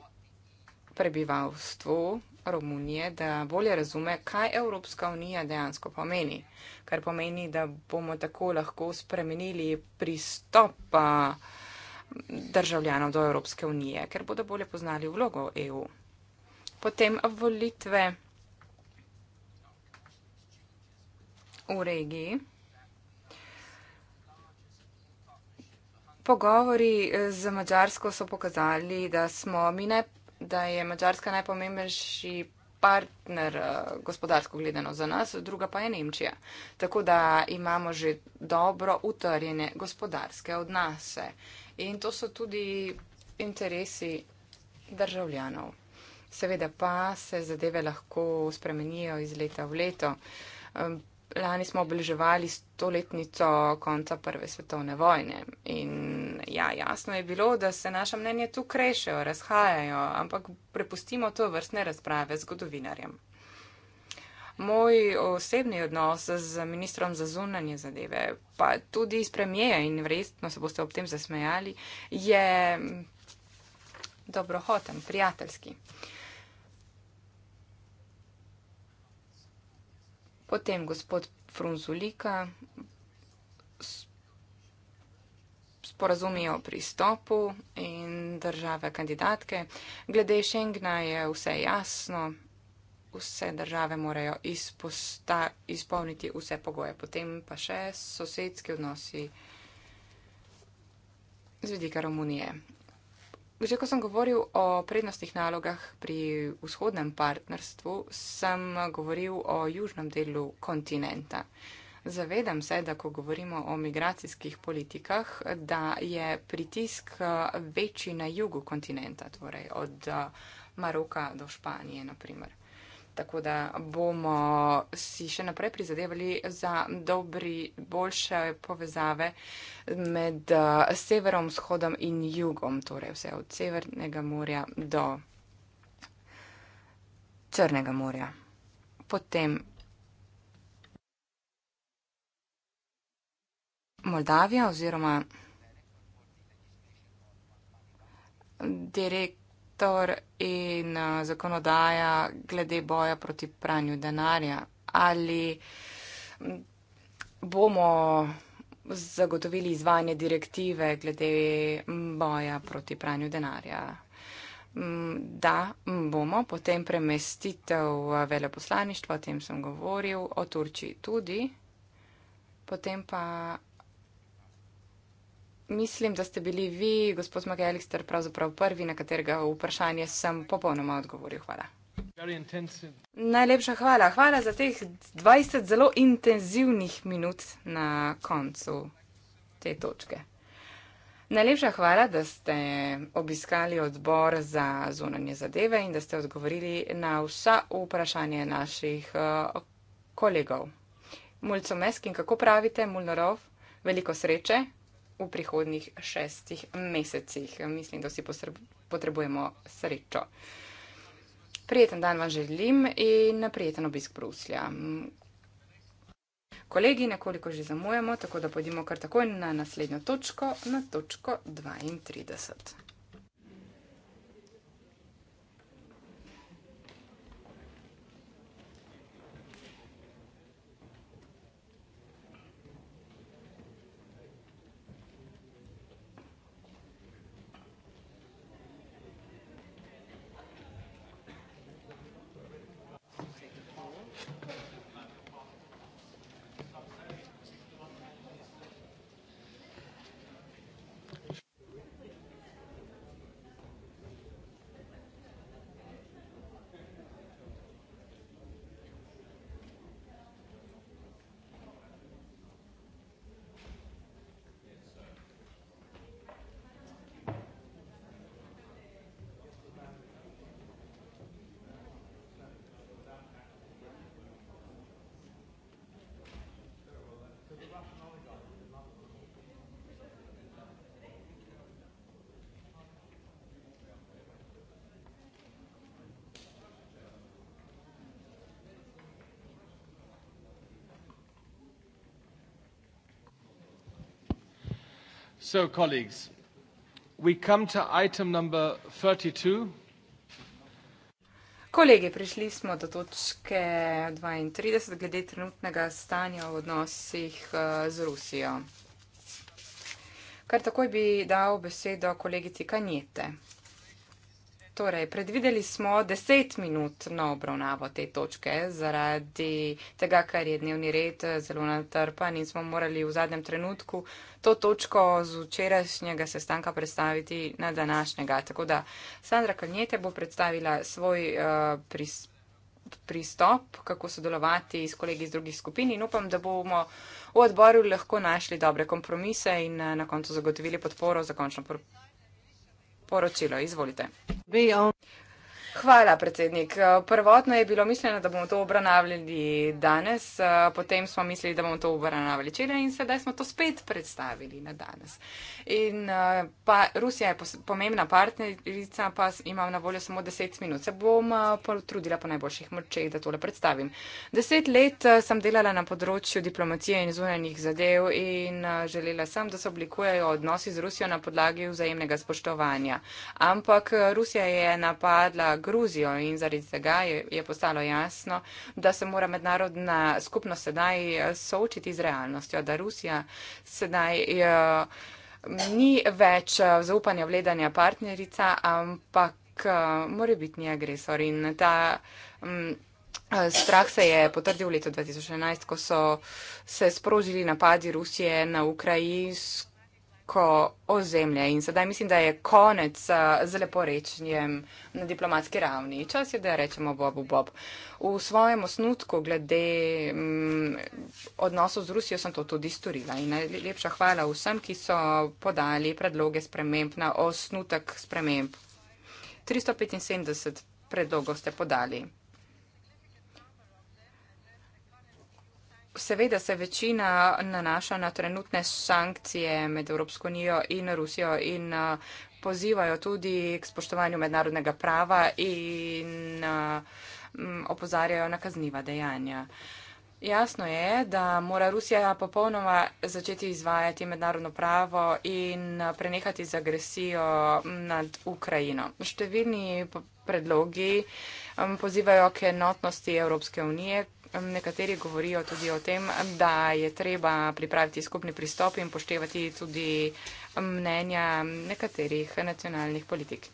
S2: prebivalstvu Romunije, da bolje razume, kaj Evropska unija dejansko pomeni, kar pomeni, da bomo tako lahko spremenili pristop. Uh, državljanov do Evropske unije, ker bodo bolje poznali vlogo EU. Potem volitve v regiji. Pogovori z Mačarsko so pokazali, da, smo, da je Mačarska najpomembnejši partner eh, gospodarsko gledano za nas, druga pa je Nemčija. Tako da imamo že dobro utrjene gospodarske odnose in to so tudi interesi državljanov. Seveda pa se zadeve lahko spremenijo iz leta v leto. Ehm, lani smo obeleževali stoletnico konca Prve svetovne vojne. In ja, jasno je bilo, da se naša mnenja tu krešejo, razhajajo, ampak prepustimo to vrstne razprave zgodovinarjem. Moj osebni odnos z ministrom za zunanje zadeve, pa tudi iz premijeja in vredno se boste ob tem zasmejali, je dobrohoten, prijateljski. Uh, Potem gospod Frunzulika sporazumijo o pristopu in države kandidatke. Glede Schengna je vse jasno, vse države morajo izposta, izpolniti vse pogoje. Potem pa še sosedski odnosi z vidika Romunije. Že ko sem govoril o prednostnih nalogah pri vzhodnem partnerstvu, sem govoril o južnem delu kontinenta. Zavedam se, da ko govorimo o migracijskih politikah, da je pritisk eh, večji na jugu kontinenta, torej od eh, Maroka do Španije, naprimer. Tako da bomo si še naprej prizadevali za dobri, boljše povezave med eh, severom, vzhodom in jugom, torej vse od Severnega morja do Črnega morja. Potem Moldavija oziroma Derek sektor in eh, zakonodaja glede boja proti pranju denarja? Ali bomo zagotovili izvajanje direktive glede boja proti pranju denarja? Da, bomo potem premestitev eh, veleposlaništva, o tem sem govoril, o Turčiji tudi, potem pa mislim, da ste bili vi, gospod Magelister, pravzaprav prvi, na katerega vprašanje sem popolnoma odgovoril. Hvala. Najlepša hvala. Hvala za teh 20 zelo intenzivnih minut na koncu te točke. Najlepša hvala, da ste obiskali odbor za zunanje zadeve in da ste odgovorili na vsa vprašanja naših eh, kolegov. Mulco Meskin, kako pravite, Mulnorov, veliko sreče v prihodnih šestih mesecih. Mislim, da vsi potrebujemo srečo. Prijeten dan vam želim in prijeten obisk Bruslja. Kolegi, nekoliko že zamujamo, tako da pojdimo kar takoj na naslednjo točko, na točko 32.
S1: So, colleagues, we come to item number 32.
S2: Kolegi, prišli smo do točke dvaintrideset glede trenutnega stanja v odnosih eh, z Rusijo. Kar takoj bi dal besedo kolegici Kanjete. Torej, predvideli smo deset minut na obravnavo te točke zaradi tega, ker je dnevni red zelo natrpan in smo morali v zadnjem trenutku to točko z včerajšnjega sestanka predstaviti na današnjega. Tako da Sandra Kalnjete bo predstavila svoj uh, pris, pristop, kako sodelovati s kolegi iz drugih skupin in upam, da bomo v odboru lahko našli dobre kompromise in uh, na koncu zagotovili podporo za končno. Pr- poročilo. Izvolite. Hvala, predsednik. Eh, prvotno je bilo mišljeno, da bomo to obravnavljali danes, eh, potem smo mislili, da bomo to obravnavljali včeraj in sedaj smo to spet predstavili na danes. In eh, pa Rusija je pomembna partnerica, pa imam na voljo samo deset minut. Se bom potrudila po najboljših močeh, da tole predstavim. Deset let sem delala na področju diplomacije in zunanjih zadev in želela sem, da se oblikujejo odnosi z Rusijo na podlagi vzajemnega spoštovanja. Ampak Rusija je napadla. Gruzijo in zaradi tega je, je postalo jasno, da se mora mednarodna skupnost sedaj eh, soočiti z realnostjo, da Rusija sedaj je, eh, ni več eh, zaupanja vledanja partnerica, ampak mora biti ni agresor. In ta m, mm, strah se je potrdil v letu 2011, ko so se sprožili napadi Rusije na Ukrajinsko. Ko ozemlje in sedaj mislim, da je konec eh, z leporečenjem na diplomatski ravni. Čas je, da rečemo Bobu Bob. V svojem osnutku glede mm, odnosov z Rusijo sem to tudi storila in najlepša hvala vsem, ki so podali predloge sprememb na osnutek sprememb. 375 predlogov ste podali. Seveda se večina nanaša na trenutne sankcije med Evropsko unijo in Rusijo in pozivajo tudi k spoštovanju mednarodnega prava in opozarjajo na kazniva dejanja. Jasno je, da mora Rusija popolnoma začeti izvajati mednarodno pravo in prenehati z agresijo nad Ukrajino. Številni predlogi pozivajo k enotnosti Evropske unije, Nekateri govorijo tudi o tem, da je treba pripraviti skupni pristop in poštevati tudi mnenja nekaterih nacionalnih politik.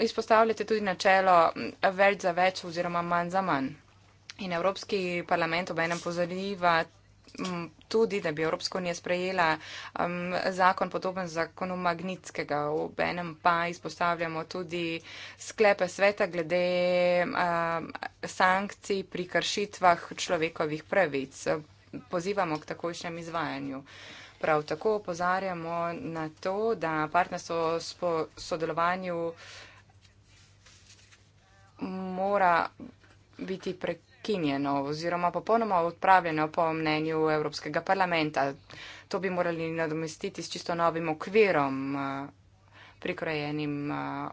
S2: Izpostavljate tudi načelo več za več oziroma manj za manj. In Evropski parlament obenem pozorniva tudi, da bi Evropska unija sprejela um, zakon podoben zakonu Magnitskega. V enem pa izpostavljamo tudi sklepe sveta glede um, sankcij pri kršitvah človekovih pravic. Pozivamo k takojšnjem izvajanju. Prav tako opozarjamo na to, da partnerstvo spo, sodelovanju mora biti prekrivljeno prekinjeno oziroma popolnoma odpravljeno po mnenju Evropskega parlamenta. To bi morali nadomestiti s čisto novim okvirom, eh, prikrojenim eh,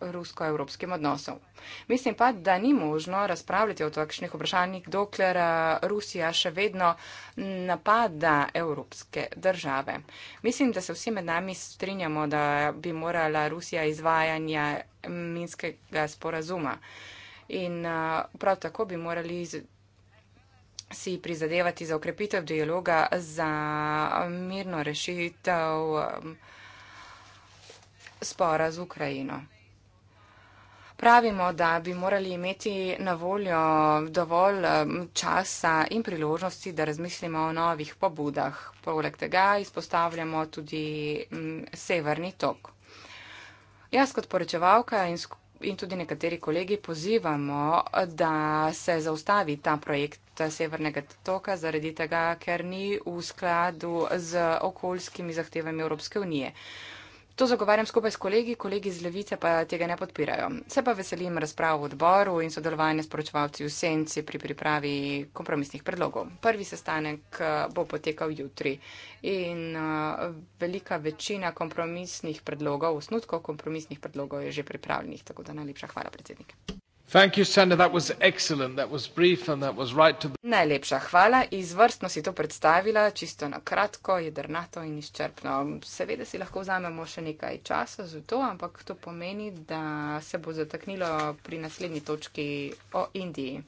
S2: rusko-evropskim odnosom. Mislim pa, da ni možno razpravljati o takšnih vprašanjih, dokler eh, Rusija še vedno napada evropske države. Mislim, da se vsi med nami strinjamo, da bi morala Rusija izvajanja minskega sporazuma in uh, prav tako bi morali si prizadevati za ukrepitev dialoga za mirno rešitev um, spora z Ukrajino. Pravimo, da bi morali imeti na voljo dovolj um, časa in priložnosti, da razmislimo o novih pobudah. Poleg tega izpostavljamo tudi um, severni tok. Jaz kot poročevalka in skupaj in tudi nekateri kolegi pozivamo, da se zaustavi ta projekt Severnega toka zaradi tega, ker ni v skladu z okoljskimi zahtevami Evropske unije. To zagovarjam skupaj s kolegi, kolegi iz levice pa tega ne podpirajo. Se pa veselim razprav v odboru in sodelovanja s poročevalci v senci pri pripravi kompromisnih predlogov. Prvi sestanek eh, bo potekal jutri in eh, velika večina kompromisnih predlogov, osnutkov kompromisnih predlogov je že pripravljenih, tako da najlepša hvala predsednik.
S1: Thank you, Sandra. That was excellent. That
S2: was brief and that was right to the... Najlepša hvala. Izvrstno si to predstavila, čisto na kratko, jedrnato in izčrpno. Seveda si lahko vzamemo še nekaj časa za to, ampak to pomeni, da se bo zataknilo pri naslednji točki o Indiji.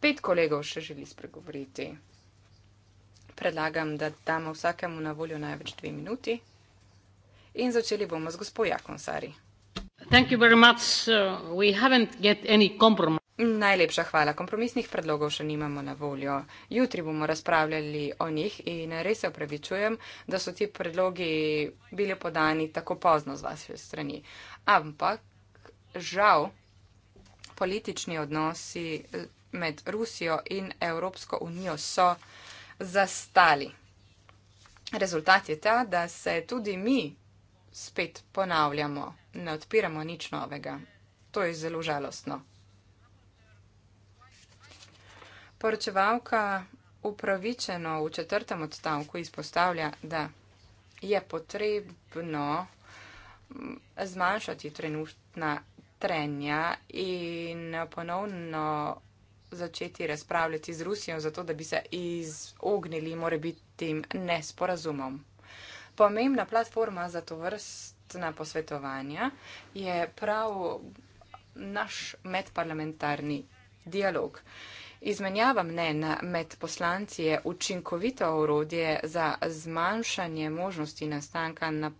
S2: Pet kolegov še želi spregovoriti. Predlagam, da damo vsakemu na voljo največ dve minuti. In začeli bomo z gospod Jakonsari.
S3: Najlepša
S2: hvala. Kompromisnih predlogov še nimamo na voljo. Jutri bomo razpravljali o njih in res se opravičujem, da so ti predlogi bili podani tako pozno z vaše strani. Ampak žal politični odnosi eh, med Rusijo in Evropsko unijo so zastali. Rezultat je ta, da se tudi mi spet ponavljamo, ne odpiramo nič novega. To je zelo žalostno. Poročevalka upravičeno v četrtem odstavku izpostavlja, da je potrebno mm, zmanjšati trenutna trenja in ponovno začeti razpravljati z Rusijo, zato da bi se izognili morebitim nesporazumom pomembna platforma za to vrstna posvetovanja je prav naš medparlamentarni dialog. Izmenjava mnen med poslanci je učinkovito orodje za zmanjšanje možnosti nastanka na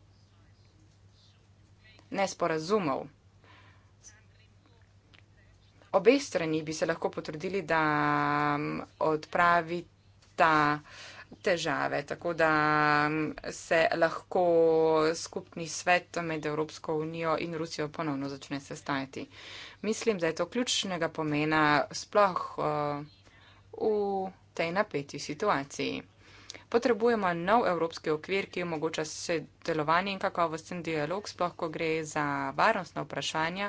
S2: nesporazumov. Obe strani bi se lahko potrudili, da mm, odpravita težave. Tako da mm, se lahko skupni svet med Evropsko unijo in Rusijo ponovno začne sestajati. Mislim, da je to ključnega pomena sploh eh, v tej napeti situaciji. Potrebujemo nov evropski okvir, ki omogoča sodelovanje in kakovosten dialog, sploh ko gre za varnostna vprašanja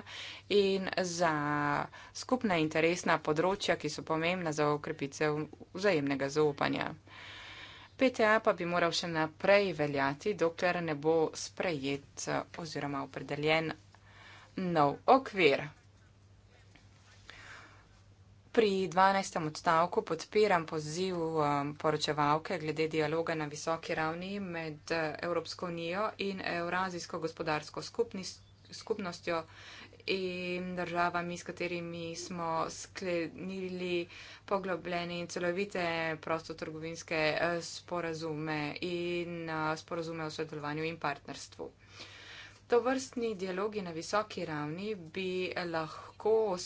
S2: in za skupna interesna področja, ki so pomembna za okrepitev vzajemnega zaupanja. PTA pa bi moral še naprej veljati, dokler ne bo sprejet eh, oziroma opredeljen nov okvir. Pri 12. odstavku podpiram poziv eh, poročevalke glede dialoga na visoki ravni med eh, Evropsko unijo in Eurazijsko gospodarsko skupnostjo in državami, s katerimi smo sklenili poglobljene in celovite prostotrgovinske eh, sporazume in eh, sporazume o sodelovanju in partnerstvu. To vrstni dialogi na visoki ravni bi lahko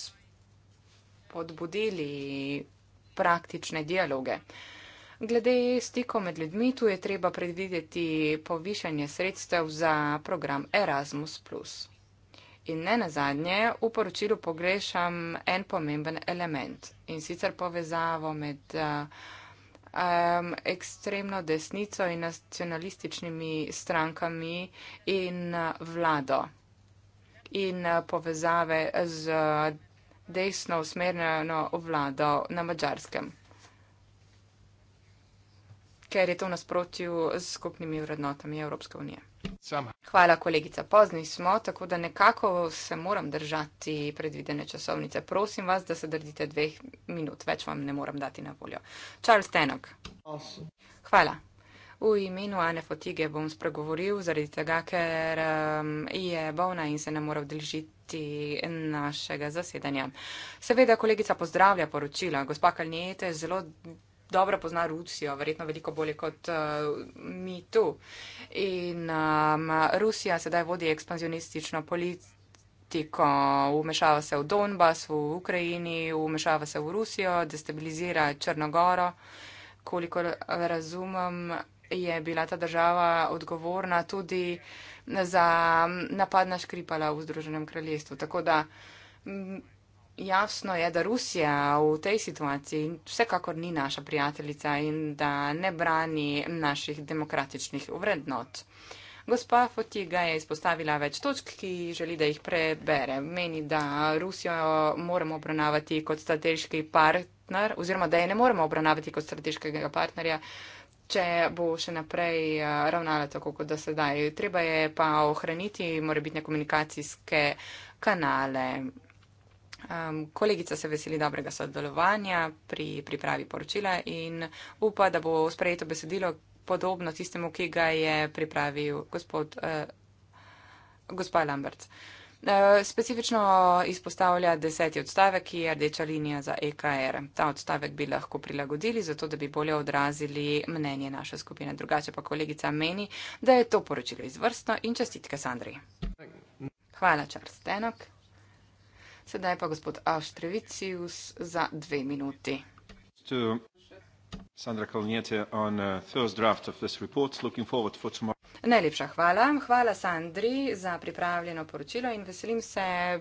S2: podbudili praktične dialoge. Glede stiko med ljudmi, tu je treba predvideti povišanje sredstev za program Erasmus. In ne nazadnje, v poročilu pogrešam en pomemben element in sicer povezavo med um, ekstremno desnico in nacionalističnimi strankami in eh, vlado in eh, povezave z desno usmerjeno vlado na mačarskem, ker je to nasprotju s skupnimi vrednotami Evropske unije. Sama. Hvala, kolegica. Pozni smo, tako da nekako se moram držati predvidene časovnice. Prosim vas, da se držite dveh minut, več vam ne moram dati na voljo. Charles Tenok. Awesome. Hvala. V imenu Ane Fotige bom spregovoril, zaradi tega, ker um, je bolna in se ne mora vdeležiti našega zasedanja. Seveda, kolegica pozdravlja poročila. Gospa Kalnijete je zelo dobro pozna Rusijo, verjetno veliko bolje kot uh, mi tu. In um, Rusija sedaj vodi ekspanzionistično politiko. Ko umešava se v Donbas, v Ukrajini, umešava se v Rusijo, destabilizira Črnogoro. Koliko razumem, je bila ta država odgovorna tudi za napad na škripala v Združenem kraljestvu. Tako da jasno je, da Rusija v tej situaciji vsekakor ni naša prijateljica in da ne brani naših demokratičnih vrednot. Gospa Fotiga je izpostavila več točk, ki želi, da jih prebere. Meni, da Rusijo moramo obravnavati kot strateški partner oziroma da je ne moramo obravnavati kot strateškega partnerja, če bo še naprej eh, ravnala tako, kot da sedaj. Treba je pa ohraniti morebitne komunikacijske kanale. Um, kolegica se veseli dobrega sodelovanja pri pripravi poročila in upa, da bo sprejeto besedilo podobno tistemu, ki ga je pripravil gospod uh, gospa Lambert. Eh, specifično izpostavlja deseti odstavek, ki je rdeča linija za EKR. Ta odstavek bi lahko prilagodili, zato da bi bolje odrazili mnenje naše skupine. Drugače pa kolegica meni, da je to poročilo izvrstno in čestitke Sandri. Hvala, Charles Tenok. Sedaj pa gospod Aštrevicius za dve minuti.
S1: Sandra Kalnjete on uh, first draft of this report, looking forward for tomorrow.
S2: Najlepša hvala. Hvala Sandri za pripravljeno poročilo in veselim se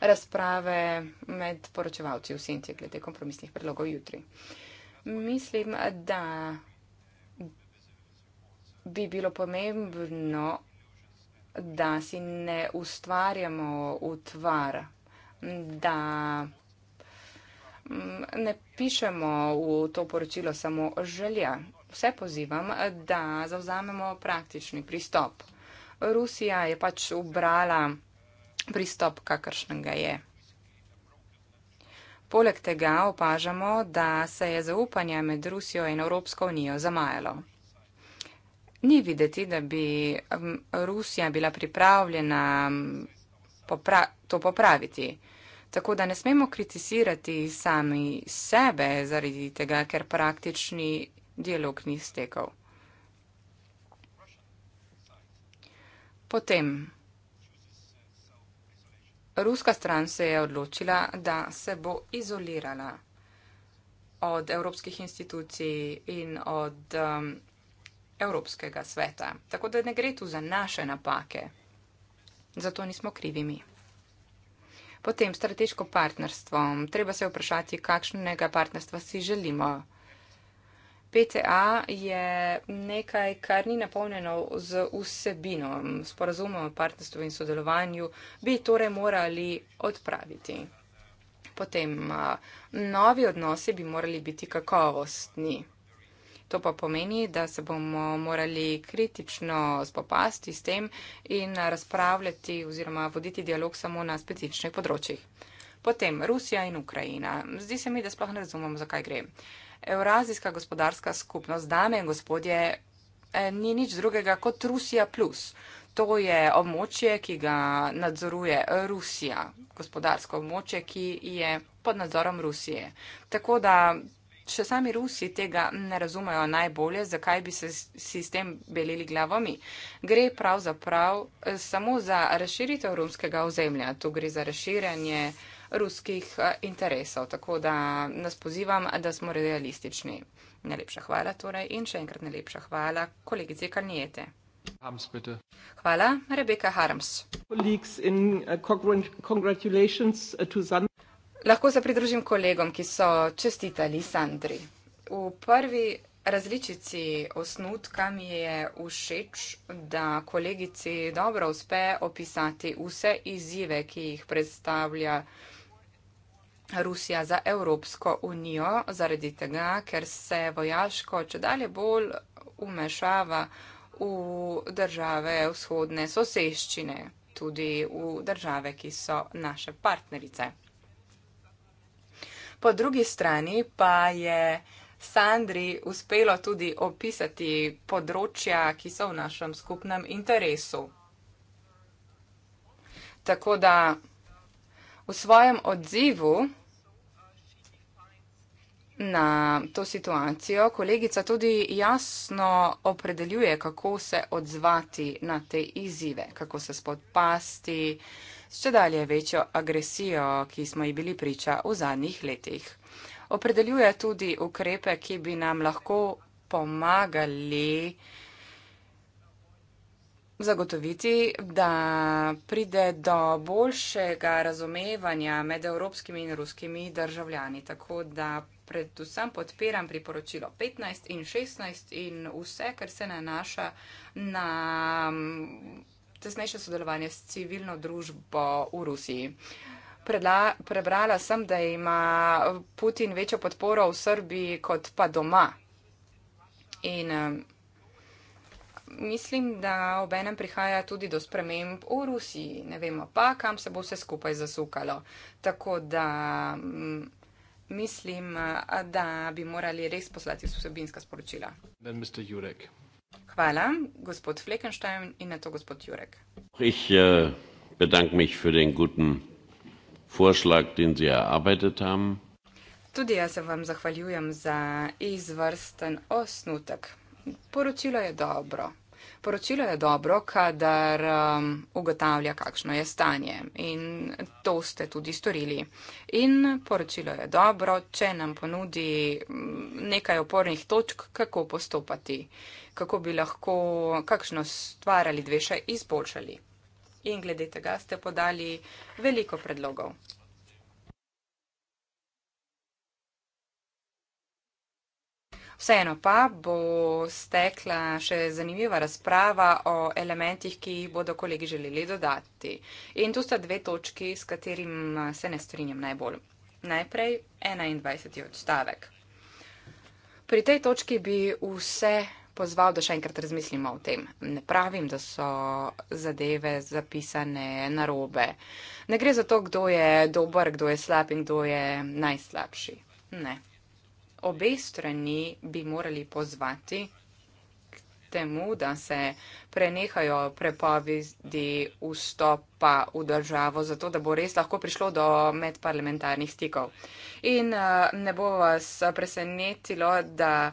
S2: razprave med poročevalci v Sinti glede kompromisnih predlogov jutri. Mislim, da bi bilo pomembno, da si ne ustvarjamo utvara da mm, ne pišemo v to poročilo samo želja. Vse pozivam, da zavzamemo praktični pristop. Rusija je pač ubrala pristop, kakršnega je. Poleg tega opažamo, da se je zaupanje med Rusijo in Evropsko unijo zamajalo. Ni videti, da bi mm, Rusija bila pripravljena mm, popra to popraviti. Tako da ne smemo kritizirati sami sebe zaradi tega, ker praktični dialog ni stekel. Potem. Ruska stran se je odločila, da se bo izolirala od evropskih institucij in od um, Evropskega sveta. Tako da ne gre tu za naše napake zato nismo krivi mi. Potem strateško partnerstvo. Treba se vprašati, kakšnega partnerstva si želimo. PTA je nekaj, kar ni napolnjeno z vsebino. Sporazumov o partnerstvu in sodelovanju bi torej morali odpraviti. Potem novi odnosi bi morali biti kakovostni. To pa pomeni, da se bomo morali kritično spopasti s tem in razpravljati oziroma voditi dialog samo na specifičnih področjih. Potem Rusija in Ukrajina. Zdi se mi, da sploh ne razumemo, zakaj gre. Evrazijska gospodarska skupnost, dame in gospodje, eh, ni nič drugega kot Rusija plus. To je območje, ki ga nadzoruje Rusija, gospodarsko območje, ki je pod nadzorom Rusije. Tako da Če sami Rusi tega ne razumejo najbolje, zakaj bi se si s tem belili glavami? Gre pravzaprav eh, samo za razširitev rumskega ozemlja. Tu gre za razširjanje ruskih eh, interesov. Tako da nas pozivam, da smo realistični. Najlepša hvala torej in še enkrat najlepša hvala kolegici Kalnijete. Harms, bitte. Hvala, Rebeka Harms lahko se pridružim kolegom, ki so čestitali Sandri. V prvi različici osnutka mi je všeč, da kolegici dobro uspe opisati vse izzive, ki jih predstavlja Rusija za Evropsko unijo, zaradi tega, ker se vojaško če dalje bolj umešava v države vzhodne soseščine, tudi v države, ki so naše partnerice. Po drugi strani pa je Sandri uspelo tudi opisati področja, ki so v našem skupnem interesu. Tako da v svojem odzivu na to situacijo kolegica tudi jasno opredeljuje, kako se odzvati na te izzive, kako se spodpasti s čedalje večjo agresijo, ki smo ji bili priča v zadnjih letih. Opredeljuje tudi ukrepe, ki bi nam lahko pomagali zagotoviti, da pride do boljšega razumevanja med evropskimi in ruskimi državljani. Tako da predvsem podpiram priporočilo 15 in 16 in vse, kar se nanaša na tesnejše sodelovanje s civilno družbo v Rusiji. Predla, prebrala sem, da ima Putin večjo podporo v Srbiji kot pa doma. In mislim, da obenem prihaja tudi do sprememb v Rusiji. Ne vemo pa, kam se bo vse skupaj zasukalo. Tako da mislim, da bi morali res poslati vsebinska sporočila. Then, Hvala, gospod Fleckenstein in na to gospod Jurek.
S3: Ich äh, bedanke mich für den guten Vorschlag, den Sie erarbeitet haben.
S2: Tudi jaz se vam zahvaljujem za izvrsten osnutek. Poročilo je dobro. Poročilo je dobro, kadar um, ugotavlja, kakšno je stanje in to ste tudi storili. In poročilo je dobro, če nam ponudi mm, nekaj opornih točk, kako postopati, kako bi lahko kakšno stvar ali dve še izboljšali. In glede tega ste podali veliko predlogov. Vseeno pa bo stekla še zanimiva razprava o elementih, ki jih bodo kolegi želeli dodati. In tu sta dve točki, s katerim eh, se ne strinjam najbolj. Najprej 21. odstavek. Pri tej točki bi vse pozval, da še enkrat razmislimo o tem. Ne pravim, da so zadeve zapisane na robe. Ne gre za to, kdo je dober, kdo je slab in kdo je najslabši. Ne obe strani bi morali pozvati k temu, da se prenehajo prepovedi vstopa v državo, zato da bo res lahko prišlo do medparlamentarnih stikov. In eh, ne bo vas presenetilo, da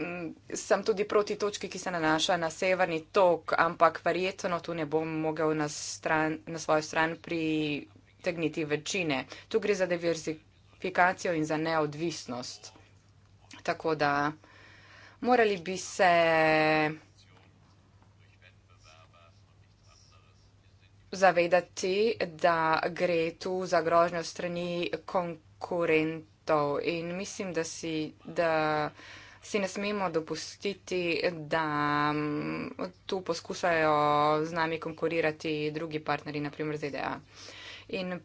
S2: mm, sem tudi proti točki, ki se nanaša na severni tok, ampak verjetno tu ne bom mogel na, stran, na svojo stran pritegniti večine. Tu gre za diverzik identifikacijo in za neodvisnost. Tako da morali bi se zavedati, da gre tu za grožnjo strani konkurentov in mislim, da si, da si ne smemo dopustiti, da mm, tu poskušajo z nami konkurirati drugi partneri, naprimer ZDA. In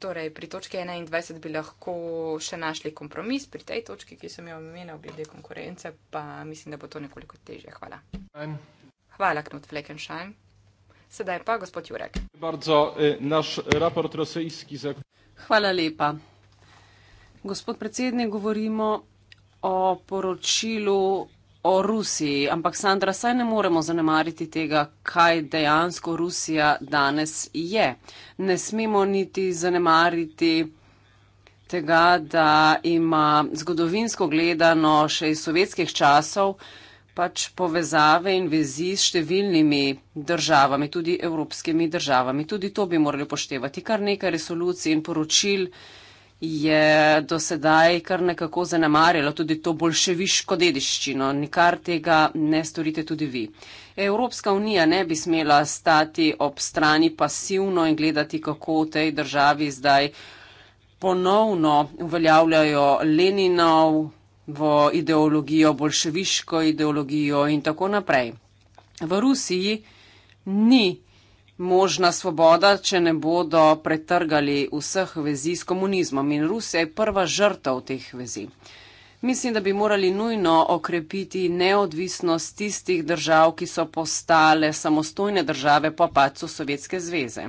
S2: Torej, pri točki 21 bi lahko še našli kompromis, pri tej točki, ki sem jo omenil, glede konkurence, pa mislim, da bo to nekoliko težje. Hvala. Hvala, Knut Fleckenschein. Sedaj pa
S3: gospod Jurek. E, Hvala lepa. Gospod predsednik, govorimo o poročilu o Rusiji, ampak Sandra, saj ne moremo zanemariti tega, kaj dejansko Rusija danes je. Ne smemo niti zanemariti tega, da ima zgodovinsko gledano še iz sovjetskih časov pač povezave in vezi s številnimi državami, tudi evropskimi državami. Tudi to bi morali poštevati. Kar nekaj resolucij in poročil je do sedaj kar nekako zanemarjalo tudi to bolševiško dediščino. Nikar tega ne storite tudi vi. Evropska unija ne bi smela stati ob strani pasivno in gledati, kako v tej državi zdaj ponovno uveljavljajo Leninov v ideologijo, bolševiško ideologijo in tako naprej. V Rusiji ni možna svoboda, če ne bodo pretrgali vseh vezi s komunizmom. In Rusija je prva žrtev teh vezi. Mislim, da bi morali nujno okrepiti neodvisnost tistih držav, ki so postale samostojne države po pacu Sovjetske zveze.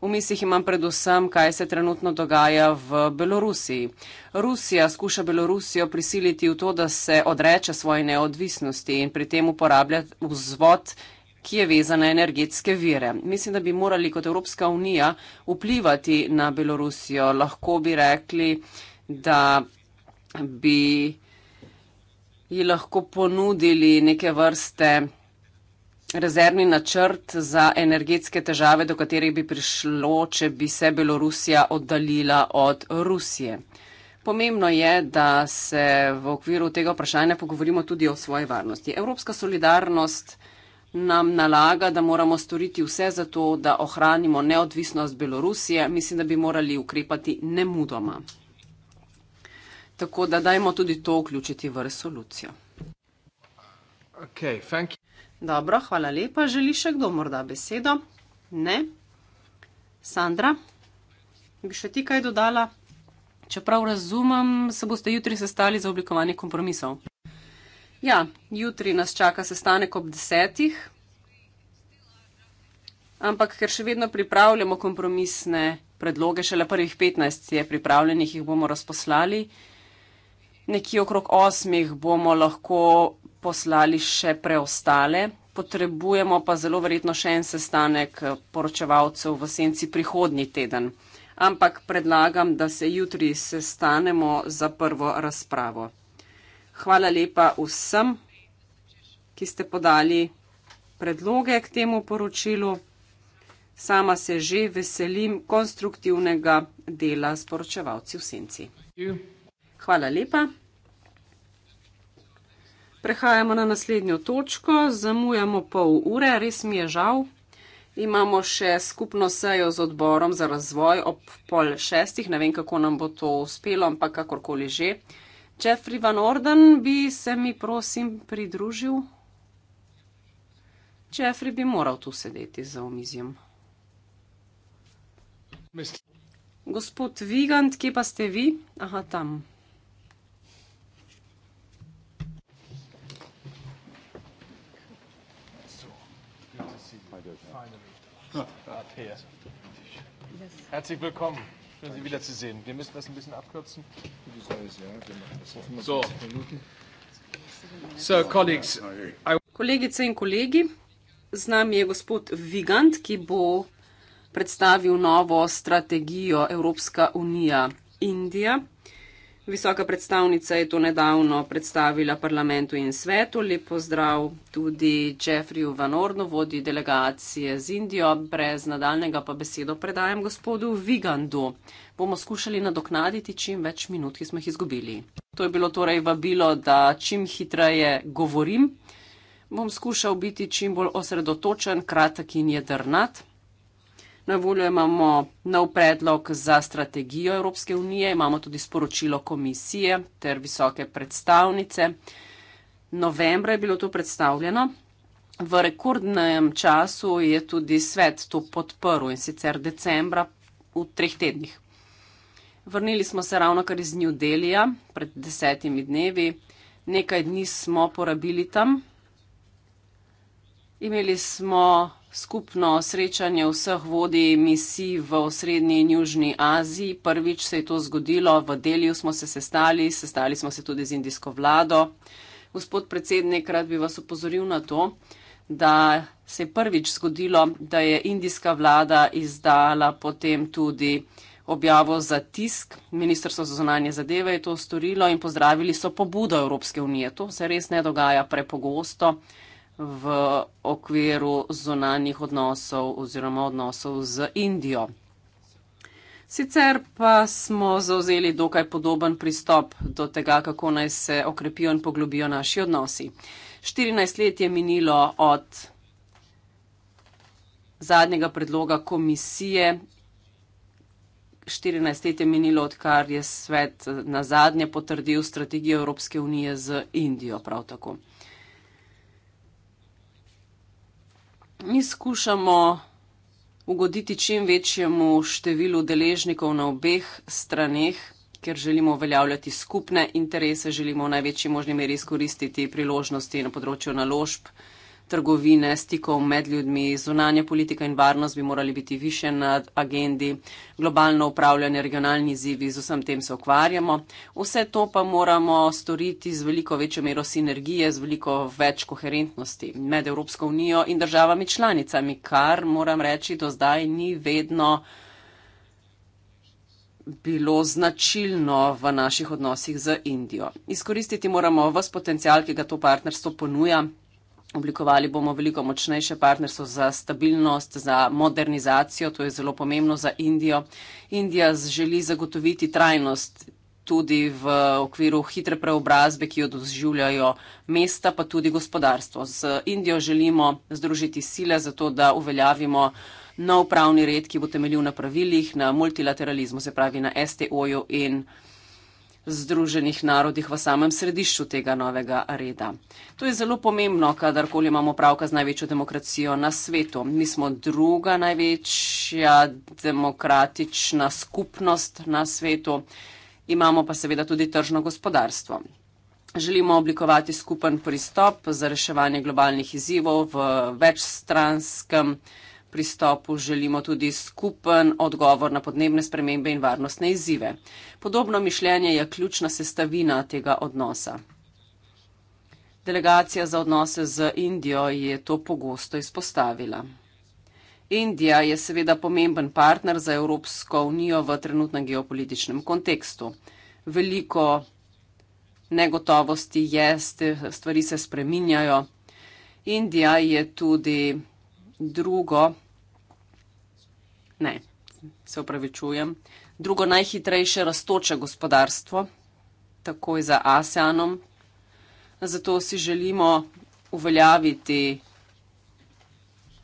S3: V mislih imam predvsem, kaj se trenutno dogaja v Belorusiji. Rusija skuša Belorusijo prisiliti v to, da se odreče svoje neodvisnosti in pri tem uporablja vzvod ki je vezan na energetske vire. Mislim, da bi morali kot Evropska unija vplivati na Belorusijo. Lahko bi rekli, da bi ji lahko ponudili neke vrste rezervni načrt za energetske težave, do katerih bi prišlo, če bi se Belorusija oddaljila od Rusije. Pomembno je, da se v okviru tega vprašanja pogovorimo tudi o svoji varnosti. Evropska solidarnost nam nalaga, da moramo storiti vse za to, da ohranimo neodvisnost Belorusije, mislim, da bi morali ukrepati nemudoma. Tako da dajmo tudi to vključiti v resolucijo. Okay, Dobro, hvala lepa. Želi še kdo morda besedo? Ne. Sandra, bi še ti kaj dodala? Čeprav razumem, se boste jutri sestali za oblikovanje kompromisov. Ja, jutri nas čaka sestanek ob desetih, ampak ker še vedno pripravljamo kompromisne predloge, šele prvih 15 je pripravljenih, jih bomo razposlali. Nekje okrog osmih bomo lahko poslali še preostale. Potrebujemo pa zelo verjetno še en sestanek eh, poročevalcev v senci prihodnji teden. Ampak predlagam, da se jutri sestanemo za prvo razpravo. Hvala lepa vsem, ki ste podali predloge k temu poročilu. Sama se že veselim konstruktivnega dela s poročevalci v senci. Hvala lepa. Prehajamo na naslednjo točko, zamujamo pol ure, res mi je žal. Imamo še skupno sejo z odborom za razvoj ob pol šestih, ne vem, kako nam bo to uspelo, ampak kakorkoli že. Jeffrey Van Orden bi se mi, prosim, pridružil. Jeffrey bi moral tu sedeti za omizjem. Gospod Vigant, kje pa ste vi? Aha, tam.
S1: Herzlich willkommen. Schön, mhm. Sie wieder zu sehen. Wir müssen das ein bisschen abkürzen. So.
S3: So, colleagues. Kolegice in kolegi, z nami je gospod Vigant, ki bo predstavil novo strategijo Evropska unija-Indija. Visoka predstavnica je to nedavno predstavila parlamentu in svetu. Lep pozdrav tudi Jeffreyju Vanornu, vodi delegacije z Indijo. Brez nadaljnega pa besedo predajam gospodu Vigandu. Bomo skušali nadoknaditi čim več minut, ki smo jih izgubili. To je bilo torej vabilo, da čim hitreje govorim. Bom skušal biti čim bolj osredotočen, kratek in jedrnat. Na voljo imamo nov predlog za strategijo Evropske unije, imamo tudi sporočilo komisije ter visoke predstavnice. Novembra je bilo to predstavljeno. V rekordnem času je tudi svet to podprl in sicer decembra v treh tednih. Vrnili smo se ravno kar iz New Delija pred desetimi dnevi. Nekaj dni smo porabili tam. Imeli smo skupno srečanje vseh vodij misij v osrednji in južni Aziji. Prvič se je to zgodilo, v delju smo se sestali, sestali smo se tudi z indijsko vlado. Gospod predsednik, rad bi vas upozoril na to, da se je prvič zgodilo, da je indijska vlada izdala potem tudi objavo za tisk. Ministrstvo za zonanje zadeve je to storilo in pozdravili so pobudo Evropske unije. To se res ne dogaja prepogosto v okviru zunanjih odnosov oziroma odnosov z Indijo. Sicer pa smo zauzeli dokaj podoben pristop do tega, kako naj se okrepijo in poglobijo naši odnosi. 14 let je minilo od zadnjega predloga komisije. 14 let je minilo, odkar je svet na zadnje potrdil strategijo Evropske unije z Indijo prav tako. mi skušamo ugoditi čim večjemu številu deležnikov na obeh straneh, ker želimo uveljavljati skupne interese, želimo v največji možni meri izkoristiti priložnosti na področju naložb trgovine, stikov med ljudmi, zunanje politika in varnost bi morali biti više na agendi, globalno upravljanje, regionalni zivi, z vsem tem se ukvarjamo. Vse to pa moramo storiti z veliko večjo mero sinergije, z veliko več koherentnosti med Evropsko unijo in državami članicami, kar moram reči do zdaj ni vedno bilo značilno v naših odnosih z Indijo. Izkoristiti moramo vse potencial, ki ga to partnerstvo ponuja, Oblikovali bomo veliko močnejše partnerstvo za stabilnost, za modernizacijo, to je zelo pomembno za Indijo. Indija želi zagotoviti trajnost tudi v okviru hitre preobrazbe, ki jo doživljajo mesta, pa tudi gospodarstvo. Z Indijo želimo združiti sile za to, da uveljavimo nov pravni red, ki bo temeljil na pravilih, na multilateralizmu, se pravi na STO-ju in. Združenih narodih v samem središču tega novega reda. To je zelo pomembno, kadarkoli imamo pravka z največjo demokracijo na svetu. Mi smo druga največja demokratična skupnost na svetu, imamo pa seveda tudi tržno gospodarstvo. Želimo oblikovati skupen pristop za reševanje globalnih izzivov v večstranskem pristopu želimo tudi skupen odgovor na podnebne spremembe in varnostne izzive. Podobno mišljenje je ključna sestavina tega odnosa. Delegacija za odnose z Indijo je to pogosto izpostavila. Indija je seveda pomemben partner za Evropsko unijo v trenutnem geopolitičnem kontekstu. Veliko negotovosti je, stvari se spreminjajo. Indija je tudi drugo, ne, se upravičujem, drugo najhitrejše raztoče gospodarstvo, takoj za ASEANom. Zato si želimo uveljaviti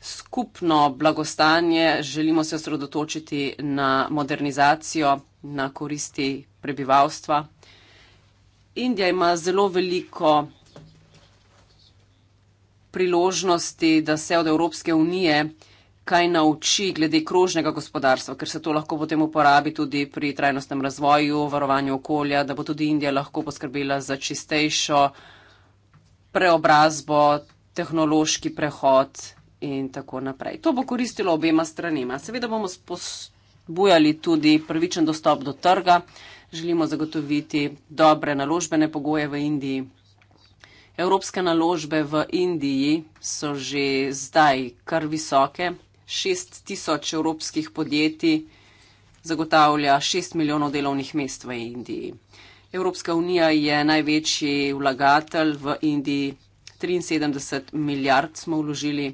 S3: skupno blagostanje, želimo se osredotočiti na modernizacijo, na koristi prebivalstva. Indija ima zelo veliko priložnosti, da se od Evropske unije kaj nauči glede krožnega gospodarstva, ker se to lahko potem uporabi tudi pri trajnostnem razvoju, varovanju okolja, da bo tudi Indija lahko poskrbela za čistejšo preobrazbo, tehnološki prehod in tako naprej. To bo koristilo obema stranima. Seveda bomo spodbujali tudi pravičen dostop do trga, želimo zagotoviti dobre naložbene pogoje v Indiji. Evropske naložbe v Indiji so že zdaj kar visoke. 6 tisoč evropskih podjetij zagotavlja 6 milijonov delovnih mest v Indiji. Evropska unija je največji vlagatelj v Indiji. 73 milijard smo vložili.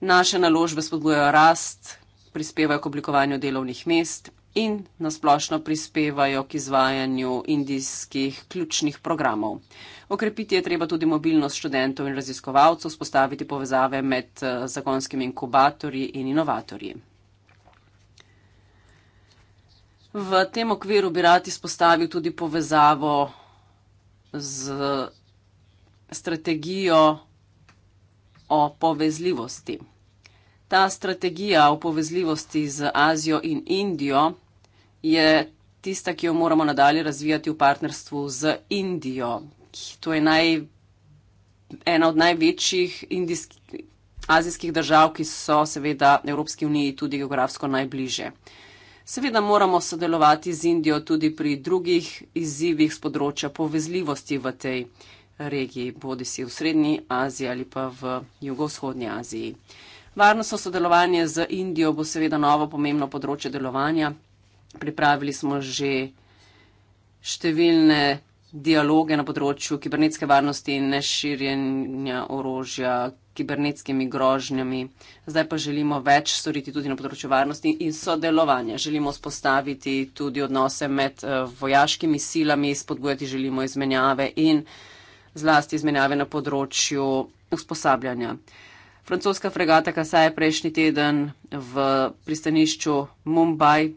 S3: Naše naložbe spodbujajo rast, prispevajo k oblikovanju delovnih mest in nasplošno prispevajo k izvajanju indijskih ključnih programov. Okrepiti je treba tudi mobilnost študentov in raziskovalcev, spostaviti povezave med eh, zakonskimi inkubatorji in inovatorji. V tem okviru bi rad izpostavil tudi povezavo z strategijo o povezljivosti. Ta strategija o povezljivosti z Azijo in Indijo je tista, ki jo moramo nadalje razvijati v partnerstvu z Indijo. To je naj, ena od največjih indijski, azijskih držav, ki so seveda Evropski uniji tudi geografsko najbliže. Seveda moramo sodelovati z Indijo tudi pri drugih izzivih z področja povezljivosti v tej regiji, bodi si v Srednji Aziji ali pa v Jugovzhodnji Aziji. Varnostno sodelovanje z Indijo bo seveda novo pomembno področje delovanja. Pripravili smo že številne dialoge na področju kibernetske varnosti in neširjenja orožja kibernetskimi grožnjami. Zdaj pa želimo več storiti tudi na področju varnosti in sodelovanja. Želimo spostaviti tudi odnose med eh, vojaškimi silami, spodbujati želimo izmenjave in zlasti izmenjave na področju usposabljanja. Francoska fregata Kasa je prejšnji teden v pristanišču Mumbai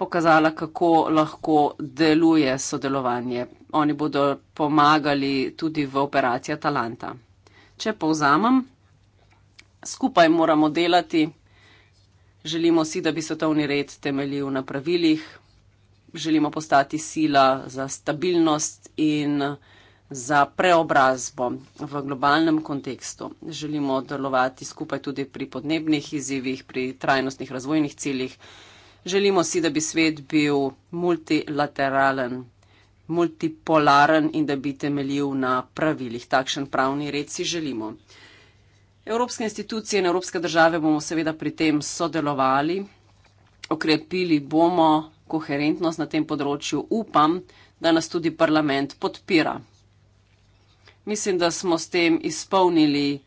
S3: pokazala, kako lahko deluje sodelovanje. Oni bodo pomagali tudi v operaciji Atalanta. Če povzamem, skupaj moramo delati. Želimo si, da bi svetovni red temeljil na pravilih. Želimo postati sila za stabilnost in za preobrazbo v globalnem kontekstu. Želimo delovati skupaj tudi pri podnebnih izzivih, pri trajnostnih razvojnih ciljih. Želimo si, da bi svet bil multilateralen, multipolaren in da bi temeljil na pravilih. Takšen pravni red si želimo. Evropske institucije in evropske države bomo seveda pri tem sodelovali, okrepili bomo koherentnost na tem področju. Upam, da nas tudi parlament podpira. Mislim, da smo s tem izpolnili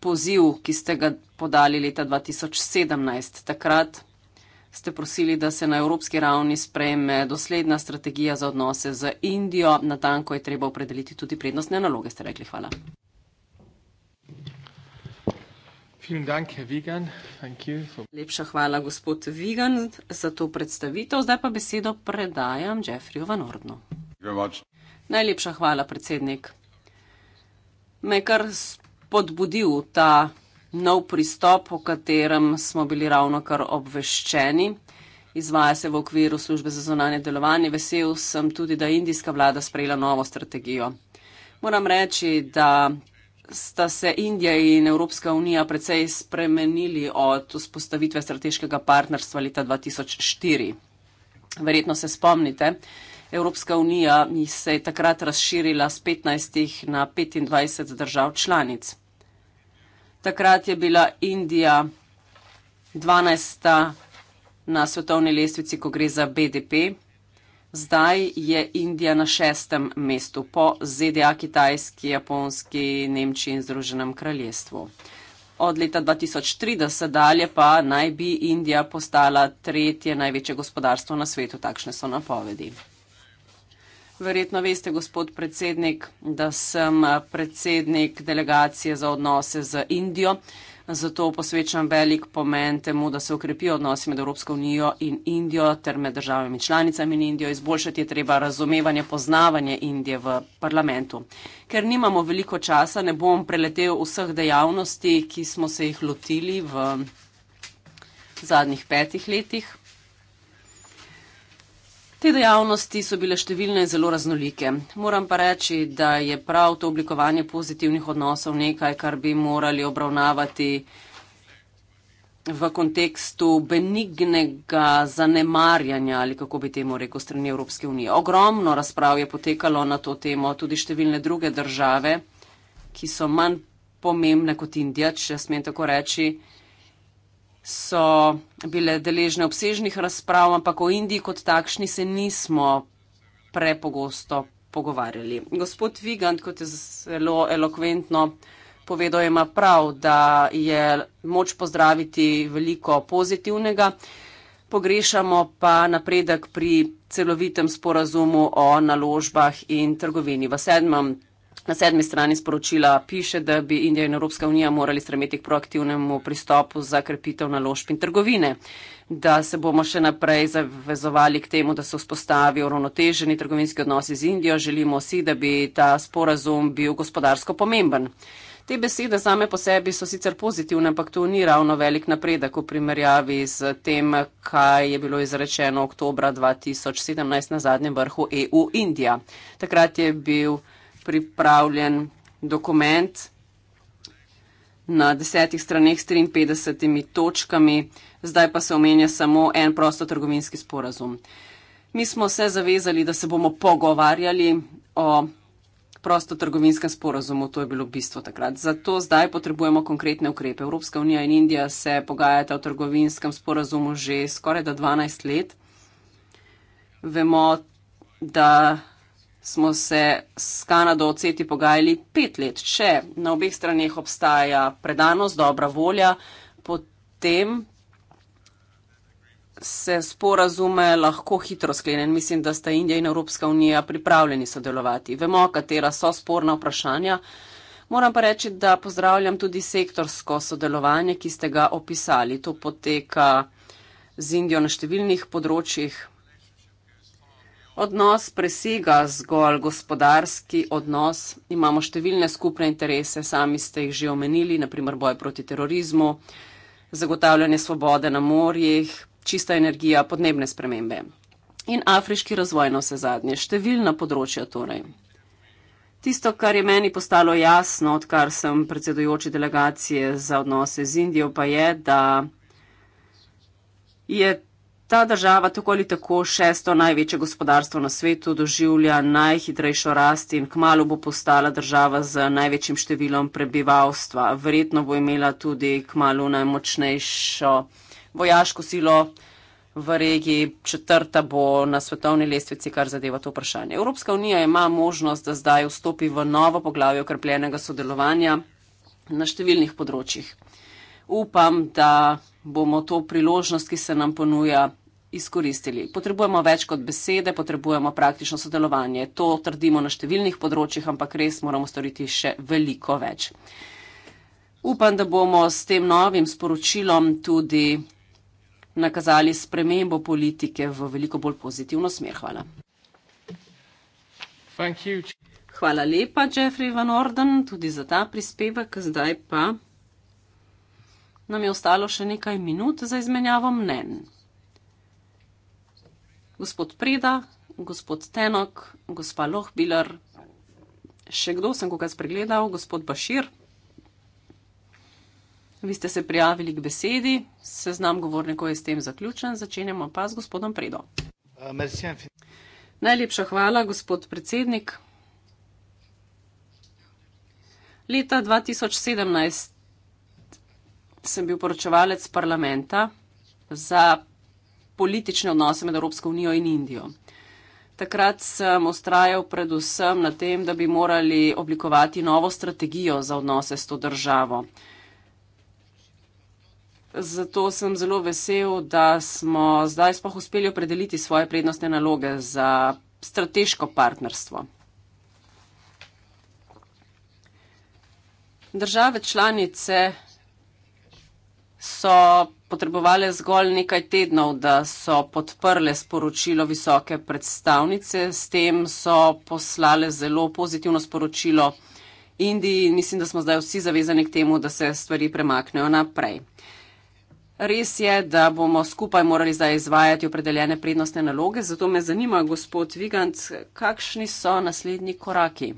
S3: poziv, ki ste ga podali leta 2017. Takrat ste prosili, da se na evropski ravni sprejme dosledna strategija za odnose z Indijo. Na tanko je treba opredeliti tudi prednostne naloge, ste rekli. Hvala. Dank, Vigan. Thank you for... Lepša hvala, gospod Vigan, za to predstavitev. Zdaj pa besedo predajam Jeffreyju Van Ordnu. Najlepša hvala, predsednik me je kar spodbudil ta nov pristop, o katerem smo bili ravno kar obveščeni. Izvaja se v okviru službe za zonanje delovanje. Vesel sem tudi, da je indijska vlada sprejela novo strategijo. Moram reči, da sta se Indija in Evropska unija precej spremenili od vzpostavitve strateškega partnerstva leta 2004. Verjetno se spomnite, Evropska unija se je takrat razširila z 15 na 25 držav članic. Takrat je bila Indija 12. na svetovni lestvici, ko gre za BDP. Zdaj je Indija na šestem mestu po ZDA, Kitajski, Japonski, Nemčiji in Združenem kraljestvu. Od leta 2030 dalje pa naj bi Indija postala tretje največje gospodarstvo na svetu, takšne so napovedi. Verjetno veste, gospod predsednik, da sem predsednik delegacije za odnose z Indijo. Zato posvečam velik pomen temu, da se ukrepijo odnosi med Evropsko unijo in Indijo ter med državami članicami in Indijo. Izboljšati je treba razumevanje, poznavanje Indije v parlamentu. Ker nimamo veliko časa, ne bom preletel vseh dejavnosti, ki smo se jih lotili v zadnjih petih letih. Te dejavnosti so bile številne in zelo raznolike. Moram pa reči, da je prav to oblikovanje pozitivnih odnosov nekaj, kar bi morali obravnavati v kontekstu benignega zanemarjanja ali kako bi temu rekel strani Evropske unije. Ogromno razprav je potekalo na to temo, tudi številne druge države, ki so manj pomembne kot Indija, če smem tako reči so bile deležne obsežnih razprav, ampak o Indiji kot takšni se nismo prepogosto pogovarjali. Gospod Vigand, kot je zelo elokventno povedal, ima prav, da je moč pozdraviti veliko pozitivnega. Pogrešamo pa napredek pri celovitem sporazumu o naložbah in trgovini. V sedmem Na sedmi strani sporočila piše, da bi Indija in Evropska unija morali stremeti k proaktivnemu pristopu za krepitev naložb in trgovine, da se bomo še naprej zavezovali k temu, da se vzpostavijo ravnoteženi trgovinski odnosi z Indijo, želimo si, da bi ta sporazum bil gospodarsko pomemben. Te besede same po sebi so sicer pozitivne, ampak to ni ravno velik napredek v primerjavi z tem, kaj je bilo izrečeno oktobra 2017 na zadnjem vrhu EU-Indija. Takrat je bil pripravljen dokument na desetih straneh s 53 točkami, zdaj pa se omenja samo en prostotrgovinski sporazum. Mi smo se zavezali, da se bomo pogovarjali o prostotrgovinskem sporazumu, to je bilo bistvo takrat. Zato zdaj potrebujemo konkretne ukrepe. Evropska unija in Indija se pogajata o trgovinskem sporazumu že skoraj da 12 let. Vemo, da smo se s Kanado o CETI pogajali pet let. Če na obeh straneh obstaja predanost, dobra volja, potem se sporazume lahko hitro sklenen. Mislim, da sta Indija in Evropska unija pripravljeni sodelovati. Vemo, katera so sporna vprašanja. Moram pa reči, da pozdravljam tudi sektorsko sodelovanje, ki ste ga opisali. To poteka z Indijo na številnih področjih odnos presega zgolj gospodarski odnos. Imamo številne skupne interese, sami ste jih že omenili, naprimer boj proti terorizmu, zagotavljanje svobode na morjih, čista energija, podnebne spremembe in afriški razvoj na vse zadnje, številna področja torej. Tisto, kar je meni postalo jasno, odkar sem predsedojoči delegacije za odnose z Indijo, pa je, da je Ta država, tako ali tako šesto največje gospodarstvo na svetu, doživlja najhitrejšo rast in kmalo bo postala država z največjim številom prebivalstva. Verjetno bo imela tudi kmalo najmočnejšo vojaško silo v regiji, četrta bo na svetovni lestvici, kar zadeva to vprašanje. Evropska unija ima možnost, da zdaj vstopi v novo poglavje okrepljenega sodelovanja na številnih področjih. Upam, da bomo to priložnost, ki se nam ponuja, izkoristili. Potrebujemo več kot besede, potrebujemo praktično sodelovanje. To trdimo na številnih področjih, ampak res moramo storiti še veliko več. Upam, da bomo s tem novim sporočilom tudi nakazali spremembo politike v veliko bolj pozitivno smer. Hvala. Hvala lepa, Jeffrey Van Orden, tudi za ta prispevek. Zdaj pa nam je ostalo še nekaj minut za izmenjavo mnen. Gospod Preda, gospod Tenok, gospa Lohbiler, še kdo sem koga spregledal, gospod Bašir. Vi ste se prijavili k besedi, seznam govornikov je s tem zaključen, začenjamo pa z gospodom Predo. Najlepša hvala, gospod predsednik. Leta 2017 sem bil poročevalec parlamenta za politične odnose med Evropsko unijo in Indijo. Takrat sem ustrajal predvsem na tem, da bi morali oblikovati novo strategijo za odnose s to državo. Zato sem zelo vesel, da smo zdaj spoh uspeli opredeliti svoje prednostne naloge za strateško partnerstvo. Države članice so potrebovali zgolj nekaj tednov, da so podprle sporočilo visoke predstavnice. S tem so poslale zelo pozitivno sporočilo Indiji in mislim, da smo zdaj vsi zavezani k temu, da se stvari premaknejo naprej. Res je, da bomo skupaj morali zdaj izvajati opredeljene prednostne naloge, zato me zanima, gospod Vigant, kakšni so naslednji koraki.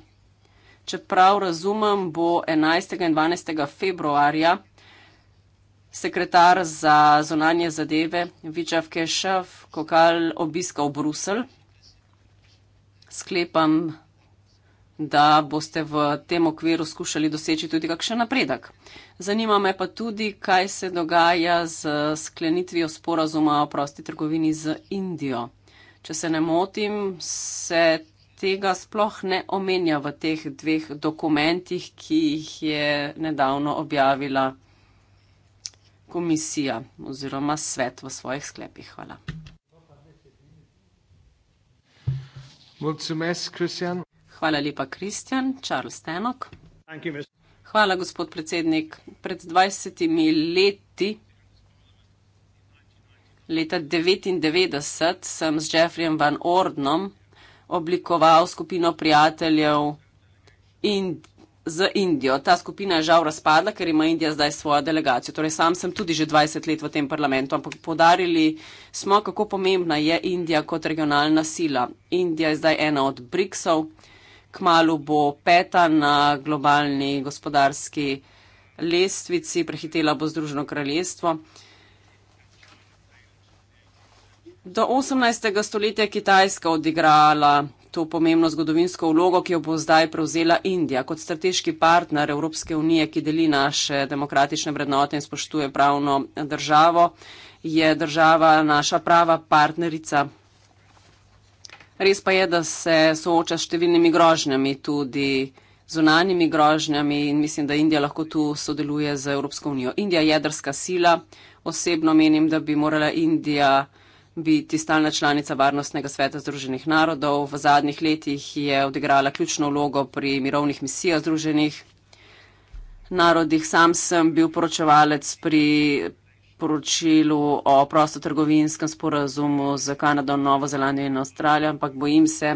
S3: Čeprav razumem, bo 11. in 12. februarja sekretar za zunanje zadeve Vičav Kešav Kokal obiskal Brusel. Sklepam, da boste v tem okviru skušali doseči tudi kakšen napredek. Zanima me pa tudi, kaj se dogaja z sklenitvijo sporazuma o prosti trgovini z Indijo. Če se ne motim, se tega sploh ne omenja v teh dveh dokumentih, ki jih je nedavno objavila komisija oziroma svet v svojih sklepih. Hvala. Hvala lepa, Kristjan. Charles Tenok. Hvala, gospod predsednik. Pred 20 leti, leta 99, sem z Jeffrejem Van Ordnom oblikoval skupino prijateljev in z Indijo. Ta skupina je žal razpadla, ker ima Indija zdaj svojo delegacijo. Torej, sam sem tudi že 20 let v tem parlamentu, ampak podarili smo, kako pomembna je Indija kot regionalna sila. Indija je zdaj ena od BRICS-ov, kmalo bo peta na globalni gospodarski lestvici, prehitela bo Združeno kraljestvo. Do 18. stoletja je Kitajska odigrala to pomembno zgodovinsko vlogo, ki jo bo zdaj prevzela Indija kot strateški partner Evropske unije, ki deli naše demokratične vrednote in spoštuje pravno državo, je država naša prava partnerica. Res pa je, da se sooča s številnimi grožnjami, tudi zunanjimi grožnjami in mislim, da Indija lahko tu sodeluje z Evropsko unijo. Indija je jedrska sila. Osebno menim, da bi morala Indija biti stalna članica Varnostnega sveta Združenih narodov. V zadnjih letih je odigrala ključno vlogo pri mirovnih misijah Združenih narodih. Sam sem bil poročevalec pri poročilu o prostotrgovinskem sporazumu z Kanado, Novo Zelandijo in Avstralijo, ampak bojim se,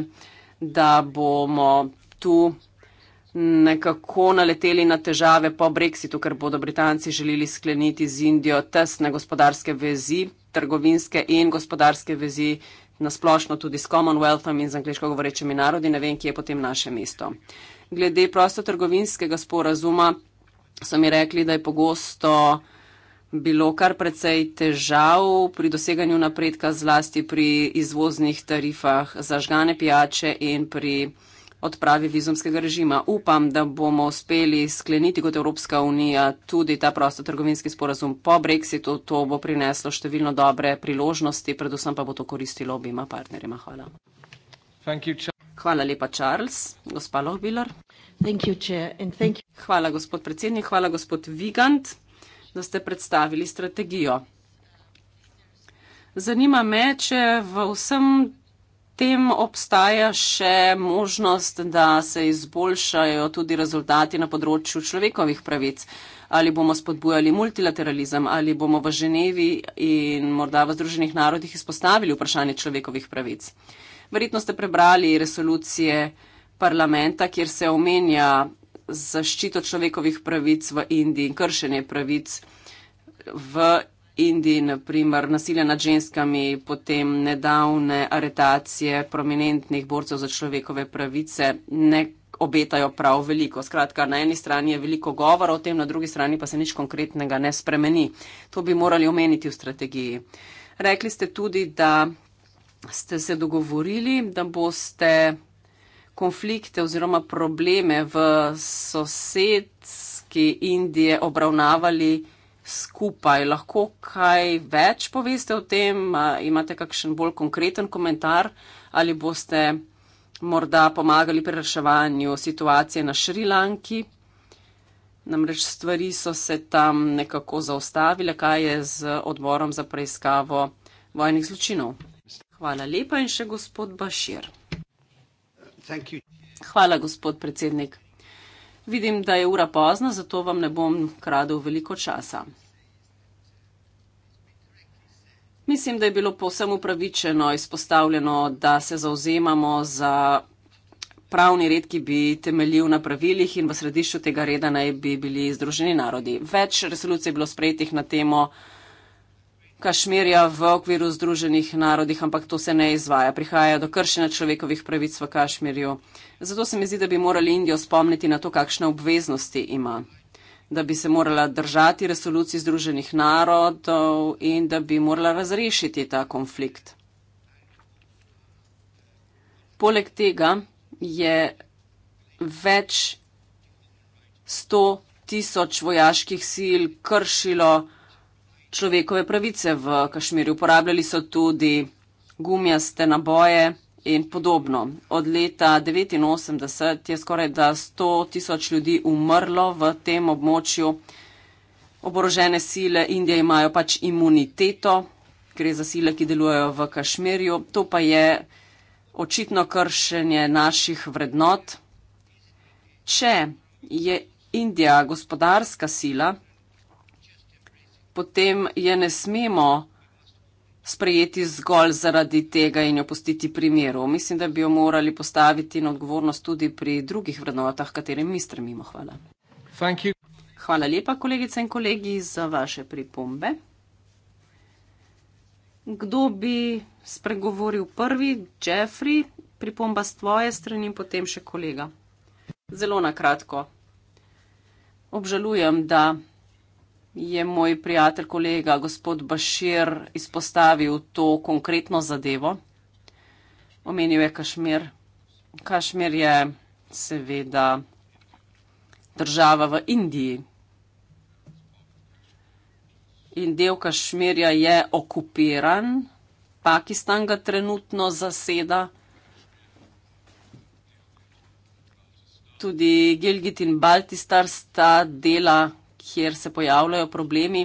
S3: da bomo tu nekako naleteli na težave po Brexitu, ker bodo Britanci želeli skleniti z Indijo tesne gospodarske vezi trgovinske in gospodarske vezi, nasplošno tudi s Commonwealthom in z angliško govorečimi narodi, ne vem, kje je potem naše mesto. Glede prostotrgovinskega sporazuma so mi rekli, da je pogosto bilo kar precej težav pri doseganju napredka, zlasti pri izvoznih tarifah za žgane pijače in pri odpravi vizumskega režima. Upam, da bomo uspeli skleniti kot Evropska unija tudi ta prostotrgovinski sporazum po Brexitu. To bo prineslo številno dobre priložnosti, predvsem pa bo to koristilo obima partnerima. Hvala. Hvala lepa, Charles. Gospa Lohbiler. Hvala, gospod predsednik. Hvala, gospod Vigant, da ste predstavili strategijo. Zanima me, če v vsem Potem obstaja še možnost, da se izboljšajo tudi rezultati na področju človekovih pravic. Ali bomo spodbujali multilateralizem, ali bomo v Ženevi in morda v Združenih narodih izpostavili vprašanje človekovih pravic. Verjetno ste prebrali resolucije parlamenta, kjer se omenja zaščito človekovih pravic v Indiji in kršenje pravic v Indiji, naprimer nasilje nad ženskami, potem nedavne aretacije prominentnih borcev za človekove pravice ne obetajo prav veliko. Skratka, na eni strani je veliko govora o tem, na drugi strani pa se nič konkretnega ne spremeni. To bi morali omeniti v strategiji. Rekli ste tudi, da ste se dogovorili, da boste konflikte oziroma probleme v sosedski Indije obravnavali skupaj. Lahko kaj več poveste o tem, imate kakšen bolj konkreten komentar ali boste morda pomagali pri reševanju situacije na Šrilanki. Namreč stvari so se tam nekako zaustavile, kaj je z odborom za preiskavo vojnih zločinov. Hvala lepa in še gospod Bašir. Hvala, gospod predsednik. Vidim, da je ura pozna, zato vam ne bom kradel veliko časa. Mislim, da je bilo povsem upravičeno izpostavljeno, da se zauzemamo za pravni red, ki bi temeljil na pravilih in v središču tega reda naj bi bili združeni narodi. Več resolucij je bilo sprejetih na temo Kašmirja v okviru Združenih narodih, ampak to se ne izvaja. Prihaja do kršenja človekovih pravic v Kašmirju. Zato se mi zdi, da bi morali Indijo spomniti na to, kakšne obveznosti ima. Da bi se morala držati resoluciji Združenih narodov in da bi morala razrešiti ta konflikt. Poleg tega je več sto tisoč vojaških sil kršilo človekove pravice v Kašmirju. Uporabljali so tudi gumijaste naboje in podobno. Od leta 1989 je skoraj da 100 tisoč ljudi umrlo v tem območju. Oborožene sile Indije imajo pač imuniteto, gre za sile, ki delujejo v Kašmirju. To pa je očitno kršenje naših vrednot. Če je Indija gospodarska sila, potem je ne smemo sprejeti zgolj zaradi tega in jo pustiti pri miru. Mislim, da bi jo morali postaviti na odgovornost tudi pri drugih vrednotah, katerim mi stremimo. Hvala. Hvala lepa, kolegice in kolegi, za vaše pripombe. Kdo bi spregovoril prvi? Jeffrey, pripomba s tvoje strani, potem še kolega. Zelo na kratko. Obžalujem, da je moj prijatelj, kolega gospod Bašir izpostavil to konkretno zadevo. Omenil je Kašmir. Kašmir je seveda država v Indiji. In del Kašmirja je okupiran, Pakistan ga trenutno zaseda. Tudi Gilgit in Baltistar sta dela kjer se pojavljajo problemi.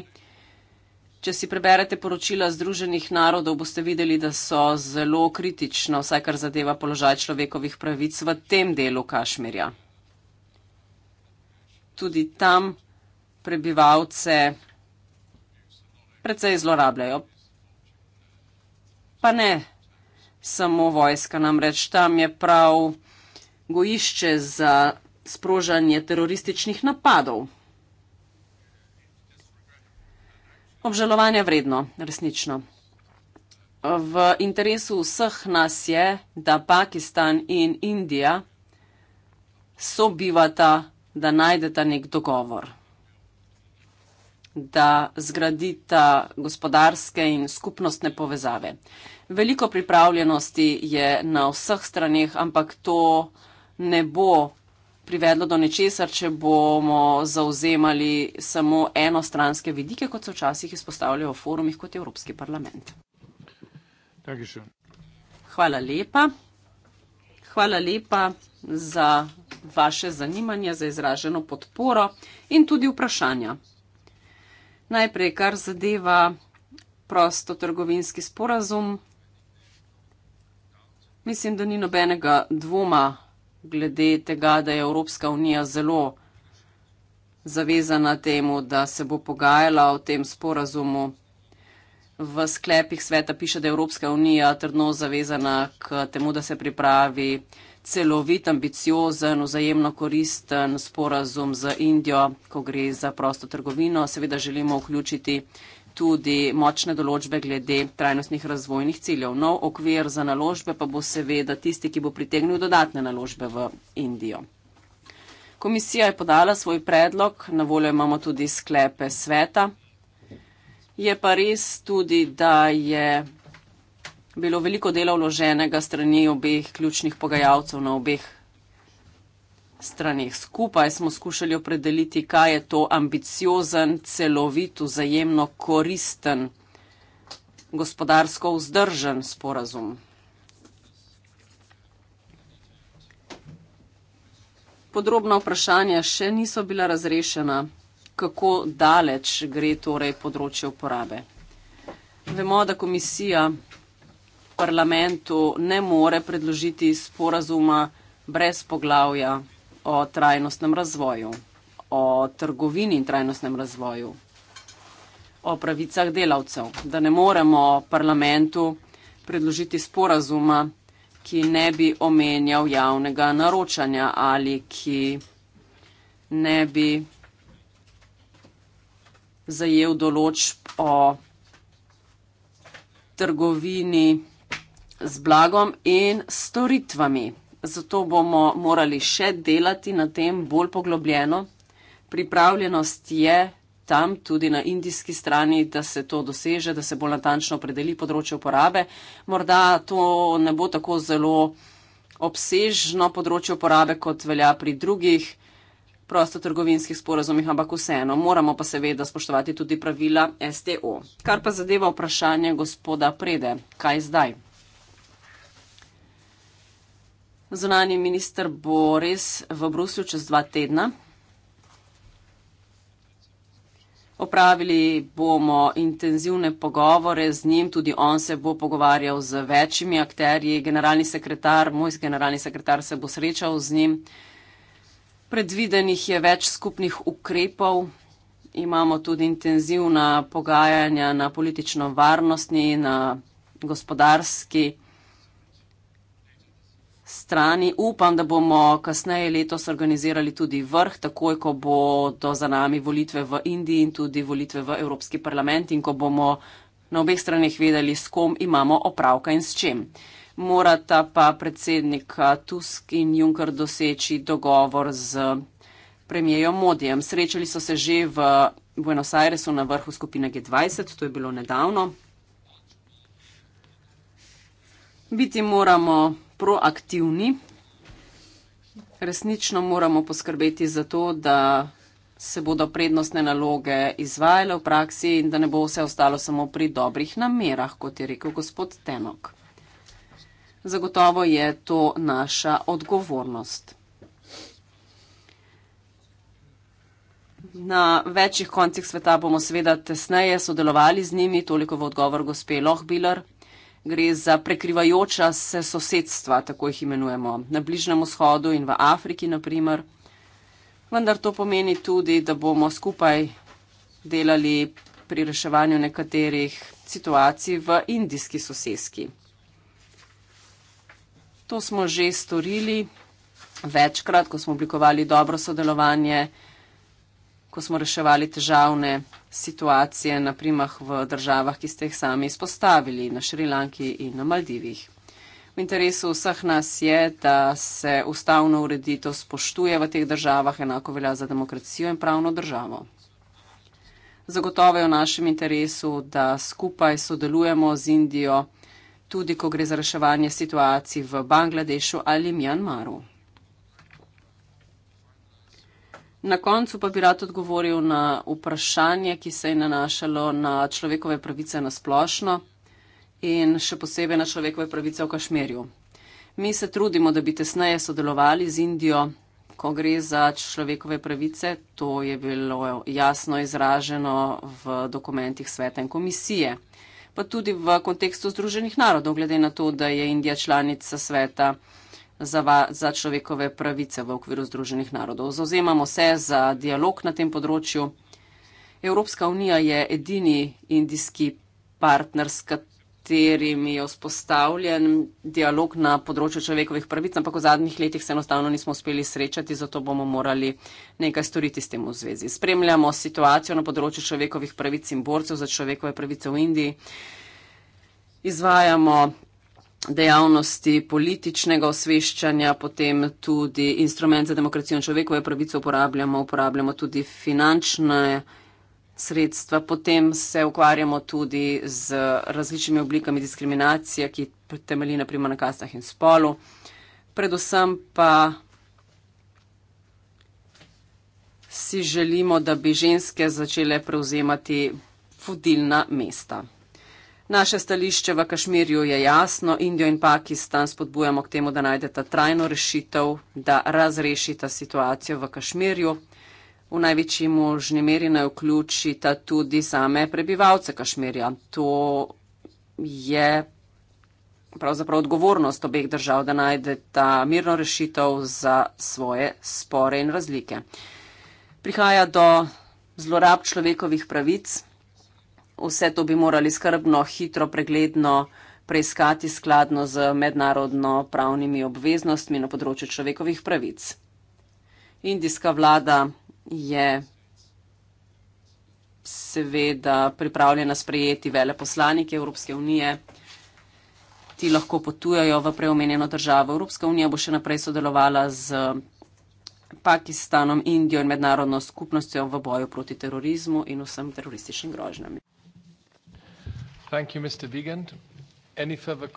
S3: Če si preberete poročila Združenih narodov, boste videli, da so zelo kritična, vsaj kar zadeva položaj človekovih pravic v tem delu Kašmirja. Tudi tam prebivalce predvsej zlorabljajo. Pa ne samo vojska, namreč tam je prav gojišče za sprožanje terorističnih napadov. obžalovanja vredno, resnično. V interesu vseh nas je, da Pakistan in Indija sobivata, da najdeta nek dogovor, da zgradita gospodarske in skupnostne povezave. Veliko pripravljenosti je na vseh straneh, ampak to ne bo privedlo do nečesar, če bomo zauzemali samo enostranske vidike, kot so včasih izpostavljajo v forumih kot Evropski parlament. Hvala lepa. Hvala lepa za vaše zanimanje, za izraženo podporo in tudi vprašanja. Najprej, kar zadeva prostotrgovinski sporazum, mislim, da ni nobenega dvoma glede tega, da je Evropska unija zelo zavezana temu, da se bo pogajala o tem sporazumu. V sklepih sveta piše, da je Evropska unija trdno zavezana k temu, da se pripravi celovit, ambiciozen, vzajemno koristen sporazum z Indijo, ko gre za prosto trgovino. Seveda želimo vključiti tudi močne določbe glede trajnostnih razvojnih ciljev. Nov okvir za naložbe pa bo seveda tisti, ki bo pritegnil dodatne naložbe v Indijo. Komisija je podala svoj predlog, na voljo imamo tudi sklepe sveta. Je pa res tudi, da je bilo veliko dela vloženega strani obeh ključnih pogajalcev na obeh straneh. Skupaj smo skušali opredeliti, kaj je to ambiciozen, celovit, vzajemno koristen, gospodarsko vzdržen sporazum. Podrobna vprašanja še niso bila razrešena, kako daleč gre torej področje uporabe. Vemo, da komisija parlamentu ne more predložiti sporazuma brez poglavja o trajnostnem razvoju, o trgovini in trajnostnem razvoju, o pravicah delavcev, da ne moremo parlamentu predložiti sporazuma, ki ne bi omenjal javnega naročanja ali ki ne bi zajel določb o trgovini z blagom in storitvami zato bomo morali še delati na tem bolj poglobljeno. Pripravljenost je tam tudi na indijski strani, da se to doseže, da se bolj natančno opredeli področje uporabe. Morda to ne bo tako zelo obsežno področje uporabe, kot velja pri drugih prostotrgovinskih sporazumih, ampak vseeno moramo pa seveda spoštovati tudi pravila STO. Kar pa zadeva vprašanje gospoda Prede, kaj zdaj? Zunani minister bo res v Bruslju čez dva tedna. Opravili bomo intenzivne pogovore z njim, tudi on se bo pogovarjal z večjimi akterji. Generalni sekretar, moj generalni sekretar se bo srečal z njim. Predvidenih je več skupnih ukrepov. Imamo tudi intenzivna pogajanja na politično varnostni, na gospodarski strani. Upam, da bomo kasneje letos organizirali tudi vrh, takoj, ko bodo za nami volitve v Indiji in tudi volitve v Evropski parlament in ko bomo na obeh stranih vedeli, s kom imamo opravka in s čem. Morata pa predsednika Tusk in Juncker doseči dogovor z premijejo Modijem. Srečali so se že v Buenos Airesu na vrhu skupine G20, to je bilo nedavno. Biti moramo proaktivni. Resnično moramo poskrbeti za to, da se bodo prednostne naloge izvajale v praksi in da ne bo vse ostalo samo pri dobrih namerah, kot je rekel gospod Tenok. Zagotovo je to naša odgovornost. Na večjih koncih sveta bomo seveda tesneje sodelovali z njimi, toliko v odgovor gospe Lohbiler gre za prekrivajoča se sosedstva, tako jih imenujemo, na Bližnjem vzhodu in v Afriki, naprimer. Vendar to pomeni tudi, da bomo skupaj delali pri reševanju nekaterih situacij v indijski sosedski. To smo že storili večkrat, ko smo oblikovali dobro sodelovanje, ko smo reševali težavne situacije, naprimer v državah, ki ste jih sami izpostavili, na Šrilanki in na Maldivih. V interesu vseh nas je, da se ustavno ureditev spoštuje v teh državah, enako velja za demokracijo in pravno državo. Zagotovo je v našem interesu, da skupaj sodelujemo z Indijo, tudi ko gre za reševanje situacij v Bangladešu ali Mjanmaru. Na koncu pa bi rad odgovoril na vprašanje, ki se je nanašalo na človekove pravice na splošno in še posebej na človekove pravice v Kašmerju. Mi se trudimo, da bi tesneje sodelovali z Indijo, ko gre za človekove pravice. To je bilo jasno izraženo v dokumentih sveta in komisije, pa tudi v kontekstu Združenih narodov, glede na to, da je Indija članica sveta za, va, za človekove pravice v okviru Združenih narodov. Zauzemamo se za dialog na tem področju. Evropska unija je edini indijski partner, s katerim je vzpostavljen dialog na področju človekovih pravic, ampak v zadnjih letih se enostavno nismo uspeli srečati, zato bomo morali nekaj storiti s tem v zvezi. Spremljamo situacijo na področju človekovih pravic in borcev za človekove pravice v Indiji. Izvajamo dejavnosti političnega osveščanja, potem tudi instrument za demokracijo in človekove pravice uporabljamo, uporabljamo tudi finančne sredstva, potem se ukvarjamo tudi z različnimi oblikami diskriminacije, ki temelji naprimer na kastah in spolu. Predvsem pa si želimo, da bi ženske začele prevzemati vodilna mesta. Naše stališče v Kašmirju je jasno, Indijo in Pakistan spodbujamo k temu, da najdeta trajno rešitev, da razrešita situacijo v Kašmirju. V največji možni meri naj vključita tudi same prebivalce Kašmirja. To je pravzaprav odgovornost obeh držav, da najdeta mirno rešitev za svoje spore in razlike. Prihaja do zlorab človekovih pravic. Vse to bi morali skrbno, hitro, pregledno preiskati skladno z mednarodno pravnimi obveznostmi na področju človekovih pravic. Indijska vlada je seveda pripravljena sprejeti veleposlanike Evropske unije. Ti lahko potujajo v preomenjeno državo. Evropska unija bo še naprej sodelovala z Pakistanom, Indijo in mednarodno skupnostjo v boju proti terorizmu in vsem terorističnim grožnjam.
S1: Thank you, Mr. Wiegand. Any further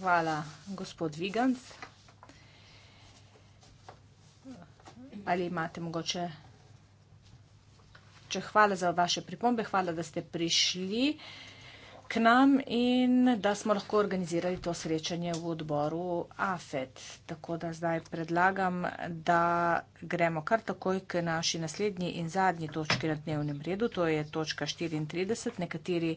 S1: Hvala, gospod Vigant. Ali imate mogoče... Če hvala za vaše pripombe, hvala, da ste prišli k nam in da smo lahko organizirali to srečanje v odboru AFED. Tako da zdaj predlagam, da gremo kar takoj k naši naslednji in zadnji točki na dnevnem redu, to je točka 34. Nekateri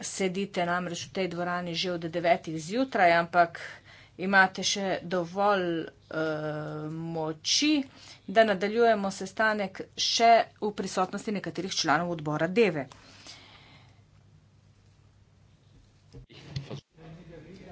S1: sedite namreč v tej dvorani že od 9. zjutraj, ampak imate še dovolj uh, moči, da nadaljujemo sestanek še v prisotnosti nekaterih članov odbora DEVE.